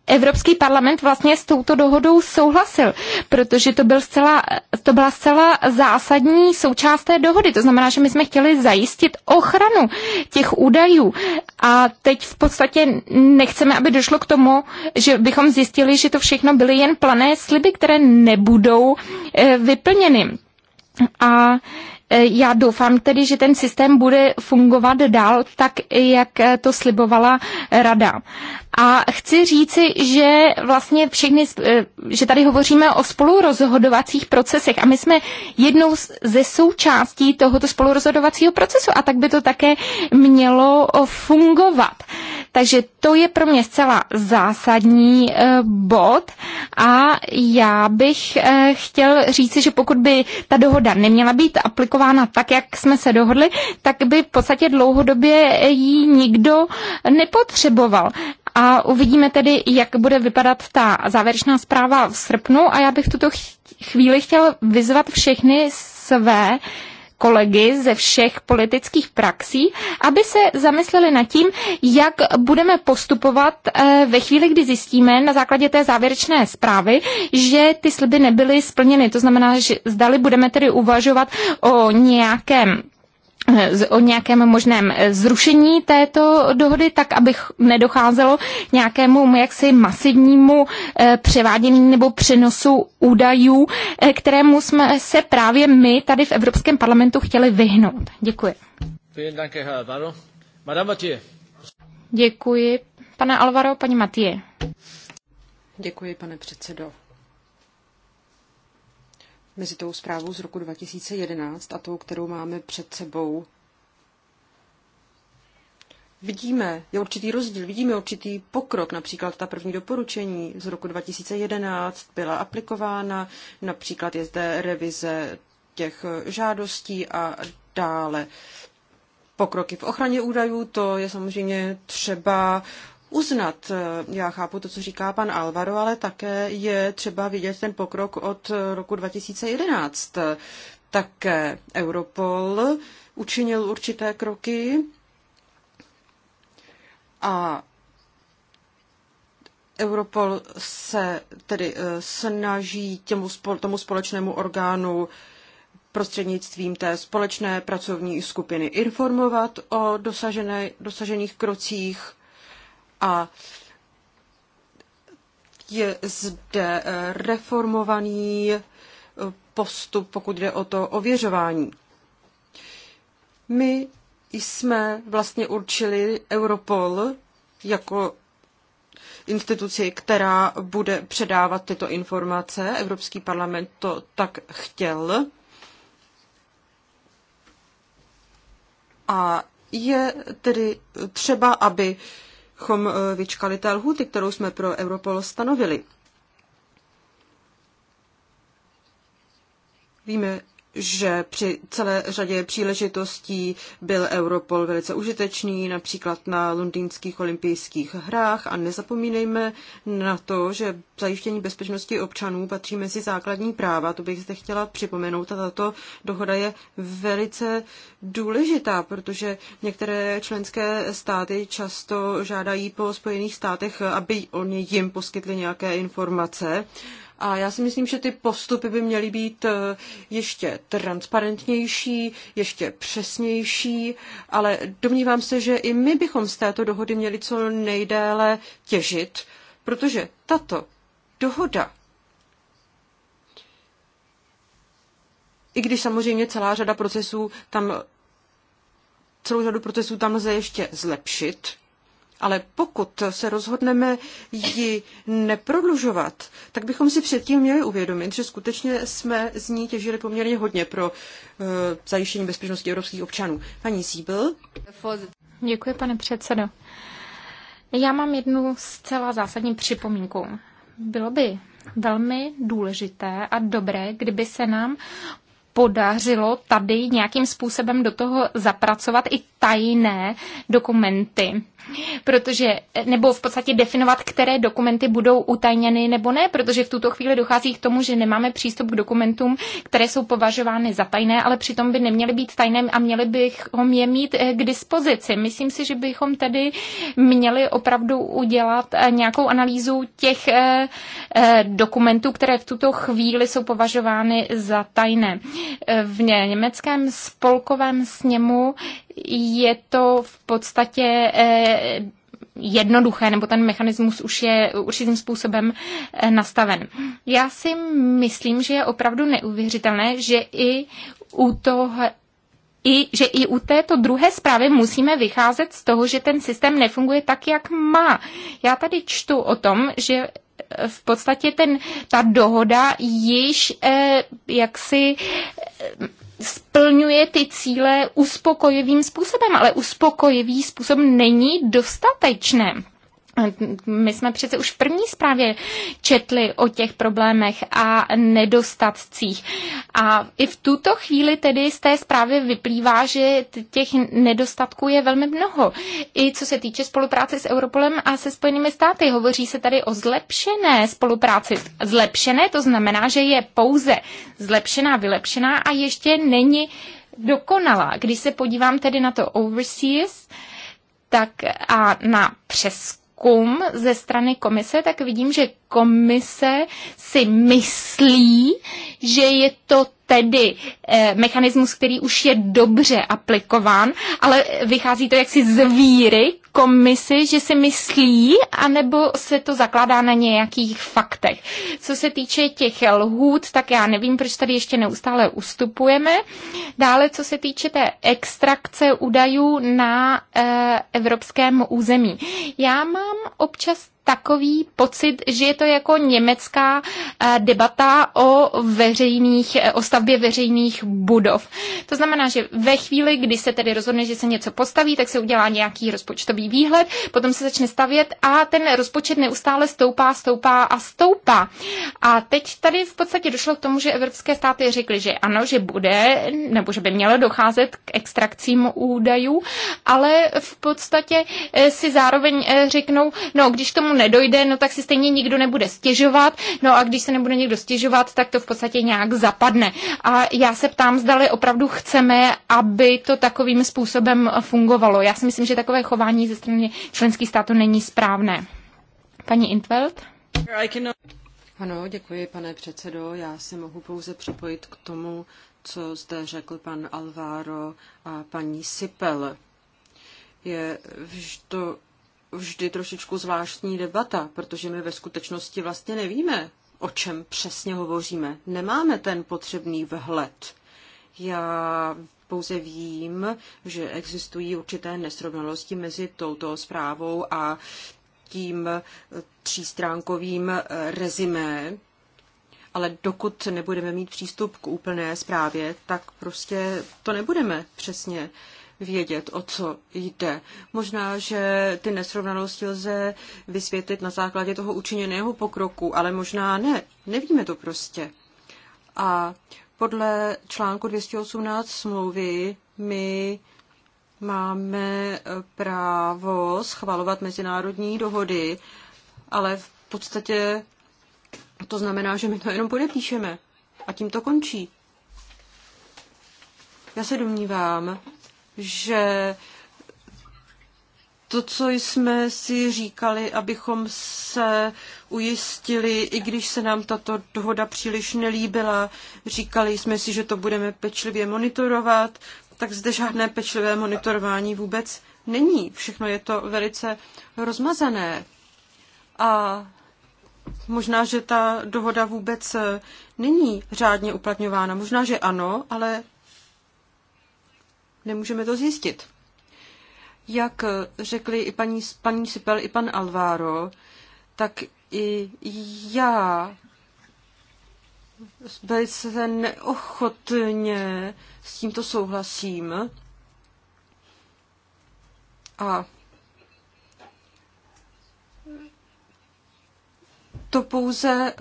Evropský parlament vlastně s touto dohodou souhlasil, protože to, byl zcela, to byla zcela zásadní součást té dohody. To znamená, že my jsme chtěli zajistit ochranu těch údajů. A teď v podstatě nechceme, aby došlo k tomu, že bychom zjistili, že to všechno byly jen plané sliby, které nebudou eh, vyplněny. A eh, já doufám tedy, že ten systém bude fungovat dál tak, jak eh, to slibovala rada. A chci říci, že vlastně všechny, eh, že tady hovoříme o spolurozhodovacích procesech a my jsme jednou ze součástí tohoto spolurozhodovacího procesu a tak by to také mělo fungovat. Takže to je pro mě zcela zásadní eh, bod a já bych eh, chtěl říci, že pokud by ta dohoda neměla být aplikována tak, jak jsme se dohodli, tak by v podstatě dlouhodobě ji nikdo nepotřeboval. A uvidíme tedy, jak bude vypadat ta závěrečná zpráva v srpnu a já bych v tuto chvíli chtěl vyzvat všechny své kolegy ze všech politických praxí, aby se zamysleli nad tím, jak budeme postupovat eh, ve chvíli, kdy zjistíme na základě té závěrečné zprávy, že ty sliby nebyly splněny. To znamená, že zdali budeme tedy uvažovat o nějakém o nějakém možném eh, zrušení této dohody, tak abych nedocházelo nějakému mm, jaksi masivnímu eh, převádění nebo přenosu údajů, eh, kterému jsme se právě my tady v Evropském parlamentu chtěli vyhnout. Děkuji. Děkuji. Pane Alvaro, paní Matie. Děkuji, pane předsedo mezi tou zprávou z roku 2011 a tou, kterou máme před sebou, vidíme, je určitý rozdíl, vidíme určitý pokrok, například ta první doporučení z roku 2011 byla aplikována, například je zde revize těch žádostí a dále. Pokroky v ochraně údajů, to je samozřejmě třeba uznat. Já chápu to, co říká pan Alvaro, ale také je třeba vidět ten pokrok od roku 2011. Také Europol učinil určité kroky a Europol se tedy eh, snaží těmu, tomu společnému orgánu prostřednictvím té společné pracovní skupiny informovat o dosažené, dosažených krocích a je zde eh, reformovaný eh, postup, pokud jde o to ověřování. My jsme vlastně určili Europol jako instituci, která bude předávat tyto informace. Evropský parlament to tak chtěl. A je tedy třeba, aby chom eh, vyčkali té lhuty, kterou jsme pro Europol stanovili. Víme, že při celé řadě příležitostí byl Europol velice užitečný, například na londýnských olympijských hrách a nezapomínejme na to, že zajištění bezpečnosti občanů patří mezi základní práva. To bych zde chtěla připomenout a tato dohoda je velice důležitá, protože některé členské státy často žádají po Spojených státech, aby oni jim poskytli nějaké informace. Uh, a já si myslím, že ty postupy by měly být eh, ještě transparentnější, ještě přesnější, ale domnívám se, že i my bychom z této dohody měli co nejdéle těžit, protože tato dohoda I když samozřejmě celá řada procesů tam, celou řadu procesů tam lze ještě zlepšit, ale pokud se rozhodneme ji neprodlužovat, tak bychom si předtím měli uvědomit, že skutečně jsme z ní těžili poměrně hodně pro uh, zajištění bezpečnosti evropských občanů. Paní Siebel. Děkuji, pane předsedo. Já mám jednu zcela zásadní připomínku. Bylo by velmi důležité a dobré, kdyby se nám podařilo tady nějakým způsobem do toho zapracovat i tajné dokumenty. Protože, nebo v podstatě definovat, které dokumenty budou utajněny nebo ne, protože v tuto chvíli dochází k tomu, že nemáme přístup k dokumentům, které jsou považovány za tajné, ale přitom by neměly být tajné a měli bychom je mít eh, k dispozici. Myslím si, že bychom tedy měli opravdu udělat eh, nějakou analýzu těch eh, dokumentů, které v tuto chvíli jsou považovány za tajné v německém spolkovém sněmu je to v podstatě eh, jednoduché, nebo ten mechanismus už je určitým způsobem eh, nastaven. Já si myslím, že je opravdu neuvěřitelné, že i u toho i, že i u této druhé zprávy musíme vycházet z toho, že ten systém nefunguje tak, jak má. Já tady čtu o tom, že v podstatě ten, ta dohoda již eh, jaksi eh, splňuje ty cíle uspokojivým způsobem, ale uspokojivý způsob není dostatečný my jsme přece už v první zprávě četli o těch problémech a nedostatcích. A i v tuto chvíli tedy z té zprávy vyplývá, že těch nedostatků je velmi mnoho. I co se týče spolupráce s Europolem a se Spojenými státy, hovoří se tady o zlepšené spolupráci. Zlepšené to znamená, že je pouze zlepšená, vylepšená a ještě není dokonalá. Když se podívám tedy na to overseas, tak a na přeskum, krokům ze strany komise, tak vidím, že komise si myslí, že je to tedy eh, mechanismus, který už je dobře aplikován, ale vychází to jaksi z víry komisi, že si myslí, anebo se to zakládá na nějakých faktech. Co se týče těch lhůt, tak já nevím, proč tady ještě neustále ustupujeme. Dále, co se týče té extrakce údajů na e, evropském území. Já mám občas takový pocit, že je to jako německá eh, debata o, veřejných, eh, o stavbě veřejných budov. To znamená, že ve chvíli, kdy se tedy rozhodne, že se něco postaví, tak se udělá nějaký rozpočtový výhled, potom se začne stavět a ten rozpočet neustále stoupá, stoupá a stoupá. A teď tady v podstatě došlo k tomu, že evropské státy řekly, že ano, že bude, nebo že by mělo docházet k extrakcím údajů, ale v podstatě eh, si zároveň řeknou, no když tomu nedojde, no tak si stejně nikdo nebude stěžovat, no a když se nebude někdo stěžovat, tak to v podstatě nějak zapadne. A já se ptám, zdali opravdu chceme, aby to takovým způsobem fungovalo. Já si myslím, že takové chování ze strany členských států není správné. Paní Intveld? Ano, děkuji, pane předsedo. Já se mohu pouze připojit k tomu, co zde řekl pan Alvaro a paní Sipel. Je to vždy trošičku zvláštní debata, protože my ve skutečnosti vlastně nevíme, o čem přesně hovoříme. Nemáme ten potřebný vhled. Já pouze vím, že existují určité nesrovnalosti mezi touto zprávou a tím třístránkovým rezimé, ale dokud nebudeme mít přístup k úplné zprávě, tak prostě to nebudeme přesně vědět, o co jde. Možná, že ty nesrovnalosti lze vysvětlit na základě toho učiněného pokroku, ale možná ne. Nevíme to prostě. A podle článku 218 smlouvy my máme právo schvalovat mezinárodní dohody, ale v podstatě to znamená, že my to jenom podepíšeme. A tím to končí. Já se domnívám, že to, co jsme si říkali, abychom se ujistili, i když se nám tato dohoda příliš nelíbila, říkali jsme si, že to budeme pečlivě monitorovat, tak zde žádné pečlivé monitorování vůbec není. Všechno je to velice rozmazané. A možná, že ta dohoda vůbec není řádně uplatňována. Možná, že ano, ale nemůžeme to zjistit. Jak řekli i paní, paní Sipel, i pan Alvaro, tak i já velice neochotně s tímto souhlasím. A to pouze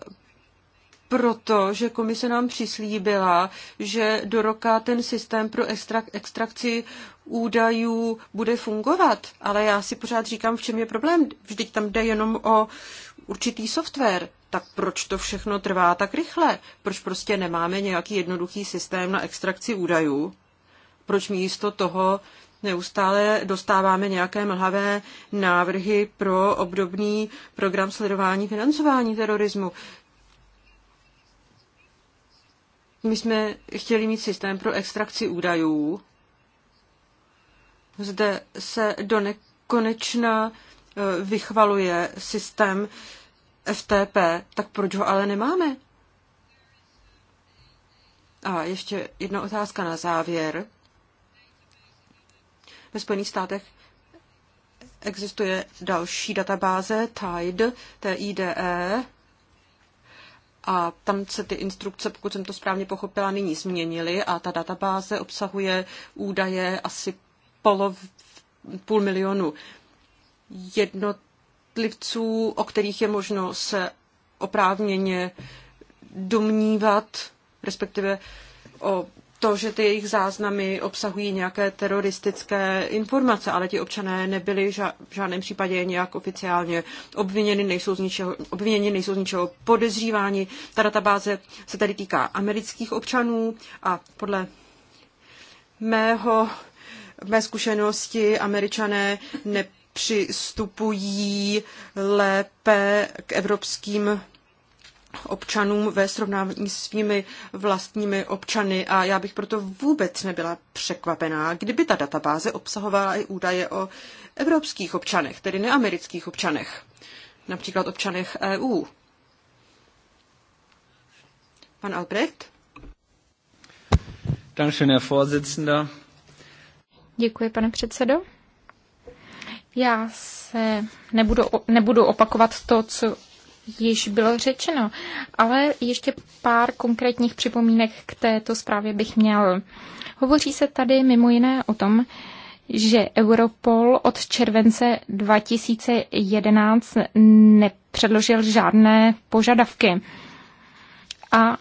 proto, že komise nám přislíbila, že do roka ten systém pro extrak- extrakci údajů bude fungovat. Ale já si pořád říkám, v čem je problém. Vždyť tam jde jenom o určitý software. Tak proč to všechno trvá tak rychle? Proč prostě nemáme nějaký jednoduchý systém na extrakci údajů? Proč místo toho neustále dostáváme nějaké mlhavé návrhy pro obdobný program sledování financování terorismu. My jsme chtěli mít systém pro extrakci údajů. Zde se do nekonečna e, vychvaluje systém FTP, tak proč ho ale nemáme? A ještě jedna otázka na závěr. Ve Spojených státech existuje další databáze TIDE, TIDE a tam se ty instrukce, pokud jsem to správně pochopila, nyní změnily a ta databáze obsahuje údaje asi polov, půl milionu jednotlivců, o kterých je možno se oprávněně domnívat, respektive o to, že ty jejich záznamy obsahují nějaké teroristické informace, ale ti občané nebyli v žádném případě nějak oficiálně obviněni, nejsou z ničeho, obviněni, nejsou z ničeho podezříváni. Ta databáze se tady týká amerických občanů a podle mého, mé zkušenosti američané nepřistupují lépe k evropským občanům ve srovnání s svými vlastními občany a já bych proto vůbec nebyla překvapená, kdyby ta databáze obsahovala i údaje o evropských občanech, tedy neamerických občanech, například občanech EU. Pan Albrecht? Děkuji, pane předsedo. Já se nebudu, nebudu opakovat to, co již bylo řečeno, ale ještě pár konkrétních připomínek k této zprávě bych měl. Hovoří se tady mimo jiné o tom, že Europol od července 2011 nepředložil žádné požadavky. A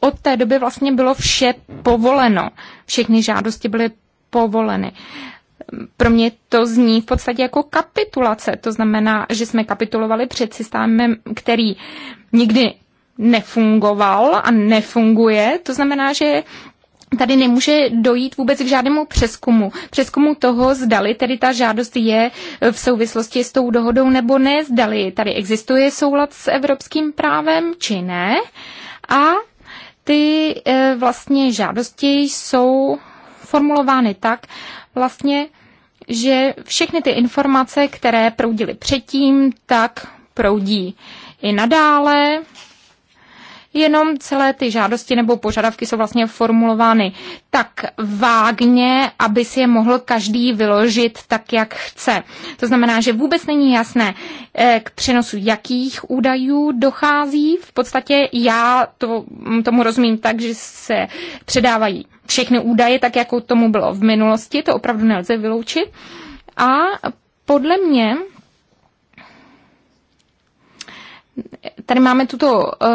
od té doby vlastně bylo vše povoleno. Všechny žádosti byly povoleny pro mě to zní v podstatě jako kapitulace. To znamená, že jsme kapitulovali před systémem, který nikdy nefungoval a nefunguje. To znamená, že tady nemůže dojít vůbec k žádnému přeskumu. Přeskumu toho, zdali tedy ta žádost je v souvislosti s tou dohodou nebo ne, zdali tady existuje soulad s evropským právem či ne. A ty eh, vlastně žádosti jsou formulovány tak, vlastně, že všechny ty informace, které proudily předtím, tak proudí i nadále jenom celé ty žádosti nebo požadavky jsou vlastně formulovány tak vágně, aby si je mohl každý vyložit tak, jak chce. To znamená, že vůbec není jasné, eh, k přenosu jakých údajů dochází. V podstatě já to, mm, tomu rozumím tak, že se předávají všechny údaje, tak jako tomu bylo v minulosti, to opravdu nelze vyloučit. A podle mě tady máme tuto uh,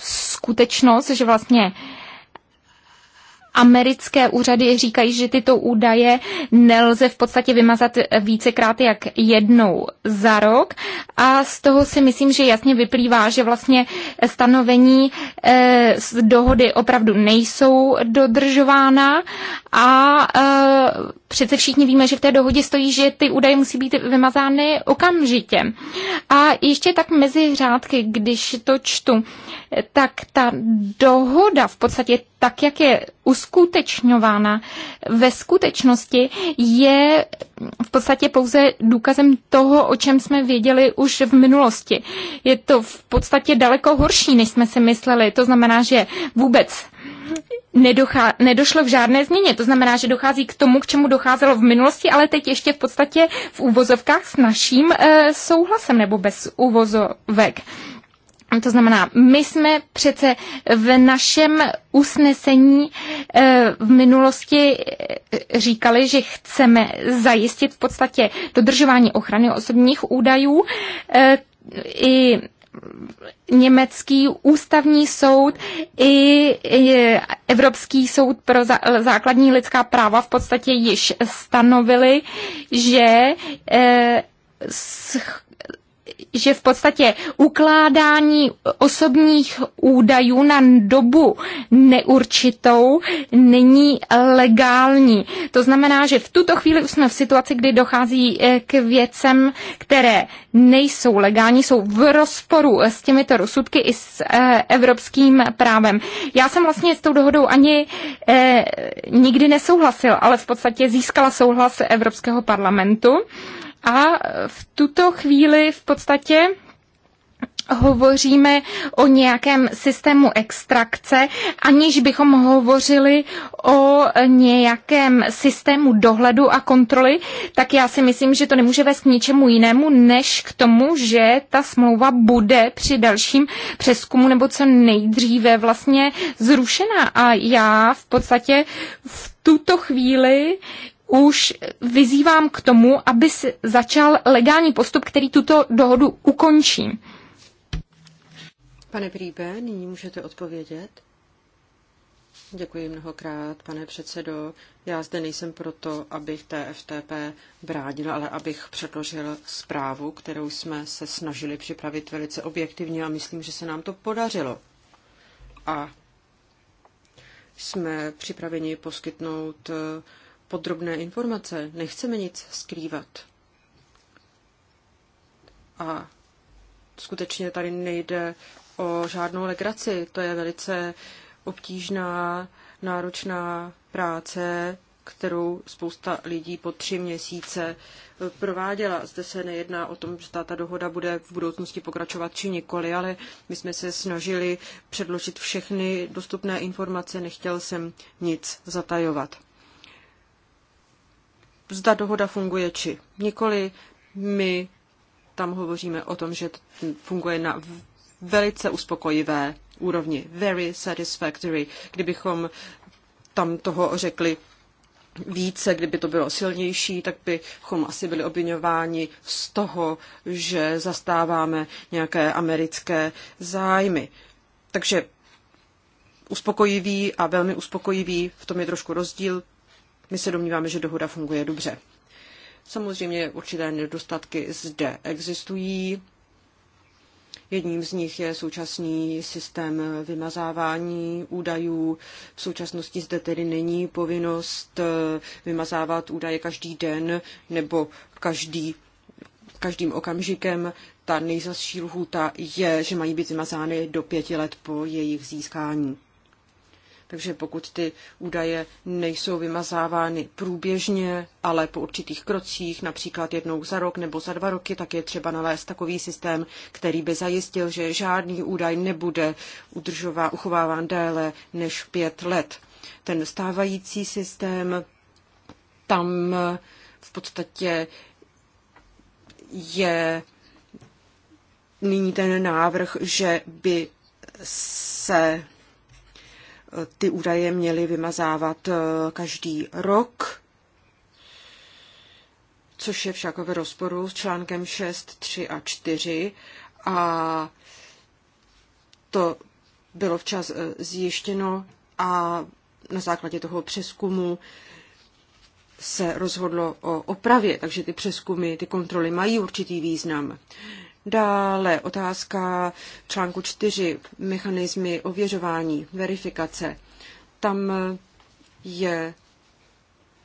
skutečnost, že vlastně americké úřady říkají, že tyto údaje nelze v podstatě vymazat vícekrát jak jednou za rok a z toho si myslím, že jasně vyplývá, že vlastně stanovení eh, dohody opravdu nejsou dodržována a eh, přece všichni víme, že v té dohodě stojí, že ty údaje musí být vymazány okamžitě. A ještě tak mezi řádky, když to čtu, tak ta dohoda v podstatě tak, jak je uskutečňována ve skutečnosti, je v podstatě pouze důkazem toho, o čem jsme věděli už v minulosti. Je to v podstatě daleko horší, než jsme si mysleli. To znamená, že vůbec nedochá, nedošlo k žádné změně. To znamená, že dochází k tomu, k čemu docházelo v minulosti, ale teď ještě v podstatě v úvozovkách s naším e, souhlasem nebo bez úvozovek. E, to znamená, my jsme přece v našem usnesení eh, v minulosti eh, říkali, že chceme zajistit v podstatě dodržování ochrany osobních údajů eh, i Německý ústavní soud i Evropský soud pro základní lidská práva v podstatě již stanovili, že že v podstatě ukládání osobních údajů na dobu neurčitou není legální. To znamená, že v tuto chvíli už jsme v situaci, kdy dochází eh, k věcem, které nejsou legální, jsou v rozporu eh, s těmito rozsudky i s eh, evropským právem. Já jsem vlastně s tou dohodou ani nikdy nesouhlasil, ale v podstatě získala souhlas Evropského parlamentu. A v tuto chvíli v podstatě hovoříme o nějakém systému extrakce, aniž bychom hovořili o nějakém systému dohledu a kontroly, tak já si myslím, že to nemůže vést k ničemu jinému, než k tomu, že ta smlouva bude při dalším přeskumu nebo co nejdříve vlastně zrušena. A já v podstatě v tuto chvíli už vyzývám k tomu, aby se začal legální postup, který tuto dohodu ukončí. Pane Príbe, nyní můžete odpovědět. Děkuji mnohokrát, pane předsedo. Já zde nejsem proto, abych TFTP bránil, ale abych předložil zprávu, kterou jsme se snažili připravit velice objektivně a myslím, že se nám to podařilo. A jsme připraveni poskytnout podrobné informace, nechceme nic skrývat. A skutečně tady nejde o žádnou legraci, to je velice obtížná, náročná práce, kterou spousta lidí po tři měsíce prováděla. Zde se nejedná o tom, že ta dohoda bude v budoucnosti pokračovat či nikoli, ale my jsme se snažili předložit všechny dostupné informace, nechtěl jsem nic zatajovat zda dohoda funguje či nikoli. My tam hovoříme o tom, že funguje na velice uspokojivé úrovni, very satisfactory. Kdybychom tam toho řekli více, kdyby to bylo silnější, tak bychom asi byli obvinováni z toho, že zastáváme nějaké americké zájmy. Takže uspokojivý a velmi uspokojivý, v tom je trošku rozdíl. My se domníváme, že dohoda funguje dobře. Samozřejmě určité nedostatky zde existují. Jedním z nich je současný systém vymazávání údajů. V současnosti zde tedy není povinnost eh, vymazávat údaje každý den nebo každý, každým okamžikem. Ta nejzasší lhůta je, že mají být vymazány do pěti let po jejich získání. Takže pokud ty údaje nejsou vymazávány průběžně, ale po určitých krocích, například jednou za rok nebo za dva roky, tak je třeba nalézt takový systém, který by zajistil, že žádný údaj nebude udržová, uchováván déle než pět let. Ten stávající systém tam v podstatě je nyní ten návrh, že by se ty údaje měly vymazávat eh, každý rok, což je však v rozporu s článkem 6, 3 a 4 a to bylo včas eh, zjištěno a na základě toho přeskumu se rozhodlo o opravě, takže ty přeskumy, ty kontroly mají určitý význam. Dále otázka článku 4, mechanizmy ověřování, verifikace. Tam je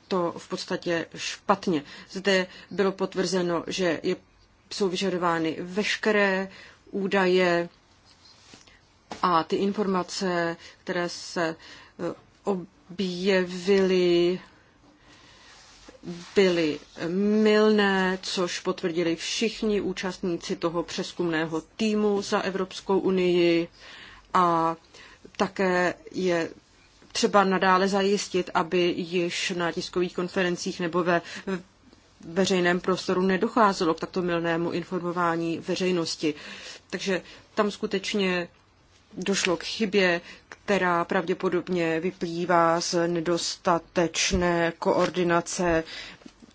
to v podstatě špatně. Zde bylo potvrzeno, že je, jsou vyžadovány veškeré údaje a ty informace, které se eh, objevily byly mylné, což potvrdili všichni účastníci toho přeskumného týmu za Evropskou unii a také je třeba nadále zajistit, aby již na tiskových konferencích nebo ve veřejném prostoru nedocházelo k takto milnému informování veřejnosti. Takže tam skutečně došlo k chybě, která pravděpodobně vyplývá z nedostatečné koordinace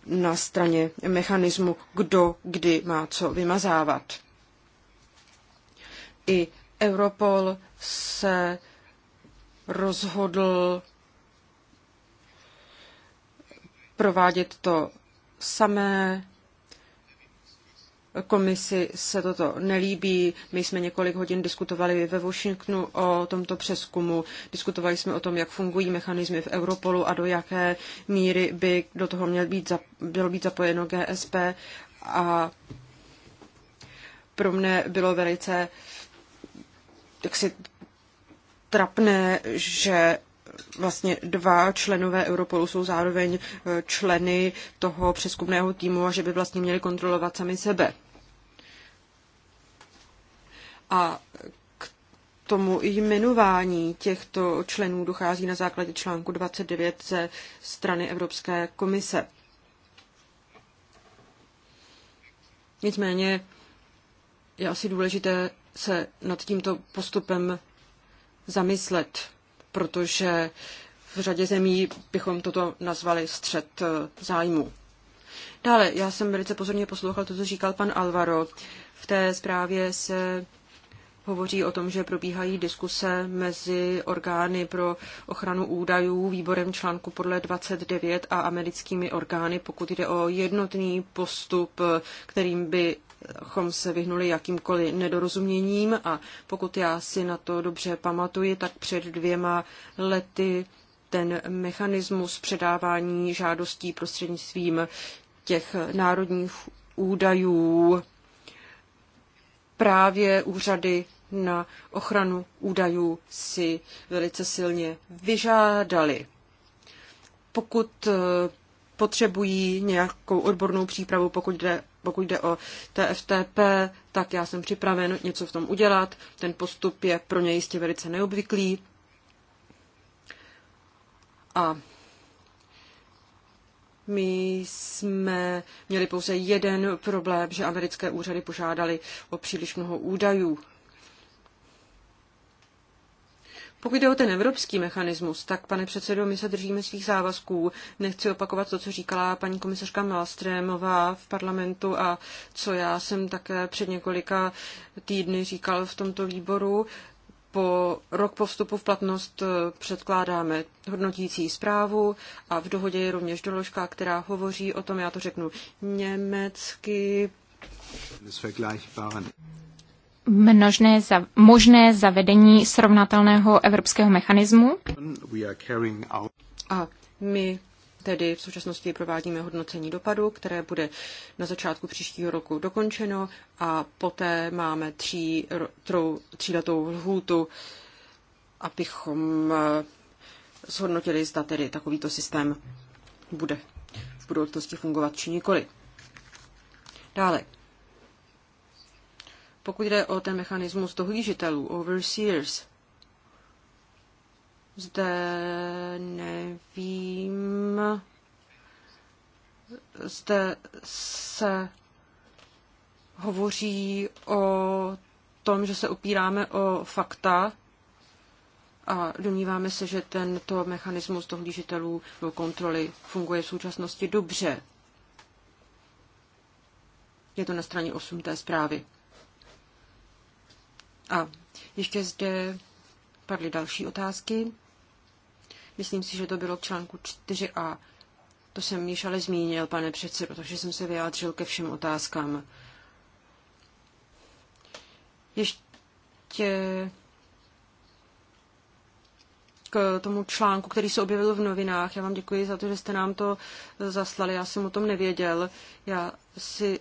na straně mechanismu, kdo kdy má co vymazávat. I Europol se rozhodl provádět to samé komisi se toto nelíbí. My jsme několik hodin diskutovali ve Washingtonu o tomto přeskumu. Diskutovali jsme o tom, jak fungují mechanismy v Europolu a do jaké míry by do toho měl být, bylo být zapojeno GSP. A pro mne bylo velice si trapné, že vlastně dva členové Europolu jsou zároveň e, členy toho přeskumného týmu a že by vlastně měli kontrolovat sami sebe. A k tomu jmenování těchto členů dochází na základě článku 29 ze strany Evropské komise. Nicméně je asi důležité se nad tímto postupem zamyslet protože v řadě zemí bychom toto nazvali střed eh, zájmu. Dále, já jsem velice pozorně poslouchal to, co říkal pan Alvaro. V té zprávě se hovoří o tom, že probíhají diskuse mezi orgány pro ochranu údajů, výborem článku podle 29 a americkými orgány, pokud jde o jednotný postup, eh, kterým by abychom se vyhnuli jakýmkoliv nedorozuměním a pokud já si na to dobře pamatuji, tak před dvěma lety ten mechanismus předávání žádostí prostřednictvím těch národních údajů právě úřady na ochranu údajů si velice silně vyžádali. Pokud eh, potřebují nějakou odbornou přípravu, pokud jde pokud jde o TFTP, tak já jsem připraven něco v tom udělat. Ten postup je pro ně jistě velice neobvyklý. A my jsme měli pouze jeden problém, že americké úřady požádali o příliš mnoho údajů Pokud jde o ten evropský mechanismus, tak pane předsedo, my se držíme svých závazků. Nechci opakovat to, co říkala paní komisařka Malstrémová v parlamentu a co já jsem také před několika týdny říkal v tomto výboru. Po rok po vstupu v platnost eh, předkládáme hodnotící zprávu a v dohodě je rovněž doložka, která hovoří o tom, já to řeknu německy množné za, možné zavedení srovnatelného evropského mechanismu. A my tedy v současnosti provádíme hodnocení dopadu, které bude na začátku příštího roku dokončeno a poté máme tří, trou, tříletou lhůtu, abychom eh, zhodnotili, zda tedy takovýto systém bude v budoucnosti fungovat či nikoli. Dále, pokud jde o ten mechanismus dohlížitelů, overseers, zde nevím, zde se hovoří o tom, že se opíráme o fakta a domníváme se, že tento mechanismus dohlížitelů nebo kontroly funguje v současnosti dobře. Je to na straně 8 té zprávy. A ještě zde padly další otázky. Myslím si, že to bylo k článku 4a. To jsem již ale zmínil, pane předsedo, protože jsem se vyjádřil ke všem otázkám. Ještě k tomu článku, který se objevil v novinách. Já vám děkuji za to, že jste nám to zaslali. Já jsem o tom nevěděl. Já si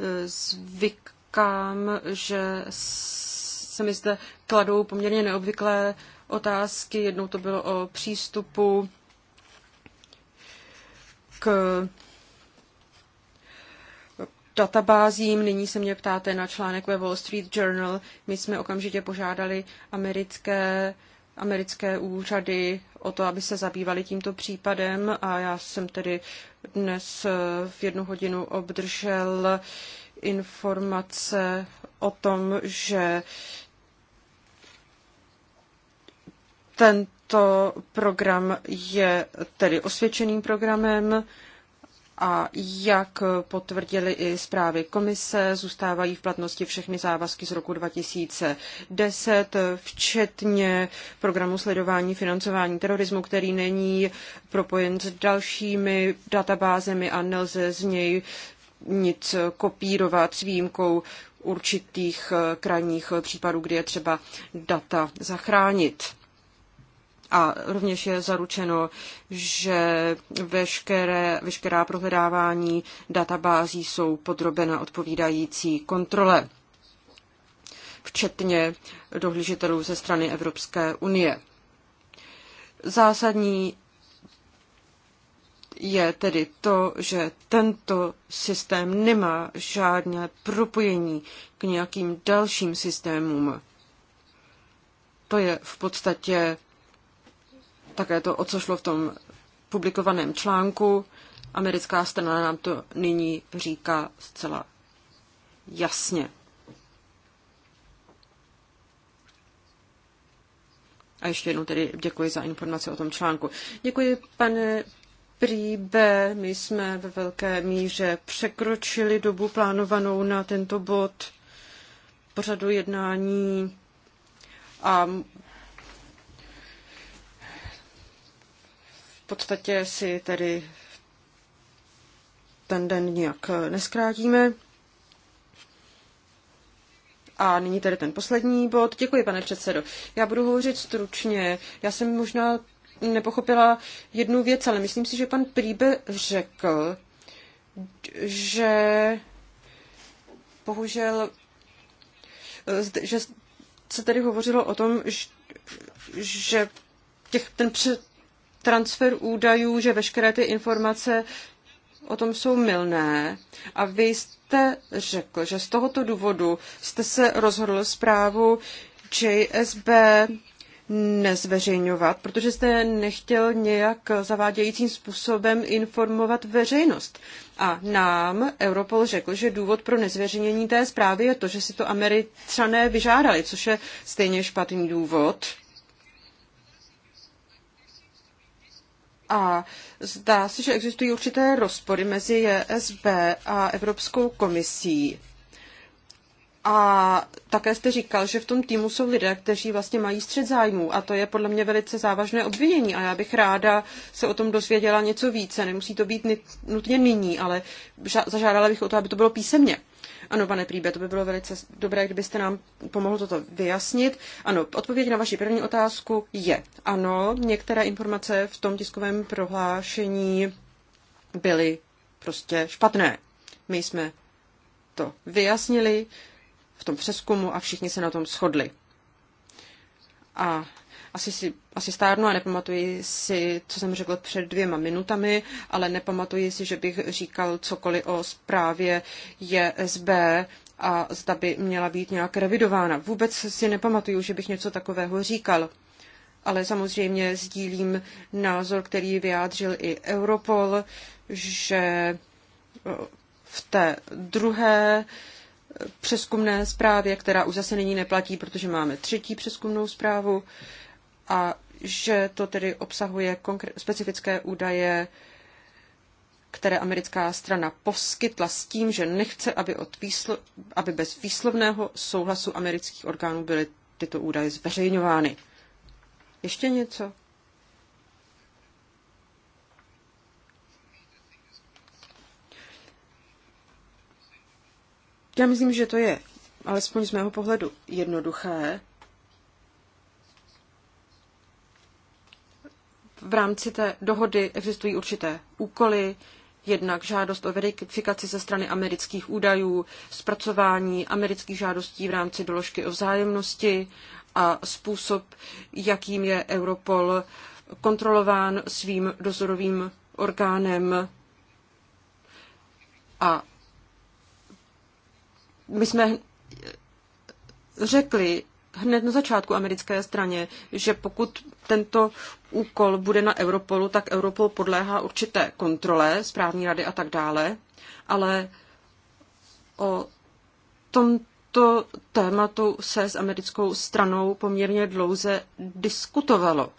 eh, zvyk říkám, že se mi zde kladou poměrně neobvyklé otázky. Jednou to bylo o přístupu k databázím. Nyní se mě ptáte na článek ve Wall Street Journal. My jsme okamžitě požádali americké, americké úřady o to, aby se zabývali tímto případem a já jsem tedy dnes v jednu hodinu obdržel uh, informace o tom, že tento program je tedy osvědčeným programem a jak potvrdili i zprávy komise, zůstávají v platnosti všechny závazky z roku 2010, včetně programu sledování financování terorismu, který není propojen s dalšími databázemi a nelze z něj nic kopírovat s výjimkou určitých eh, krajních eh, případů, kdy je třeba data zachránit. A rovněž je zaručeno, že veškeré, veškerá prohledávání databází jsou podrobena odpovídající kontrole, včetně dohlížitelů ze strany Evropské unie. Zásadní je tedy to, že tento systém nemá žádné propojení k nějakým dalším systémům. To je v podstatě také to, o co šlo v tom publikovaném článku. Americká strana nám to nyní říká zcela jasně. A ještě jednou tedy děkuji za informaci o tom článku. Děkuji, pane B, my jsme ve velké míře překročili dobu plánovanou na tento bod pořadu jednání a v podstatě si tedy ten den nějak neskrátíme. A nyní tedy ten poslední bod. Děkuji, pane předsedo. Já budu hovořit stručně. Já jsem možná nepochopila jednu věc, ale myslím si, že pan Príbe řekl, že bohužel, eh, že se tady hovořilo o tom, že těch, ten transfer údajů, že veškeré ty informace o tom jsou milné. A vy jste řekl, že z tohoto důvodu jste se rozhodl zprávu JSB nezveřejňovat, protože jste nechtěl nějak zavádějícím způsobem informovat veřejnost. A nám Europol řekl, že důvod pro nezveřejnění té zprávy je to, že si to američané vyžádali, což je stejně špatný důvod. A zdá se, že existují určité rozpory mezi ESB a Evropskou komisí. A také jste říkal, že v tom týmu jsou lidé, kteří vlastně mají střed zájmů a to je podle mě velice závažné obvinění a já bych ráda se o tom dozvěděla něco více. Nemusí to být nutně nyní, ale zažádala bych o to, aby to bylo písemně. Ano, pane Príbe, to by bylo velice dobré, kdybyste nám pomohl toto vyjasnit. Ano, odpověď na vaši první otázku je ano, některé informace v tom tiskovém prohlášení byly prostě špatné. My jsme to vyjasnili v tom přeskumu a všichni se na tom shodli. A asi, si, asi stárnu a nepamatuji si, co jsem řekl před dvěma minutami, ale nepamatuji si, že bych říkal cokoliv o zprávě JSB a zda by měla být nějak revidována. Vůbec si nepamatuju, že bych něco takového říkal. Ale samozřejmě sdílím názor, který vyjádřil i Europol, že v té druhé přeskumné zprávě, která už zase nyní neplatí, protože máme třetí přeskumnou zprávu a že to tedy obsahuje specifické údaje, které americká strana poskytla s tím, že nechce, aby, od výslo- aby bez výslovného souhlasu amerických orgánů byly tyto údaje zveřejňovány. Ještě něco? Já myslím, že to je, alespoň z mého pohledu, jednoduché. V rámci té dohody existují určité úkoly, jednak žádost o verifikaci ze strany amerických údajů, zpracování amerických žádostí v rámci doložky o vzájemnosti a způsob, jakým je Europol kontrolován svým dozorovým orgánem a my jsme řekli hned na začátku americké straně, že pokud tento úkol bude na Europolu, tak Europol podléhá určité kontrole, správní rady a tak dále, ale o tomto tématu se s americkou stranou poměrně dlouze diskutovalo.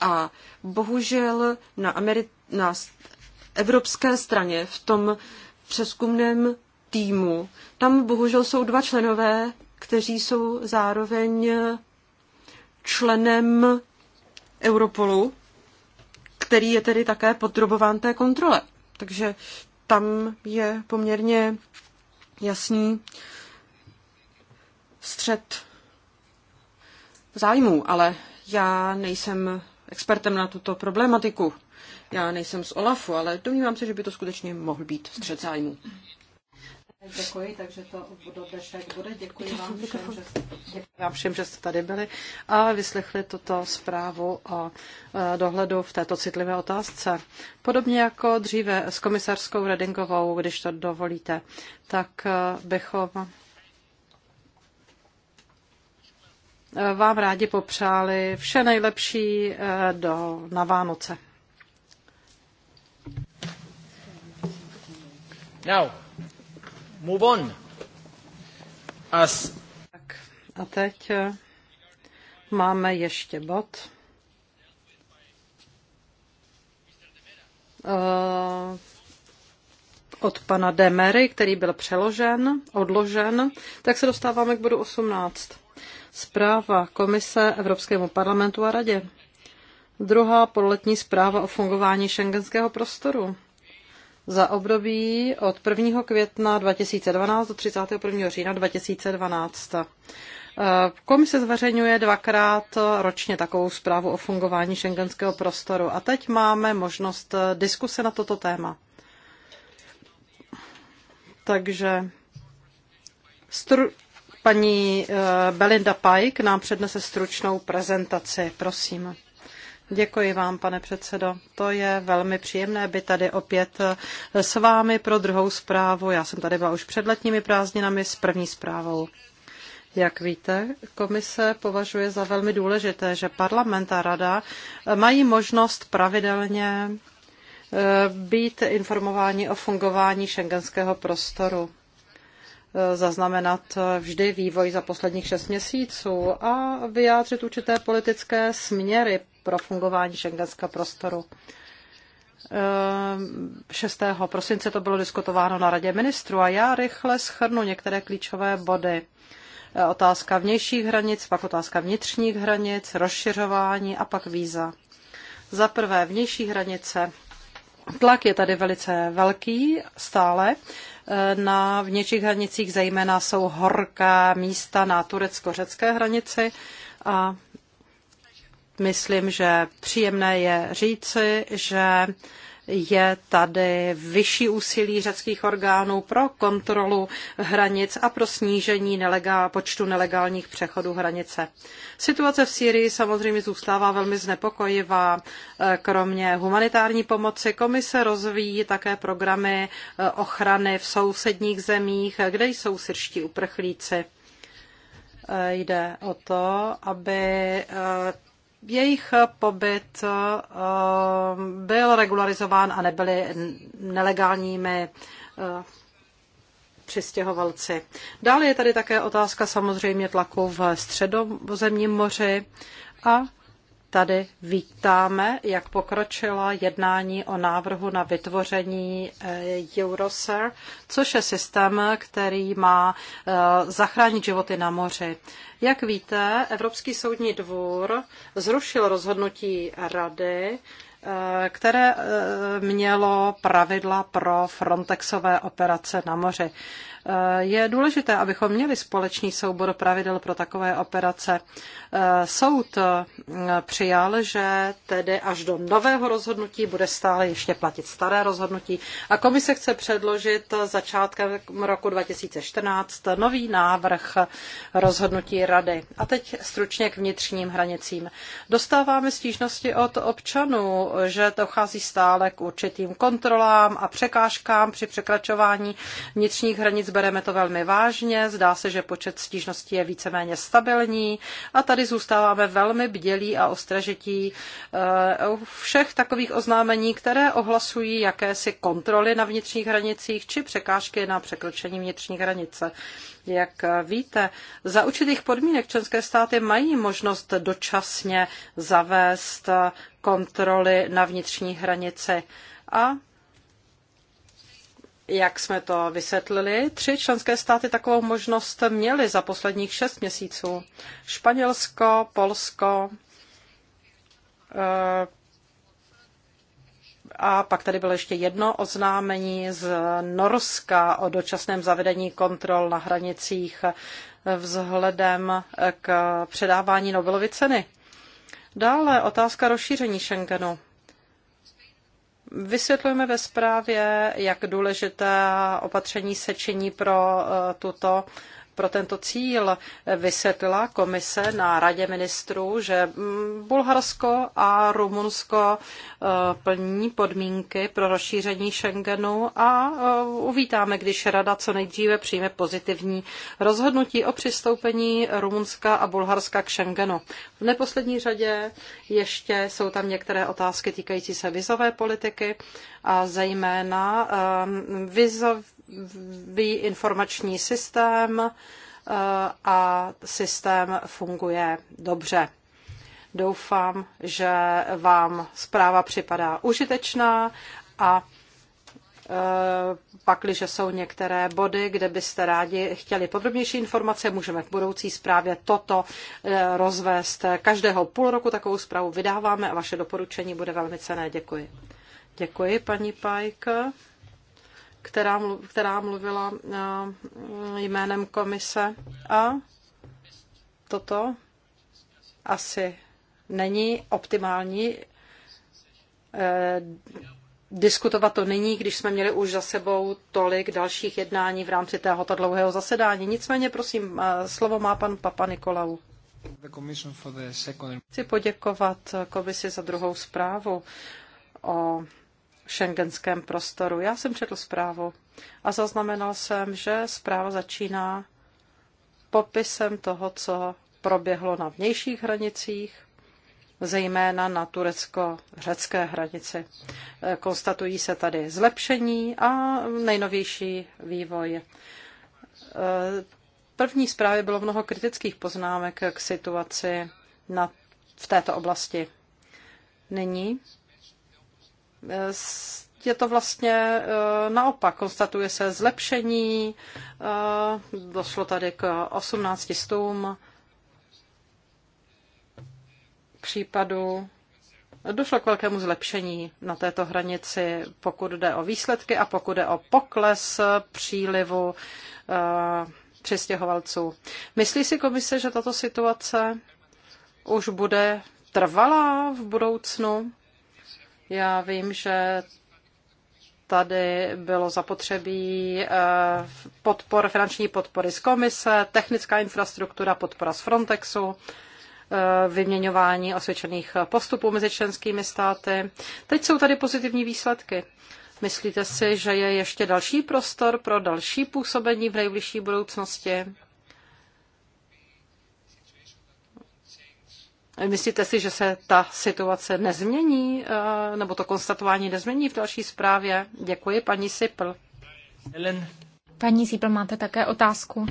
A bohužel na, Ameri- na evropské straně v tom přeskumném týmu. Tam bohužel jsou dva členové, kteří jsou zároveň členem Europolu, který je tedy také podrobován té kontrole. Takže tam je poměrně jasný střed zájmů, ale já nejsem expertem na tuto problematiku. Já nejsem z OLAFu, ale domnívám se, že by to skutečně mohl být střed zájmů. Děkuji, takže to do dnešek bude. Děkuji vám všem, že, děkuji vám všem, že jste tady byli a vyslechli tuto zprávu o e, dohledu v této citlivé otázce. Podobně jako dříve s komisarskou Redingovou, když to dovolíte, tak e, bychom e, vám rádi popřáli vše nejlepší do, na Vánoce. Now move on. As... Tak a teď eh, máme ještě bod. Uh, od pana Demery, který byl přeložen, odložen, tak se dostáváme k bodu 18. Zpráva Komise Evropskému parlamentu a radě. Druhá poletní zpráva o fungování šengenského prostoru za období od 1. května 2012 do 31. října 2012. Eh, komise zveřejňuje dvakrát ročně takovou zprávu o fungování šengenského prostoru a teď máme možnost eh, diskuse na toto téma. Takže stru... paní eh, Belinda Pike nám přednese stručnou prezentaci, prosím. Děkuji vám, pane předsedo. To je velmi příjemné být tady opět eh, s vámi pro druhou zprávu. Já jsem tady byla už před letními prázdninami s první zprávou. Jak víte, komise považuje za velmi důležité, že parlament a rada eh, mají možnost pravidelně eh, být informováni o fungování šengenského prostoru. Eh, zaznamenat eh, vždy vývoj za posledních šest měsíců a vyjádřit určité politické směry pro fungování šengenského prostoru. 6. Eh, prosince to bylo diskutováno na Radě ministrů a já rychle schrnu některé klíčové body. Otázka vnějších hranic, pak otázka vnitřních hranic, rozšiřování a pak víza. Za prvé vnější hranice. Tlak je tady velice velký stále na vnějších hranicích, zejména jsou horká místa na turecko-řecké hranici a myslím, že příjemné je říci, že je tady vyšší úsilí řeckých orgánů pro kontrolu hranic a pro snížení nelegál, počtu nelegálních přechodů hranice. Situace v Sýrii samozřejmě zůstává velmi znepokojivá. Kromě humanitární pomoci komise rozvíjí také programy eh, ochrany v sousedních zemích, kde jsou syrští uprchlíci eh, jde o to, aby eh, jejich pobyt eh, byl regularizován a nebyli nelegálními eh, přistěhovalci. Dále je tady také otázka samozřejmě tlaku v středozemním moři a Tady vítáme, jak pokročila jednání o návrhu na vytvoření eh, Euroser, což je systém, který má eh, zachránit životy na moři. Jak víte, Evropský soudní dvůr zrušil rozhodnutí rady, eh, které mělo pravidla pro Frontexové operace na moři. Eh, je důležité, abychom měli společný soubor pravidel pro takové operace. Eh, soud eh, přijal, že tedy až do nového rozhodnutí bude stále ještě platit staré rozhodnutí a komise chce předložit začátkem roku 2014 nový návrh rozhodnutí rady. A teď stručně k vnitřním hranicím. Dostáváme stížnosti od občanů, že dochází stále k určitým kontrolám a překážkám při překračování vnitřních hranic bereme to velmi vážně, zdá se, že počet stížností je víceméně stabilní a tady zůstáváme velmi bdělí a ostražití eh, u všech takových oznámení, které ohlasují jakési kontroly na vnitřních hranicích či překážky na překročení vnitřní hranice. Jak víte, za určitých podmínek členské státy mají možnost dočasně zavést kontroly na vnitřní hranici a jak jsme to vysvětlili, tři členské státy takovou možnost měly za posledních šest měsíců. Španělsko, Polsko eh, a pak tady bylo ještě jedno oznámení z Norska o dočasném zavedení kontrol na hranicích vzhledem k předávání Nobelovy ceny. Dále otázka rozšíření Schengenu. Vysvětlujeme ve zprávě, jak důležité opatření sečení pro eh, tuto pro tento cíl vysvětlila komise na radě ministrů, že mm, Bulharsko a Rumunsko e, plní podmínky pro rozšíření Schengenu a e, uvítáme, když rada co nejdříve přijme pozitivní rozhodnutí o přistoupení Rumunska a Bulharska k Schengenu. V neposlední řadě ještě jsou tam některé otázky týkající se vizové politiky a zejména e, viz, informační systém eh, a systém funguje dobře. Doufám, že vám zpráva připadá užitečná a eh, pakliže jsou některé body, kde byste rádi chtěli podrobnější informace, můžeme v budoucí zprávě toto eh, rozvést. Každého půl roku takovou zprávu vydáváme a vaše doporučení bude velmi cené. Děkuji. Děkuji, paní Pajka která, která mluvila eh, jménem komise a toto asi není optimální eh, diskutovat to nyní, když jsme měli už za sebou tolik dalších jednání v rámci tohoto dlouhého zasedání. Nicméně, prosím, eh, slovo má pan Papa Nikolau. Chci poděkovat komisi za druhou zprávu o šengenském prostoru. Já jsem četl zprávu a zaznamenal jsem, že zpráva začíná popisem toho, co proběhlo na vnějších hranicích, zejména na turecko-řecké hranici. Konstatují se tady zlepšení a nejnovější vývoj. První zprávě bylo mnoho kritických poznámek k situaci na, v této oblasti. Nyní je to vlastně eh, naopak. Konstatuje se zlepšení, eh, došlo tady k 18 stům případu Došlo k velkému zlepšení na této hranici, pokud jde o výsledky a pokud jde o pokles přílivu eh, přistěhovalců. Myslí si komise, že tato situace už bude trvalá v budoucnu? Já vím, že tady bylo zapotřebí eh, podpor, finanční podpory z komise, technická infrastruktura, podpora z Frontexu, eh, vyměňování osvědčených postupů mezi členskými státy. Teď jsou tady pozitivní výsledky. Myslíte si, že je ještě další prostor pro další působení v nejbližší budoucnosti? Myslíte si, že se ta situace nezmění, eh, nebo to konstatování nezmění v další zprávě? Děkuji, paní Sipl. Ellen. Paní Sipl, máte také otázku?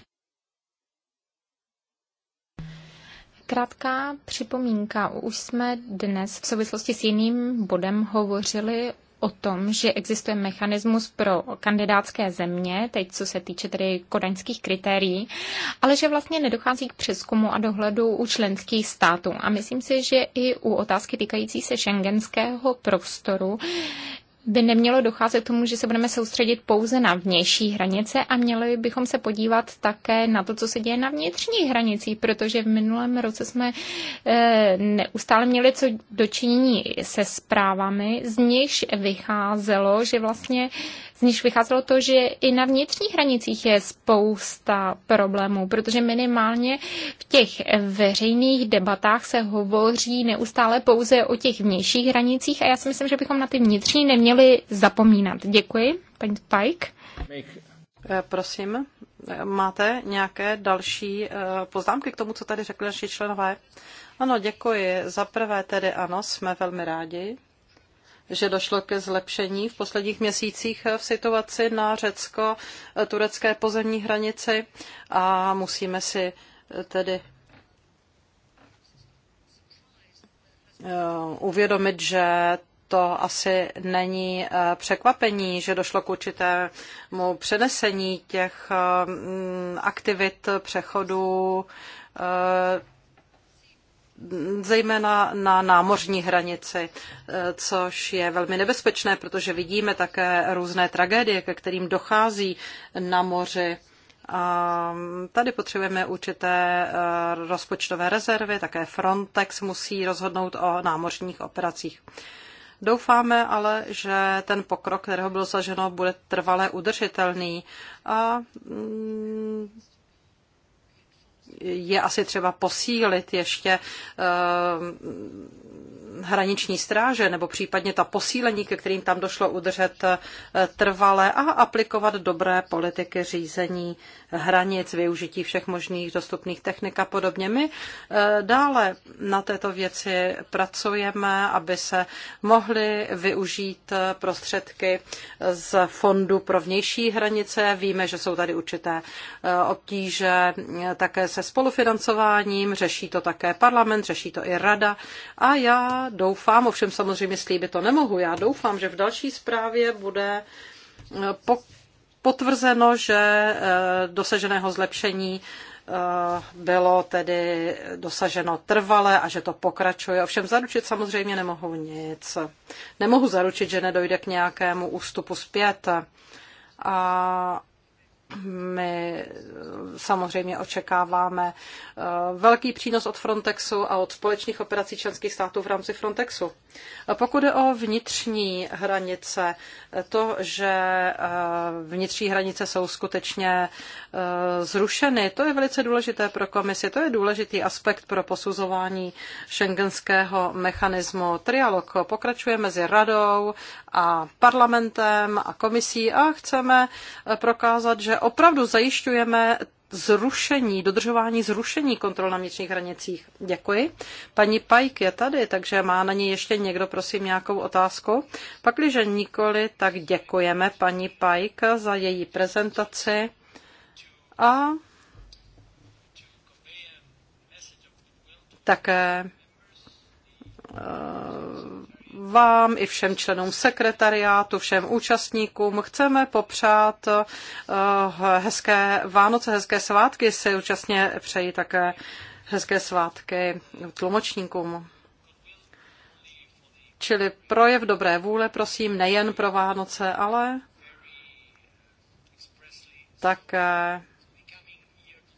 Krátká připomínka. Už jsme dnes v souvislosti s jiným bodem hovořili o tom, že existuje mechanismus pro kandidátské země, teď co se týče tedy kodaňských kritérií, ale že vlastně nedochází k přeskumu a dohledu u členských států. A myslím si, že i u otázky týkající se šengenského prostoru by nemělo docházet k tomu, že se budeme soustředit pouze na vnější hranice a měli bychom se podívat také na to, co se děje na vnitřní hranici, protože v minulém roce jsme eh, neustále měli co dočinění se zprávami, z nichž vycházelo, že vlastně níž vycházelo to, že i na vnitřních hranicích je spousta problémů, protože minimálně v těch veřejných debatách se hovoří neustále pouze o těch vnějších hranicích a já si myslím, že bychom na ty vnitřní neměli zapomínat. Děkuji, paní Pike. Eh, prosím, eh, máte nějaké další eh, poznámky k tomu, co tady řekli naši členové? Ano, děkuji. Za prvé tedy ano, jsme velmi rádi, že došlo ke zlepšení v posledních měsících v situaci na řecko-turecké pozemní hranici a musíme si tedy eh, uvědomit, že to asi není eh, překvapení, že došlo k určitému přenesení těch eh, aktivit přechodu zejména na námořní hranici, eh, což je velmi nebezpečné, protože vidíme také různé tragédie, ke kterým dochází na moři. A mm, tady potřebujeme určité eh, rozpočtové rezervy, také Frontex musí rozhodnout o námořních operacích. Doufáme ale, že ten pokrok, kterého bylo saženo, bude trvale udržitelný a mm, je asi třeba posílit ještě eh, hraniční stráže nebo případně ta posílení, ke kterým tam došlo udržet eh, trvalé a aplikovat dobré politiky řízení hranic, využití všech možných dostupných technik a podobně. My eh, dále na této věci pracujeme, aby se mohly využít eh, prostředky z Fondu pro vnější hranice. Víme, že jsou tady určité obtíže také se spolufinancováním, řeší to také parlament, řeší to i rada a já doufám, ovšem samozřejmě slíbit to nemohu, já doufám, že v další zprávě bude eh, potvrzeno, že eh, dosaženého zlepšení eh, bylo tedy dosaženo trvale a že to pokračuje. Ovšem zaručit samozřejmě nemohu nic. Nemohu zaručit, že nedojde k nějakému ústupu zpět. A my eh, samozřejmě očekáváme eh, velký přínos od Frontexu a od společných operací členských států v rámci Frontexu. Pokud je o vnitřní hranice, eh, to, že vnitřní hranice jsou skutečně zrušeny, to je velice důležité pro komisi, to je důležitý aspekt pro posuzování šengenského mechanismu. Trialog pokračuje mezi radou a parlamentem a komisí a chceme prokázat, že opravdu zajišťujeme zrušení, dodržování zrušení kontrol na vnitřních hranicích. Děkuji. Paní Pajk je tady, takže má na ní ještě někdo, prosím, nějakou otázku. Pakliže nikoli, tak děkujeme paní Pajk za její prezentaci a také vám i všem členům sekretariátu, všem účastníkům. Chceme popřát eh, hezké Vánoce, hezké svátky, se účastně přeji také hezké svátky tlumočníkům. Čili projev dobré vůle, prosím, nejen pro Vánoce, ale také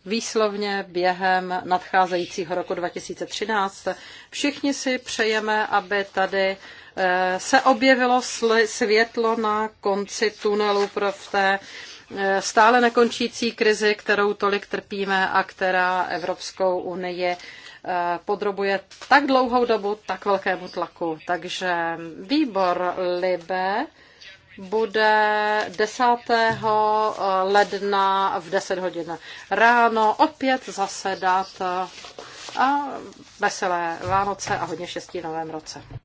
výslovně během nadcházejícího roku 2013. Všichni si přejeme, aby tady eh, se objevilo světlo na konci tunelu pro v té eh, stále nekončící krizi, kterou tolik trpíme a která Evropskou unii eh, podrobuje tak dlouhou dobu tak velkému tlaku. Takže výbor Libe bude 10. Eh, ledna v 10 hodin ráno opět zasedat eh, a veselé Vánoce a hodně štěstí v novém roce.